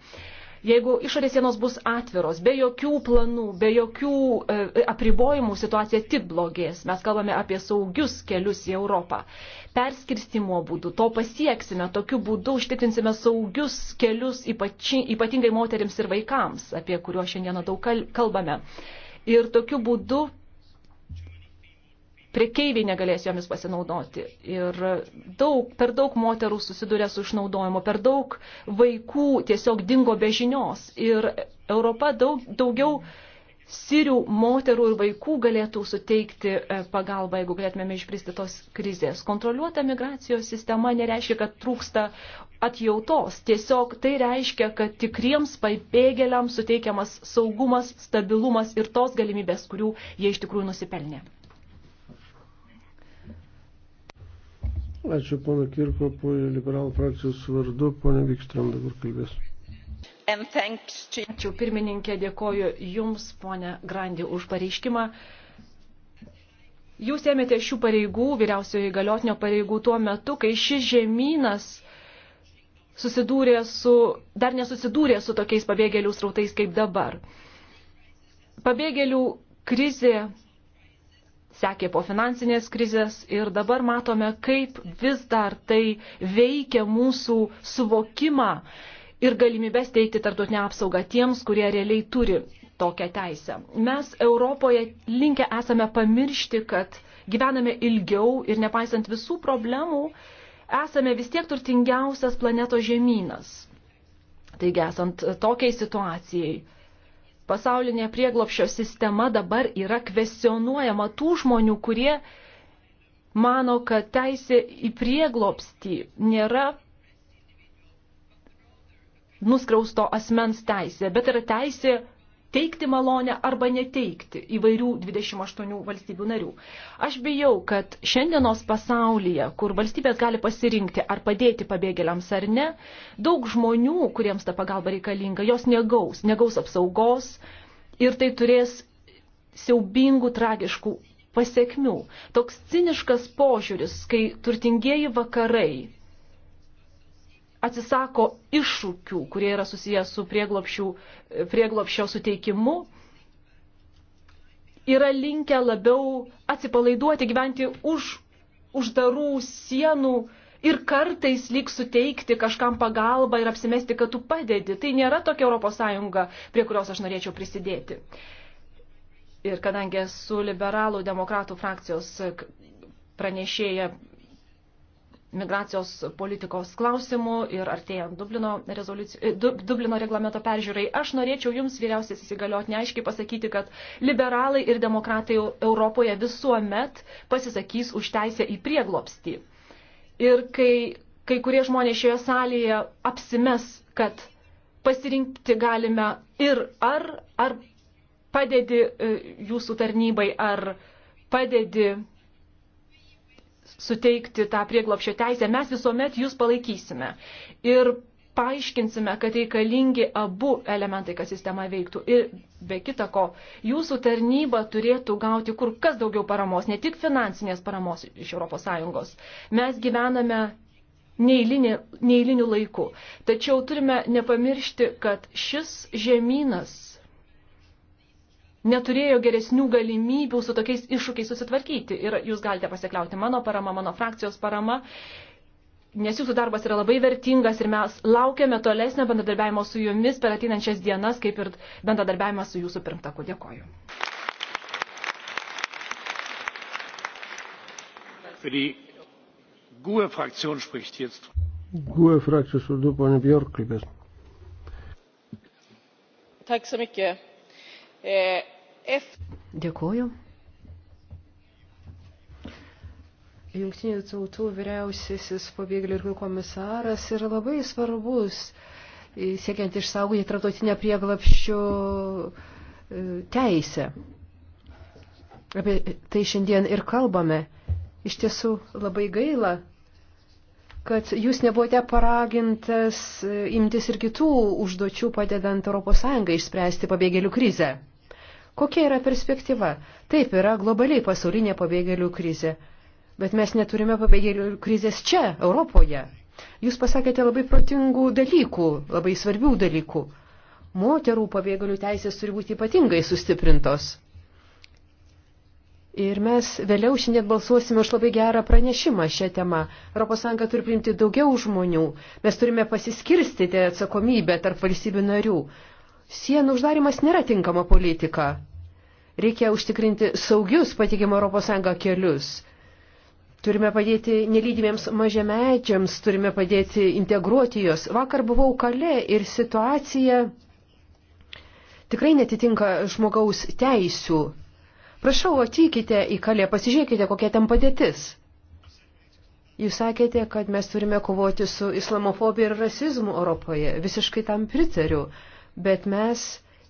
Jeigu išorės sienos bus atviros, be jokių planų, be jokių e, apribojimų, situacija tik blogės. Mes kalbame apie saugius kelius į Europą. Perskirstimo būdu to pasieksime, tokiu būdu užtikrinsime saugius kelius ypač, ypatingai moterims ir vaikams, apie kuriuos šiandieną daug kalbame. E, ir tokiu būdu prekeiviai negalės jomis pasinaudoti. Ir daug, per daug moterų susiduria su išnaudojimu, per daug vaikų tiesiog dingo be žinios. Ir Europa daug, daugiau sirių moterų ir vaikų galėtų suteikti e, pagalbą, jeigu galėtumėme išpristi tos krizės. Kontroliuota migracijos sistema nereiškia, kad trūksta atjautos. Tiesiog tai reiškia, kad tikriems pabėgėliams suteikiamas saugumas, stabilumas ir tos galimybės, kurių jie iš tikrųjų nusipelnė. Ačiū pono Kirkopo, liberalų frakcijos vardu, ponė Vikstram dabar kalbės. Ačiū pirmininkė, dėkoju Jums, ponė Grandi, už pareiškimą. Jūs ėmėte šių pareigų, vyriausiojo įgaliotinio pareigų tuo metu, kai šis žemynas uh, susidūrė su, dar nesusidūrė su tokiais pabėgėlių srautais kaip dabar. Pabėgėlių krizė sekė po finansinės krizės ir dabar matome, kaip vis dar tai veikia mūsų suvokimą ir galimybės teikti tartutinę apsaugą tiems, kurie realiai turi tokią teisę. Mes Europoje linkę esame pamiršti, kad gyvename ilgiau ir nepaisant visų problemų, esame vis tiek turtingiausias planetos žemynas. Taigi, esant tokiai situacijai, pasaulinė prieglopšio sistema dabar yra kvestionuojama tų žmonių, kurie mano, kad teisė į prieglopstį nėra nuskrausto asmens teisė, bet yra teisė teikti malonę arba neteikti įvairių 28 valstybių narių. Aš bijau, kad šiandienos pasaulyje, kur valstybės gali pasirinkti ar padėti pabėgėliams ar ne, daug žmonių, kuriems ta pagalba reikalinga, jos negaus, negaus apsaugos ir tai turės siaubingų, tragiškų pasiekmių. Toks ciniškas požiūris, kai turtingieji vakarai atsisako iššūkių, kurie yra susijęs su prieglopščio suteikimu, yra linkę labiau atsipalaiduoti, gyventi už uždarų sienų ir kartais lyg suteikti kažkam pagalbą ir apsimesti, kad tu padedi. Tai nėra tokia ES, prie kurios aš norėčiau prisidėti. Ir kadangi esu liberalų demokratų frakcijos pranešėja migracijos politikos klausimų ir artėjant Dublino, e, du, Dublino reglamento peržiūrai. Aš norėčiau Jums, vyriausias įsigaliot, neaiškiai pasakyti, kad liberalai ir demokratai Europoje visuomet pasisakys už teisę į prieglopstį. Ir kai kai kurie žmonės šioje salėje apsimes, kad pasirinkti galime ir ar, ar padedi e, jūsų tarnybai, ar padedi suteikti tą prieglopšio teisę, mes visuomet jūs palaikysime. Ir paaiškinsime, kad reikalingi abu elementai, kad sistema veiktų. Ir be kita ko, jūsų tarnyba turėtų gauti kur kas daugiau paramos, ne tik finansinės paramos iš ES. Mes gyvename neįlinį, neįlinių laikų. Tačiau turime nepamiršti, kad šis žemynas neturėjo geresnių galimybių su tokiais iššūkiais susitvarkyti. Ir jūs galite pasikliauti mano parama, mano frakcijos parama, nes jūsų darbas yra labai vertingas ir mes laukiame tolesnio bendradarbiavimo su jumis per ateinančias dienas, kaip ir bendradarbiavimą su jūsų pirmtaku. Dėkoju. GUE frakcijos vardu ponė Bjork kalbės. Tack så mycket. Eh, Dėkuoju. Jungtinių tautų vyriausiasis pabėgėlių ir komisaras yra labai svarbus, e, siekiant išsaugoti tarptautinę prieglapščių e, teisę. Apie tai šiandien ir kalbame. Iš tiesų labai gaila, kad jūs nebuvote paragintas e, imtis ir kitų užduočių padedant ES išspręsti pabėgėlių krizę. Kokia yra perspektyva? Taip yra globaliai pasaulinė pabėgėlių krizė, bet mes neturime pabėgėlių krizės čia, Europoje. Jūs pasakėte labai protingų dalykų, labai svarbių dalykų. Moterų pabėgėlių teisės turi būti ypatingai sustiprintos. Ir mes vėliau šiandien balsuosime už labai gerą pranešimą šią temą. ES turi priimti daugiau žmonių. Mes turime pasiskirstyti atsakomybę tarp valstybių narių. Sienų uždarimas nėra tinkama politika. Reikia užtikrinti saugius patikimo ES kelius. Turime padėti nelydimiems mažemedžiams, turime padėti integruoti juos. Vakar buvau kale ir situacija tikrai netitinka žmogaus teisių. Prašau, atvykite į kalę, pasižiūrėkite, kokia ten padėtis. Jūs sakėte, kad mes turime kovoti su islamofobija ir rasizmu Europoje. Visiškai tam pritariu bet mes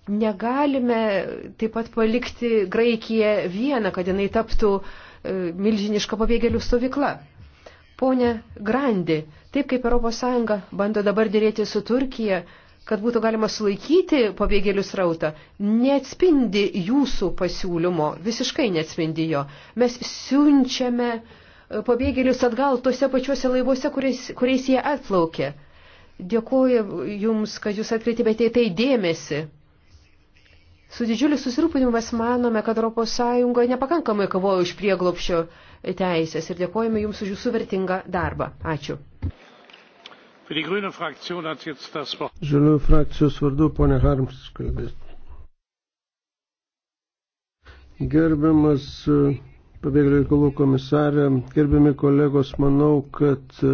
negalime taip pat palikti Graikiją vieną, kad jinai taptų e, milžiniška pabėgėlių stovykla. Pone Grandi, taip kaip ES bando dabar dėrėti su Turkija, kad būtų galima sulaikyti pabėgėlių srautą, neatspindi jūsų pasiūlymo, visiškai neatspindi jo. Mes siunčiame e, pabėgėlius atgal tose pačiuose laivuose, kuriais, kuriais jie atplaukė. Dėkuoju Jums, kad Jūs atkreipėte į tai dėmesį. Su didžiuliu susirūpinimu mes manome, kad ES nepakankamai kovoja už prieglopščio teisės ir dėkojame Jums už Jūsų vertingą darbą. Ačiū. Žaliųjų frakcijos vardu, ponė Harms, kalbės. Gerbiamas pabėgėlių reikalų komisarė. Gerbiami kolegos, manau, kad e,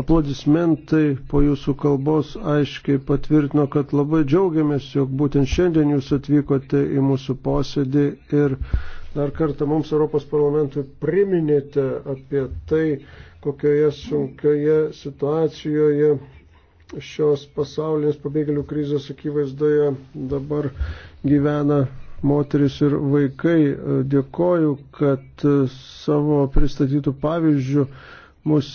aplodismentai po jūsų kalbos aiškiai patvirtino, kad labai džiaugiamės, jog būtent šiandien jūs atvykote į mūsų posėdį ir dar kartą mums Europos parlamentui priminėte apie tai, kokioje sunkioje situacijoje šios pasaulinės pabėgėlių krizės akivaizdoje dabar gyvena moteris ir vaikai. E, dėkoju, kad e, savo pristatytų pavyzdžių mus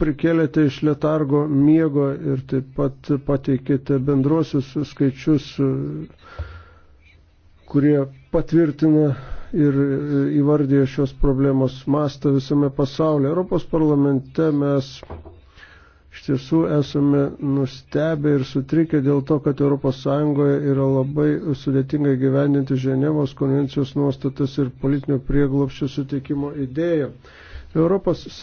prikėlėte iš letargo miego ir taip pat pateikėte bendruosius skaičius, e, kurie patvirtina ir įvardė šios problemos mastą visame pasaulyje. Europos parlamente mes tiesų esame nustebę ir sutrikę dėl to, kad ES yra labai sudėtinga gyveninti Ženevos konvencijos nuostatas ir politinio prieglopščio suteikimo idėją. ES,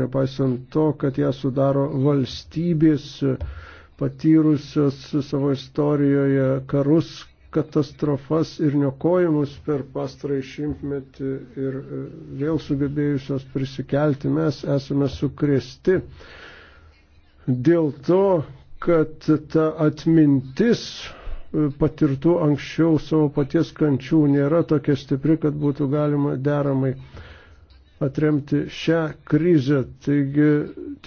nepaisant to, kad ją sudaro valstybės patyrusios savo istorijoje karus, katastrofas ir niokojimus per pastarąjį šimtmetį ir vėl sugebėjusios prisikelti, mes esame sukrėsti dėl to, kad ta atmintis e, patirtų anksčiau savo paties kančių nėra tokia stipri, kad būtų galima deramai atremti šią krizę. Taigi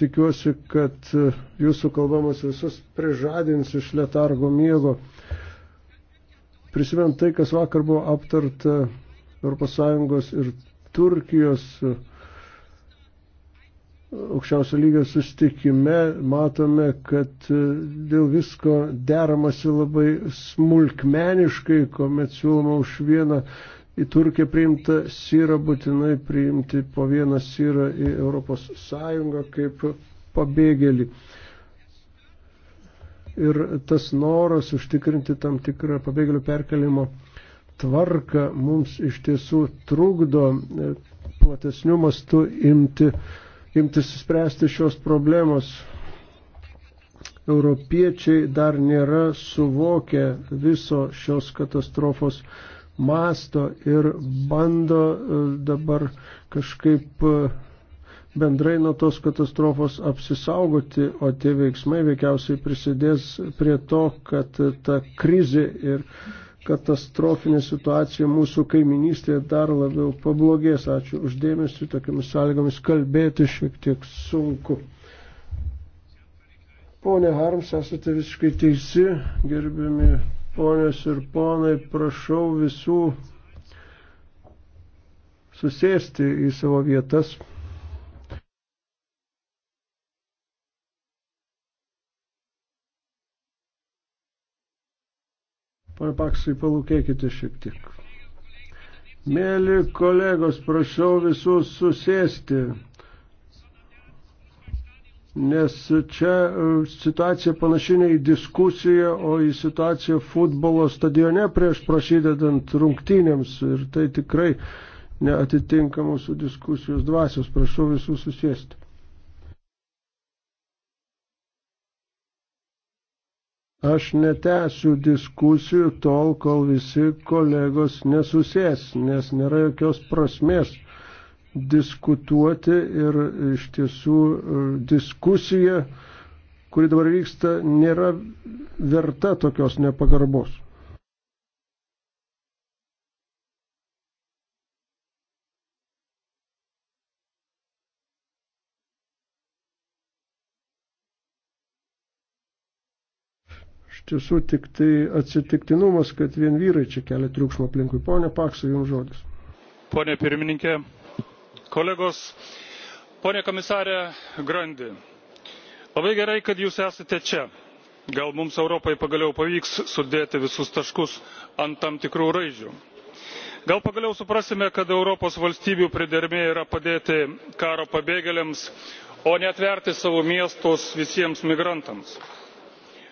tikiuosi, kad e, jūsų kalbamas visus prižadins iš letargo miego. Prisimint tai, kas vakar buvo aptarta ES ir Turkijos e, aukščiausio lygio sustikime matome, kad e, dėl visko deramasi labai smulkmeniškai, kuomet siūloma už vieną į Turkiją priimtą syrą būtinai priimti po vieną syrą į Europos Sąjungą kaip pabėgėlį. Ir tas noras užtikrinti tam tikrą pabėgėlių perkelimo tvarką mums iš tiesų trukdo e, platesnių mastų imti imtis spręsti šios problemos. Europiečiai dar nėra suvokę viso šios katastrofos masto ir bando e, dabar kažkaip e, bendrai nuo tos katastrofos apsisaugoti, o tie veiksmai veikiausiai prisidės prie to, kad ta krizė ir katastrofinė situacija mūsų kaiminystėje dar labiau pablogės. Ačiū uždėmesi, tokiamis sąlygomis kalbėti šiek tiek sunku. Pone Harms, esate visiškai teisi, gerbiami ponios ir ponai, prašau visų susėsti į savo vietas. Pane Paksai, palūkėkite šiek tiek. Mėly kolegos, prašau visus susėsti, nes čia e, situacija panašinė į diskusiją, o į situaciją futbolo stadione prieš prašydedant rungtynėms ir tai tikrai neatitinka mūsų diskusijos dvasios. Prašau visus susėsti. Aš netęsiu diskusijų tol, kol visi kolegos nesusės, nes nėra jokios prasmės diskutuoti ir iš tiesų e, diskusija, kuri dabar vyksta, nėra verta tokios nepagarbos. Iš tiesų tik tai atsitiktinumas, kad vien vyrai čia kelia triukšmą aplinkui. Pone Paksai, jums žodis. Pone pirmininkė, kolegos, pone komisarė Grandi, labai gerai, kad jūs esate čia. Gal mums Europai pagaliau pavyks sudėti visus taškus ant tam tikrų raidžių. Gal pagaliau suprasime, kad Europos valstybių pridermė yra padėti karo pabėgėliams, o ne atverti savo miestus visiems migrantams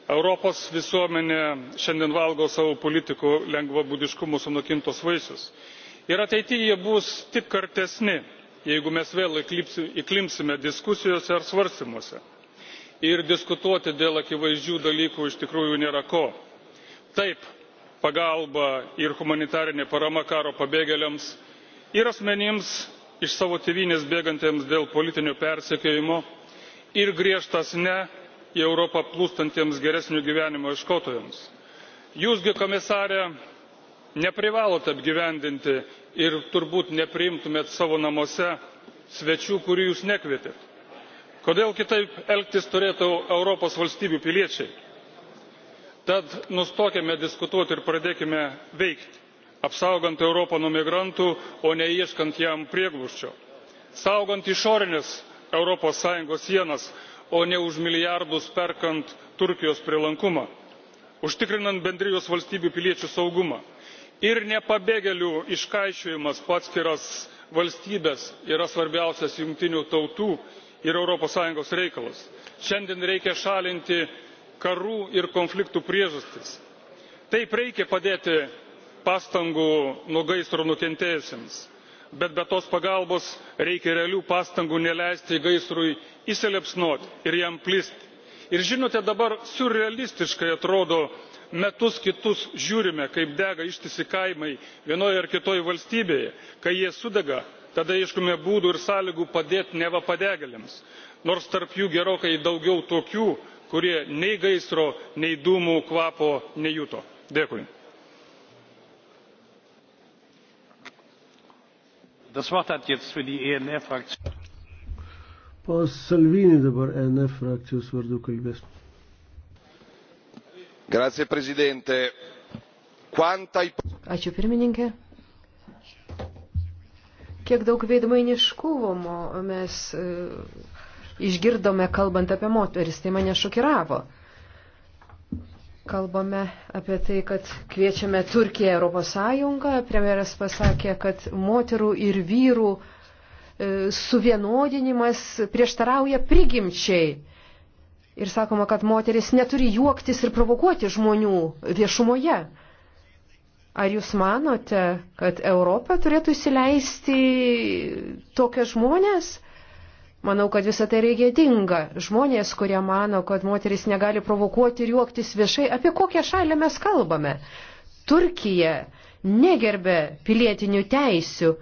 europos visuomenė šiandien valgo savo politikų lengvabūdiškumu sunokintus vaisius ir ateityje jie bus tik kartesni jeigu mes vėl įklimpsime diskusijose ar svarstymuose ir diskutuoti dėl akivaizdžių dalykų iš tikrųjų nėra ko. taip pagalba ir humanitarinė parama karo pabėgėliams ir asmenims iš savo tėvynės bėgantiems dėl politinio persekiojimo ir griežtas ne į europą plūstantiems geresnio gyvenimo ieškotojams. jūs gi komisare neprivalote apgyvendinti ir turbūt nepriimtumėte savo namuose svečių kurių jūs nekvietėte. kodėl kitaip elgtis turėtų europos valstybių piliečiai? tad nustokime diskutuoti ir pradėkime veikti apsaugant europą nuo migrantų o ne ieškant jiems prieglobsčio saugant išorines europos sąjungos sienas o ne už milijardus perkant turkijos prielankumą užtikrinant bendrijos valstybių piliečių saugumą ir ne pabėgėlių iškaišiojimas po atskiras valstybes yra svarbiausias jungtinių tautų ir europos sąjungos reikalas. šiandien reikia šalinti karų ir konfliktų priežastis. taip reikia padėti pastangų nuo gaisro nukentėjusiems bet be tos pagalbos reikia realių pastangų neleisti gaisrui įsiliepsnoti ir jam plisti. ir žinote dabar siurrealistiškai atrodo metus kitus žiūrime kaip dega ištisi kaimai vienoje ar kitoje valstybėje kai jie sudega tada ieškome būdų ir sąlygų padėti neva padegėliams nors tarp jų gerokai daugiau tokių kurie nei gaisro nei dūmų kvapo nejuto. dėkui. Das Wort hat jetzt für die ENF-Fraktion. Ponas Salvini dabar ENF frakcijos vardu kalbės. Grazie, prezidente. Quanta... Ačiū pirmininkė. Kiek daug veidmainiškumo mes e, išgirdome kalbant apie moteris, tai mane šokiravo kalbame apie tai, kad kviečiame Turkiją Europos Sąjungą. Premjeras pasakė, kad moterų ir vyrų e, suvienodinimas prieštarauja prigimčiai. Ir sakoma, kad moteris neturi juoktis ir provokuoti žmonių viešumoje. Ar jūs manote, kad Europa turėtų įsileisti tokias žmonės? Manau, kad visą tai gėdinga. Žmonės, kurie mano, kad moteris negali provokuoti ir juoktis viešai, apie kokią šalį mes kalbame. Turkija negerbė pilietinių teisių.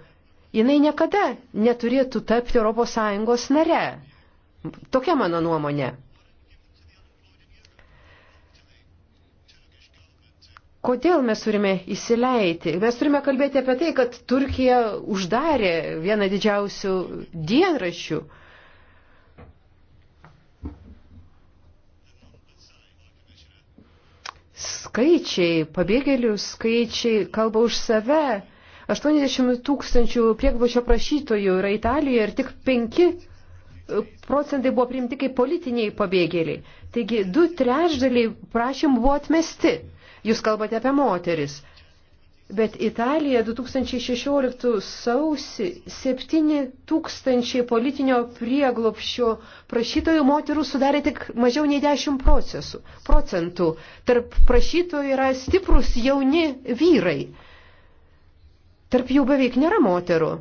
Jinai niekada neturėtų tapti ES nare. Tokia mano nuomonė. Kodėl mes turime įsileiti? Mes turime kalbėti apie tai, kad Turkija uždarė vieną didžiausių dienraščių. skaičiai, pabėgėlių skaičiai kalba už save. 80 tūkstančių priegvašio prašytojų yra Italijoje ir tik 5 procentai buvo priimti kaip politiniai pabėgėliai. Taigi du trečdaliai prašymų buvo atmesti. Jūs kalbate apie moteris. Bet Italija 2016 sausi 7 tūkstančiai politinio prieglopščio prašytojų moterų sudarė tik mažiau nei 10 procesų, procentų. Tarp prašytojų yra stiprus jauni vyrai. Tarp jų beveik nėra moterų.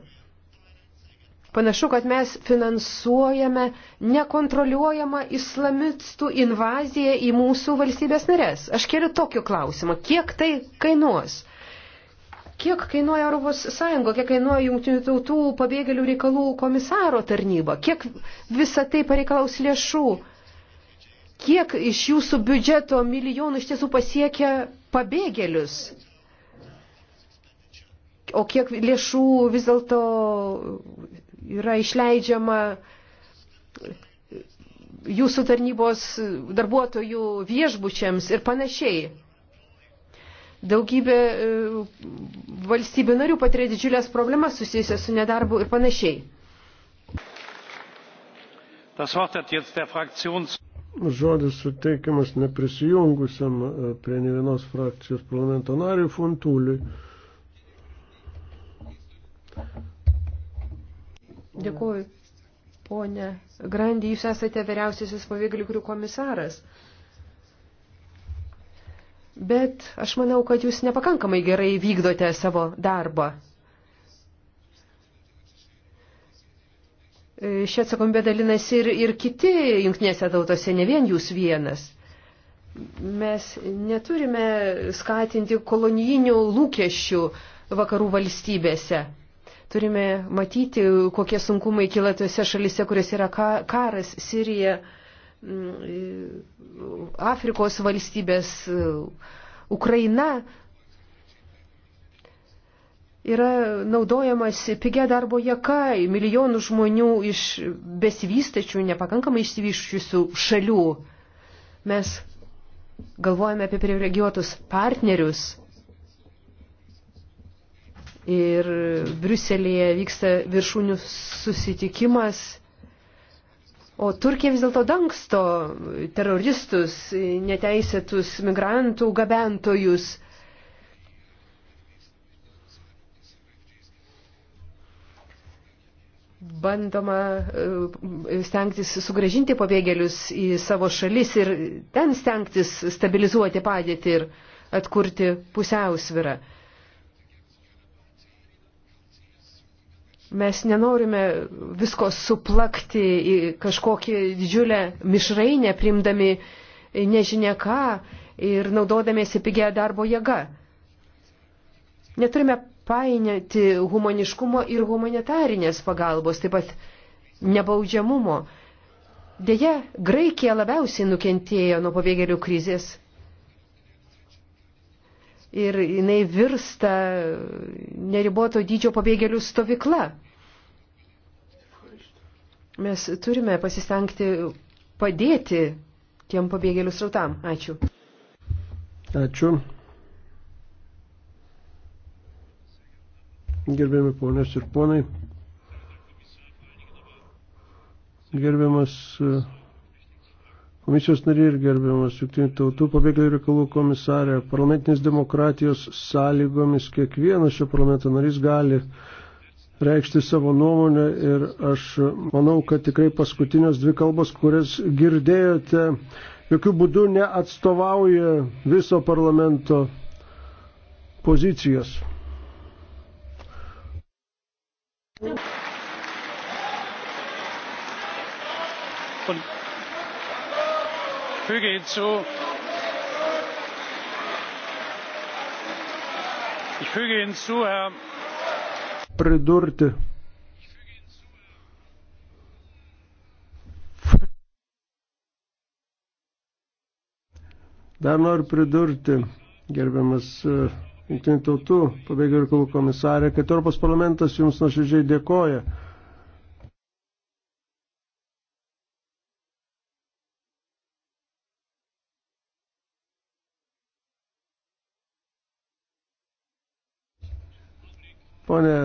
Panašu, kad mes finansuojame nekontroliuojamą islamistų invaziją į mūsų valstybės narės. Aš keliu tokiu klausimą, kiek tai kainuos? Kiek kainuoja Europos Sąjunga, kiek kainuoja Jungtinių tautų pabėgėlių reikalų komisaro tarnyba, kiek visa tai pareikalaus lėšų, kiek iš jūsų biudžeto milijonų iš tiesų pasiekia pabėgėlius, o kiek lėšų vis dėlto yra išleidžiama jūsų tarnybos darbuotojų viešbučiams ir panašiai. Daugybė e, valstybių narių patiria didžiulės problemas susijusios su nedarbu ir panašiai. Žodis suteikiamas neprisijungusiam e, prie ne vienos frakcijos parlamento nariui Funtuliui. Dėkuoju. Pone Grandi, jūs esate vyriausiasis pavėgalių komisaras. Bet aš manau, kad jūs nepakankamai gerai vykdote savo darbą. E, Šią atsakomybę dalinasi ir, ir kiti jungtinėse tautose, ne vien jūs vienas. Mes neturime skatinti kolonijinių lūkesčių vakarų valstybėse. Turime matyti, kokie sunkumai kyla tose šalise, kuriuose yra karas Sirija. Mm, Afrikos valstybės, e, Ukraina yra naudojamasi pigia darbo jėga, milijonų žmonių iš besivystačių, nepakankamai išsivyščiusių šalių. Mes galvojame apie privilegijuotus partnerius. Ir Briuselėje vyksta viršūnių susitikimas O Turkija vis dėlto dangsto teroristus, neteisėtus migrantų gabentojus. Bandoma e, stengtis sugražinti pabėgėlius į savo šalis ir ten stengtis stabilizuoti padėtį ir atkurti pusiausvirą. Mes nenorime visko suplakti į kažkokį didžiulę mišrainę, primdami nežinia ką ir naudodamėsi pigia darbo jėga. Neturime painioti humaniškumo ir humanitarinės pagalbos, taip pat nebaudžiamumo. Deja, Graikija labiausiai nukentėjo nuo pabėgėlių krizės. Ir jinai virsta neriboto dydžio pabėgėlių stovykla. Mes turime pasistengti padėti tiem pabėgėlių srautam. Ačiū. Ačiū. Gerbiami ponios ir ponai, gerbiamas e, komisijos nariai ir gerbiamas Junktinių tautų pabėgėlių reikalų komisarė, parlamentinės demokratijos sąlygomis kiekvienas šio parlamento narys gali reikšti savo nuomonę ir aš manau, kad tikrai paskutinės dvi kalbos, kurias girdėjote, jokių būdų neatstovauja viso parlamento pozicijos. Und füge hinzu, ich füge hinzu, Herr pridurti. Dar noriu pridurti, gerbiamas e, Junktinių tautų pabėgėlių reikalų komisarė, kad Europos parlamentas jums nuoširdžiai dėkoja Pone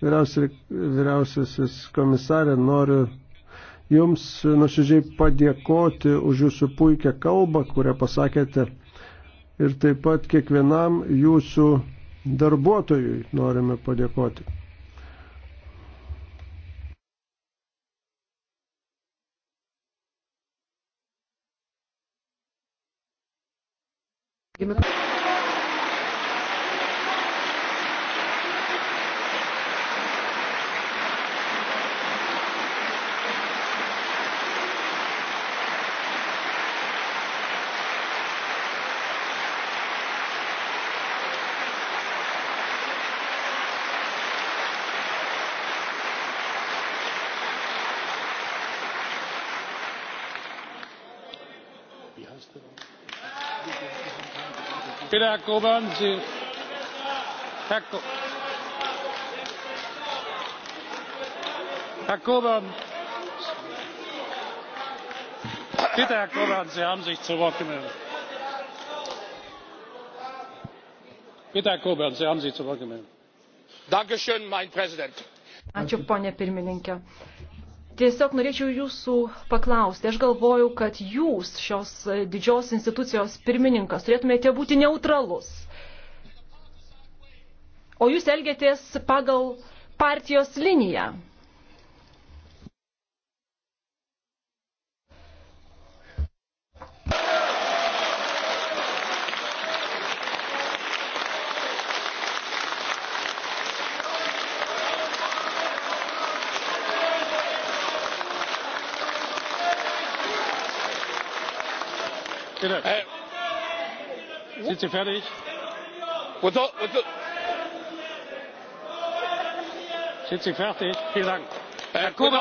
vyriausiasis komisarė, noriu Jums nuoširdžiai padėkoti už Jūsų puikią kalbą, kurią pasakėte. Ir taip pat kiekvienam Jūsų darbuotojui norime padėkoti. Gimė. Herr Coburn, Sie, Herr, Herr Coburn, bitte, Herr Coburn, Sie haben sich zu Wort gemeldet. Bitte, Herr Coburn, Sie haben sich zu Wort gemeldet. Dankeschön, mein Präsident. Ačiū, ponė pirmininkė. Tiesiog norėčiau jūsų paklausti. Aš galvojau, kad jūs šios didžios institucijos pirmininkas turėtumėte būti neutralus. O jūs elgėtės pagal partijos liniją. sind sie fertig? sind sie fertig? vielen dank. Uh,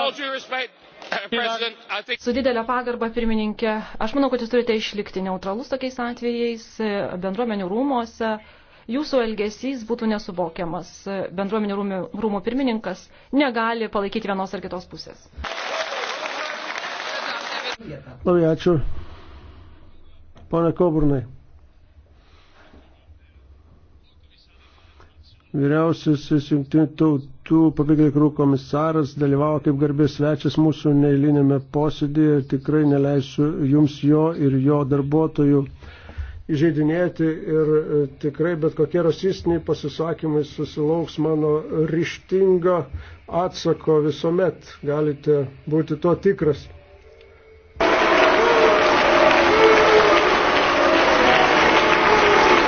herr su didele uh, pagarba pirmininke aš manau kad jūs turite išlikti neutralus tokiais atvejais e, bendruomenių rūmuose jūsų elgesys būtų nesuvokiamas e, bendruomenių rūmų, rūmų pirmininkas negali palaikyti vienos ar kitos pusės labai ačiū pone koburnai Vyriausiasis jungtinių tautų pabėgėlių karų komisaras dalyvavo kaip garbės svečias mūsų neįlinėme posėdėje ir tikrai neleisiu jums jo ir jo darbuotojų įžeidinėti ir e, tikrai bet kokie rasistiniai pasisakymai susilauks mano ryštingo atsako visuomet. Galite būti to tikras.